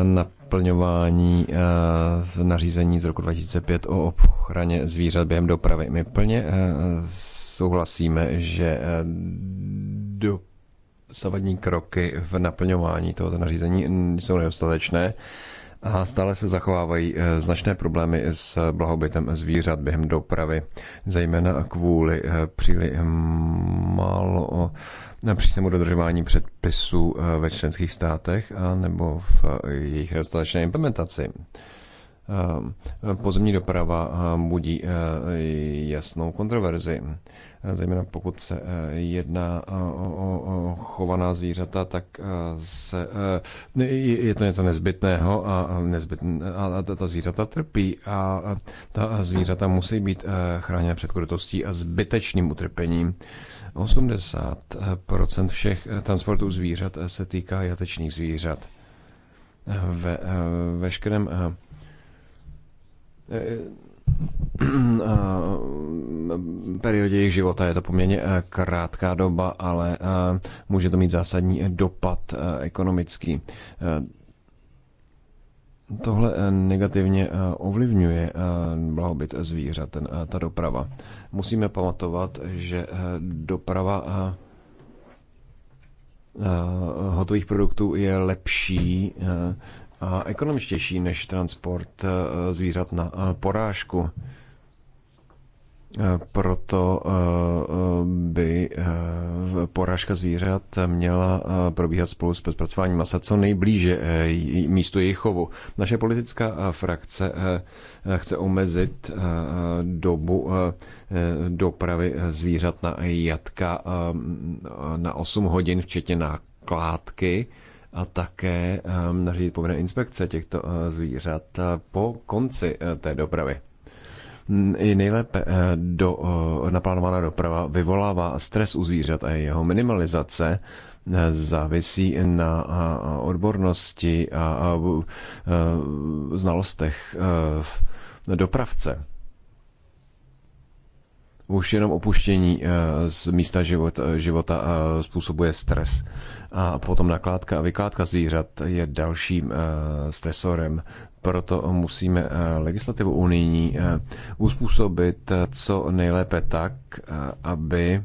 naplňování nařízení z roku 2005 o ochraně zvířat během dopravy. My plně souhlasíme, že do dosavadní kroky v naplňování tohoto nařízení jsou nedostatečné a stále se zachovávají e, značné problémy s blahobytem zvířat během dopravy, zejména kvůli e, příliš málo e, přísnému dodržování předpisů ve členských státech a nebo v jejich nedostatečné implementaci. Pozemní doprava budí jasnou kontroverzi. Eh, zejména pokud se eh, jedná eh, o chovaná zvířata, tak se, je to něco nezbytného a, nezbytn, a ta zvířata trpí a ta zvířata musí být chráněna před krutostí a zbytečným utrpením. 80% všech transportů zvířat se týká jatečných zvířat. Ve veškerém Eh, periodě jejich života. Je to poměrně eh, krátká doba, ale eh, může to mít zásadní dopad ekonomický. Tohle negativně ovlivňuje blahobyt zvířat, ta doprava. Musíme pamatovat, že doprava hotových produktů je lepší ekonomičtější než transport eh, zvířat na eh, porážku. Eh, proto by porážka zvířat měla probíhat spolu s bezpracováním masa co nejblíže místu jejich chovu. Naše politická frakce chce omezit dobu dopravy zvířat na jatka na 8 hodin, včetně nákladky. klátky a také ehm, nařídit povinné inspekce těchto eh, zvířat eh, po konci eh, té dopravy i nejlépe do, naplánovaná doprava vyvolává stres u zvířat a jeho minimalizace závisí na odbornosti a znalostech dopravce. Už jenom opuštění z místa života, života způsobuje stres a potom nakládka a vykládka zvířat je dalším eh, stresorem. Proto musíme eh, legislativu unijní eh, uspůsobit co nejlépe tak, aby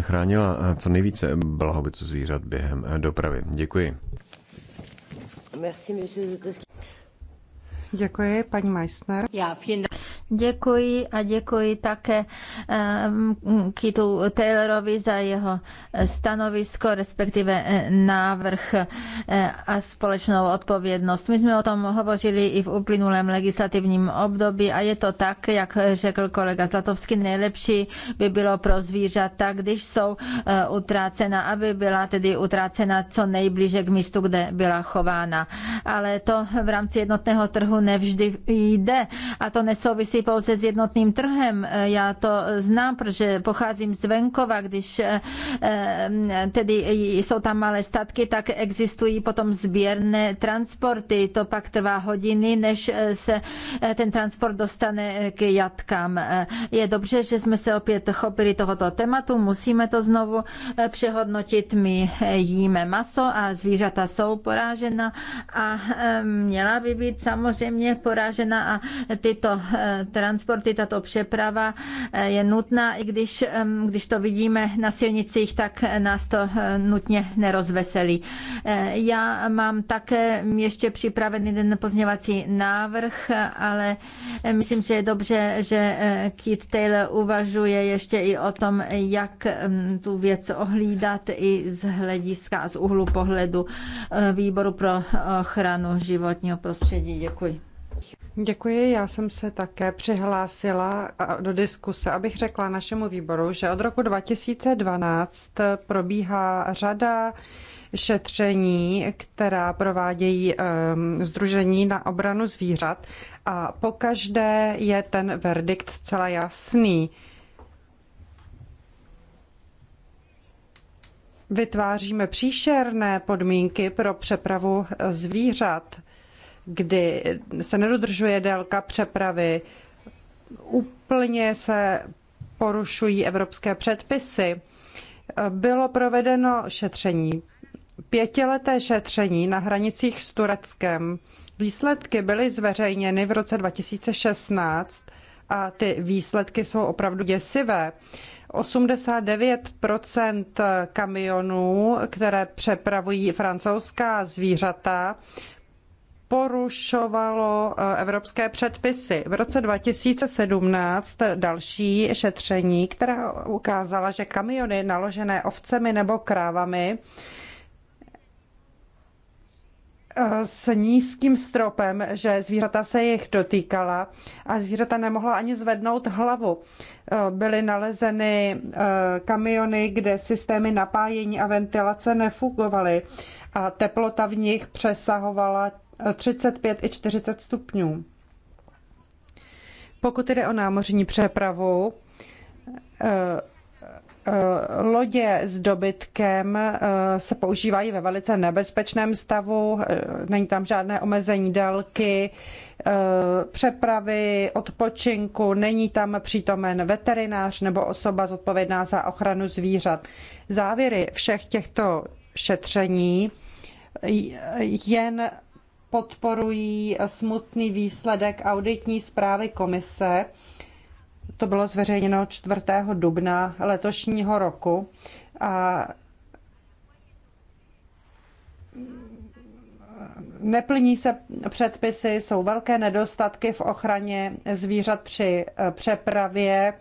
chránila co nejvíce blahobytu zvířat během dopravy. Děkuji. Merci, Děkuji, paní Meissner. Já, děkuji a děkuji také um, ehm, Kitu Taylorovi za jeho stanovisko, respektive eh, návrh eh, a společnou odpovědnost. My jsme o tom hovořili i v uplynulém legislativním období a je to tak, jak řekl kolega Zlatovský, nejlepší by bylo pro zvířata, když jsou eh, utrácena, aby byla tedy utrácena co nejblíže k místu, kde byla chována. Ale to v rámci jednotného trhu nevždy jde. A to nesouvisí pouze s jednotným trhem. E, já to znám, protože pocházím z venkova, když e, e, tedy jsou tam malé statky, tak existují potom sběrné transporty. To pak trvá hodiny, než se ten transport dostane k jatkám. Je dobře, že jsme se opět chopili tohoto tématu, musíme to znovu přehodnotit. My jíme maso a zvířata jsou porážena a měla by být samozřejmě samozřejmě poražena a tyto eh, transporty, tato přeprava eh, je nutná, i když, když to vidíme na silnicích, tak eh, nás to nutně nerozveselí. Já mám také mm, ještě připravený jeden pozněvací návrh, ale myslím, že je dobře, že Kit Taylor uvažuje ještě i o tom, jak tu věc ohlídat i z hlediska, z úhlu pohledu výboru pro ochranu životního prostředí. Děkuji. Děkuji, já jsem se také přihlásila do diskuse, abych řekla našemu výboru, že od roku 2012 probíhá řada šetření, která provádějí um, ehm, Združení na obranu zvířat a po každé je ten verdikt zcela jasný. Vytváříme příšerné podmínky pro přepravu e, zvířat kdy se nedodržuje délka přepravy, úplně se porušují evropské předpisy. Bylo provedeno šetření, pětileté šetření na hranicích s Tureckem. Výsledky byly zveřejněny v roce 2016 a ty výsledky jsou opravdu děsivé. 89 kamionů, které přepravují francouzská zvířata, porušovalo eh, evropské předpisy. V roce 2017 další šetření, která ukázala, že kamiony naložené ovcemi nebo krávami eh, s nízkým stropem, že zvířata se jich dotýkala a zvířata nemohla ani zvednout hlavu. Eh, byly nalezeny kamiony, kde systémy napájení a ventilace nefungovaly a teplota v nich přesahovala 35 i 40 stupňů. Pokud jde o námořní přepravu, eh, eh, lodě s dobytkem eh, se používají ve velice nebezpečném stavu, není tam žádné omezení délky přepravy, odpočinku, není tam přítomen veterinář nebo osoba zodpovědná za ochranu zvířat. Závěry všech těchto šetření jen podporují smutný výsledek auditní zprávy komise. To bylo zveřejněno 4. dubna letošního roku. A neplní se předpisy, jsou velké nedostatky v ochraně zvířat při eh, přepravě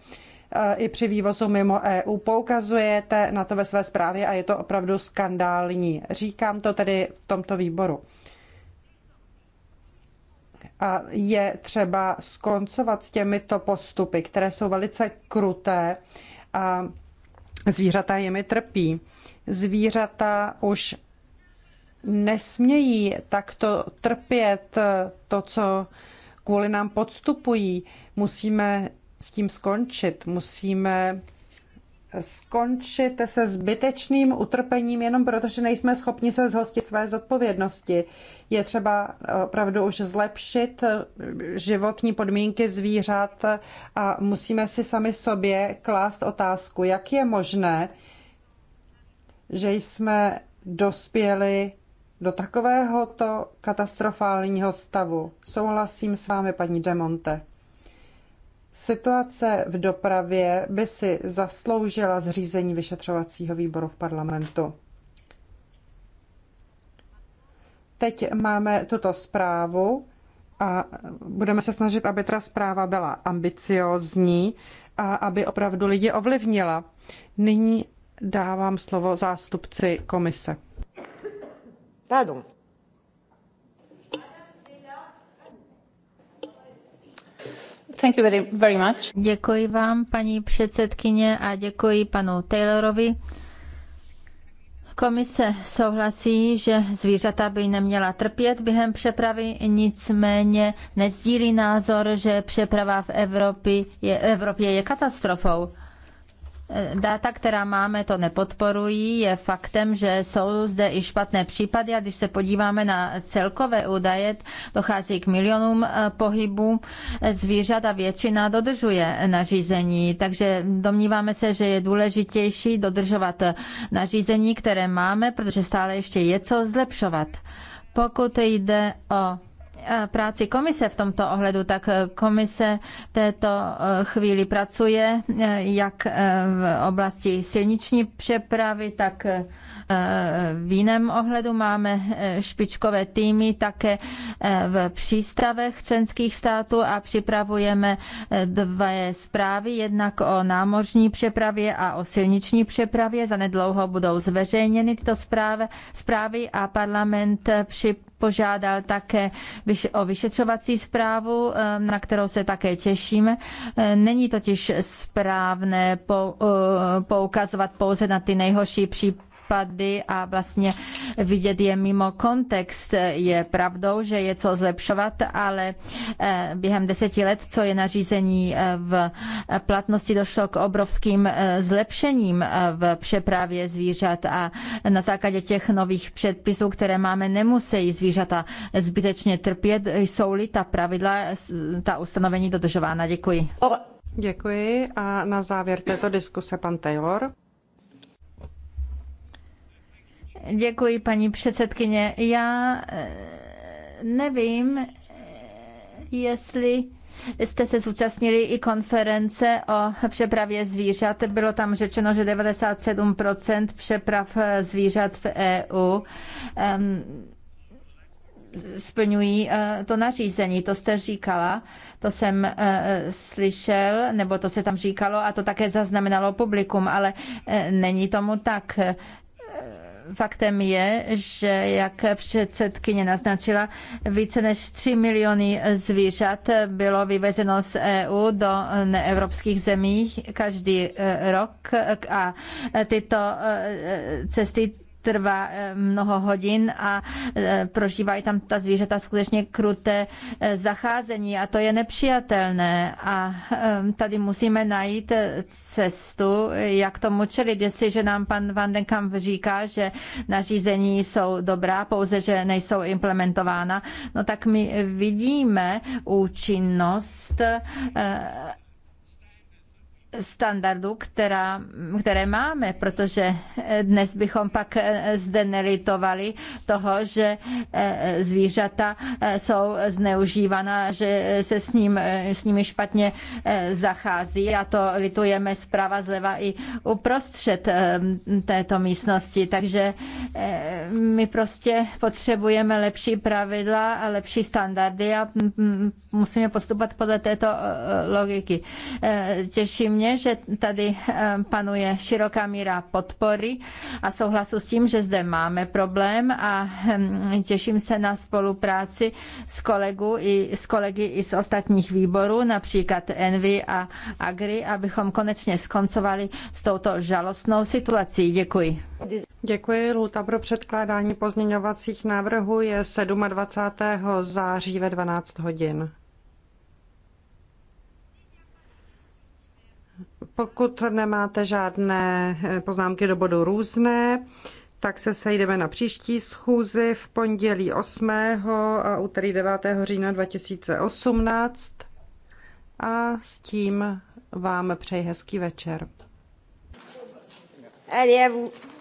eh, i při vývozu mimo EU. Poukazujete na to ve své zprávě a je to opravdu skandální. Říkám to tedy v tomto výboru a je třeba skoncovat s těmito postupy, které jsou velice kruté a zvířata jimi trpí. Zvířata už nesmějí takto trpět to, co kvůli nám podstupují. Musíme s tím skončit, musíme skončit se zbytečným utrpením jenom proto, že nejsme schopni se zhostit své zodpovědnosti. Je třeba eh, opravdu už zlepšit eh, životní podmínky zvířat a musíme si sami sobě klást otázku, jak je možné, že jsme dospěli do takovéhoto katastrofálního stavu. Souhlasím s vámi, paní Demonte. Situace v dopravě by si zasloužila zřízení vyšetřovacího výboru v parlamentu. Teď máme tuto zprávu a budeme se snažit, aby ta zpráva byla ambiciozní a aby opravdu lidi ovlivnila. Nyní dávám slovo zástupci komise. Pardon. Thank you very, very much. Děkuji vám, paní předsedkyně, a děkuji panu Taylorovi. Komise souhlasí, že zvířata by neměla trpět během přepravy, nicméně nezdílí názor, že přeprava v Evropě je, Evropě je katastrofou. Data, která máme, to nepodporují. Je faktem, že jsou zde i špatné případy a když se podíváme na celkové údaje, dochází k milionům eh, pohybů zvířat a většina dodržuje nařízení. Takže domníváme se, že je důležitější dodržovat nařízení, které máme, protože stále ještě je co zlepšovat. Pokud jde o Eh, práci komise v tomto ohledu, tak eh, komise v této eh, chvíli pracuje jak v oblasti silniční přepravy, tak v jiném ohledu máme špičkové týmy také v přístavech členských států a připravujeme dvě zprávy, jednak o námořní přepravě a o silniční přepravě. Zanedlouho budou zveřejněny tyto zprávy a parlament připravuje požádal také o vyšetřovací zprávu, eh, na kterou se také těšíme. Eh, není totiž správné eh, poukazovat pouze na ty nejhorší případy dopady a vlastně vidět je mimo kontext. Je pravdou, že je co zlepšovat, ale eh, během deseti let, co je nařízení eh, v platnosti, došlo k obrovským eh, zlepšením v přepravě zvířat a na základě těch nových předpisů, které máme, nemusí zvířata zbytečně trpět, jsou-li ta pravidla, ta ustanovení dodržována. Děkuji. Děkuji a na závěr této diskuse pan Taylor. Děkuji, paní předsedkyně. Já eh, nevím, eh, jestli jste se zúčastnili i konference o přepravě zvířat. Bylo tam řečeno, že 97% přeprav eh, zvířat v EU ehm, splňují to nařízení. To jste říkala, to jsem slyšel, nebo to se tam říkalo a to také zaznamenalo publikum, ale není tomu tak. Faktem je, že jak předsedkyně naznačila, více než 3 miliony zvířat bylo vyvezeno z EU do neevropských zemí každý eh, rok a tyto eh, cesty trvá eh, mnoho hodin a eh, prožívají tam ta zvířata skutečně kruté eh, zacházení a to je nepřijatelné. A tady musíme najít cestu, jak tomu čelit. Jestliže nám pan Van den Kamp říká, že nařízení jsou dobrá, pouze že nejsou implementována, no tak my vidíme účinnost standardů, která, které máme, protože eh, dnes bychom pak eh, zde nelitovali toho, že eh, zvířata jsou zneužívána, že se s, ním, s nimi špatně zachází a to litujeme zprava zleva i uprostřed této místnosti. Takže my prostě potřebujeme lepší pravidla a lepší standardy a mm, mm, musíme postupovat podle této logiky. Těší mě mě, že tady eh, panuje široká míra podpory a souhlasu s tím, že zde máme problém a hm, těším se na spolupráci s kolegu i s kolegy i z ostatních výborů, například Envy a Agri, abychom konečně skoncovali s touto žalostnou situací. Děkuji. Děkuji. Lhuta pro předkládání pozměňovacích návrhů je 27. září ve 12 hodin. Pokud nemáte žádné eh, poznámky do bodu různé, tak se sejdeme na příští schůzi v pondělí 8. a úterý 9. října 2018. A s tím vám přeji hezký večer. Adieu. vous.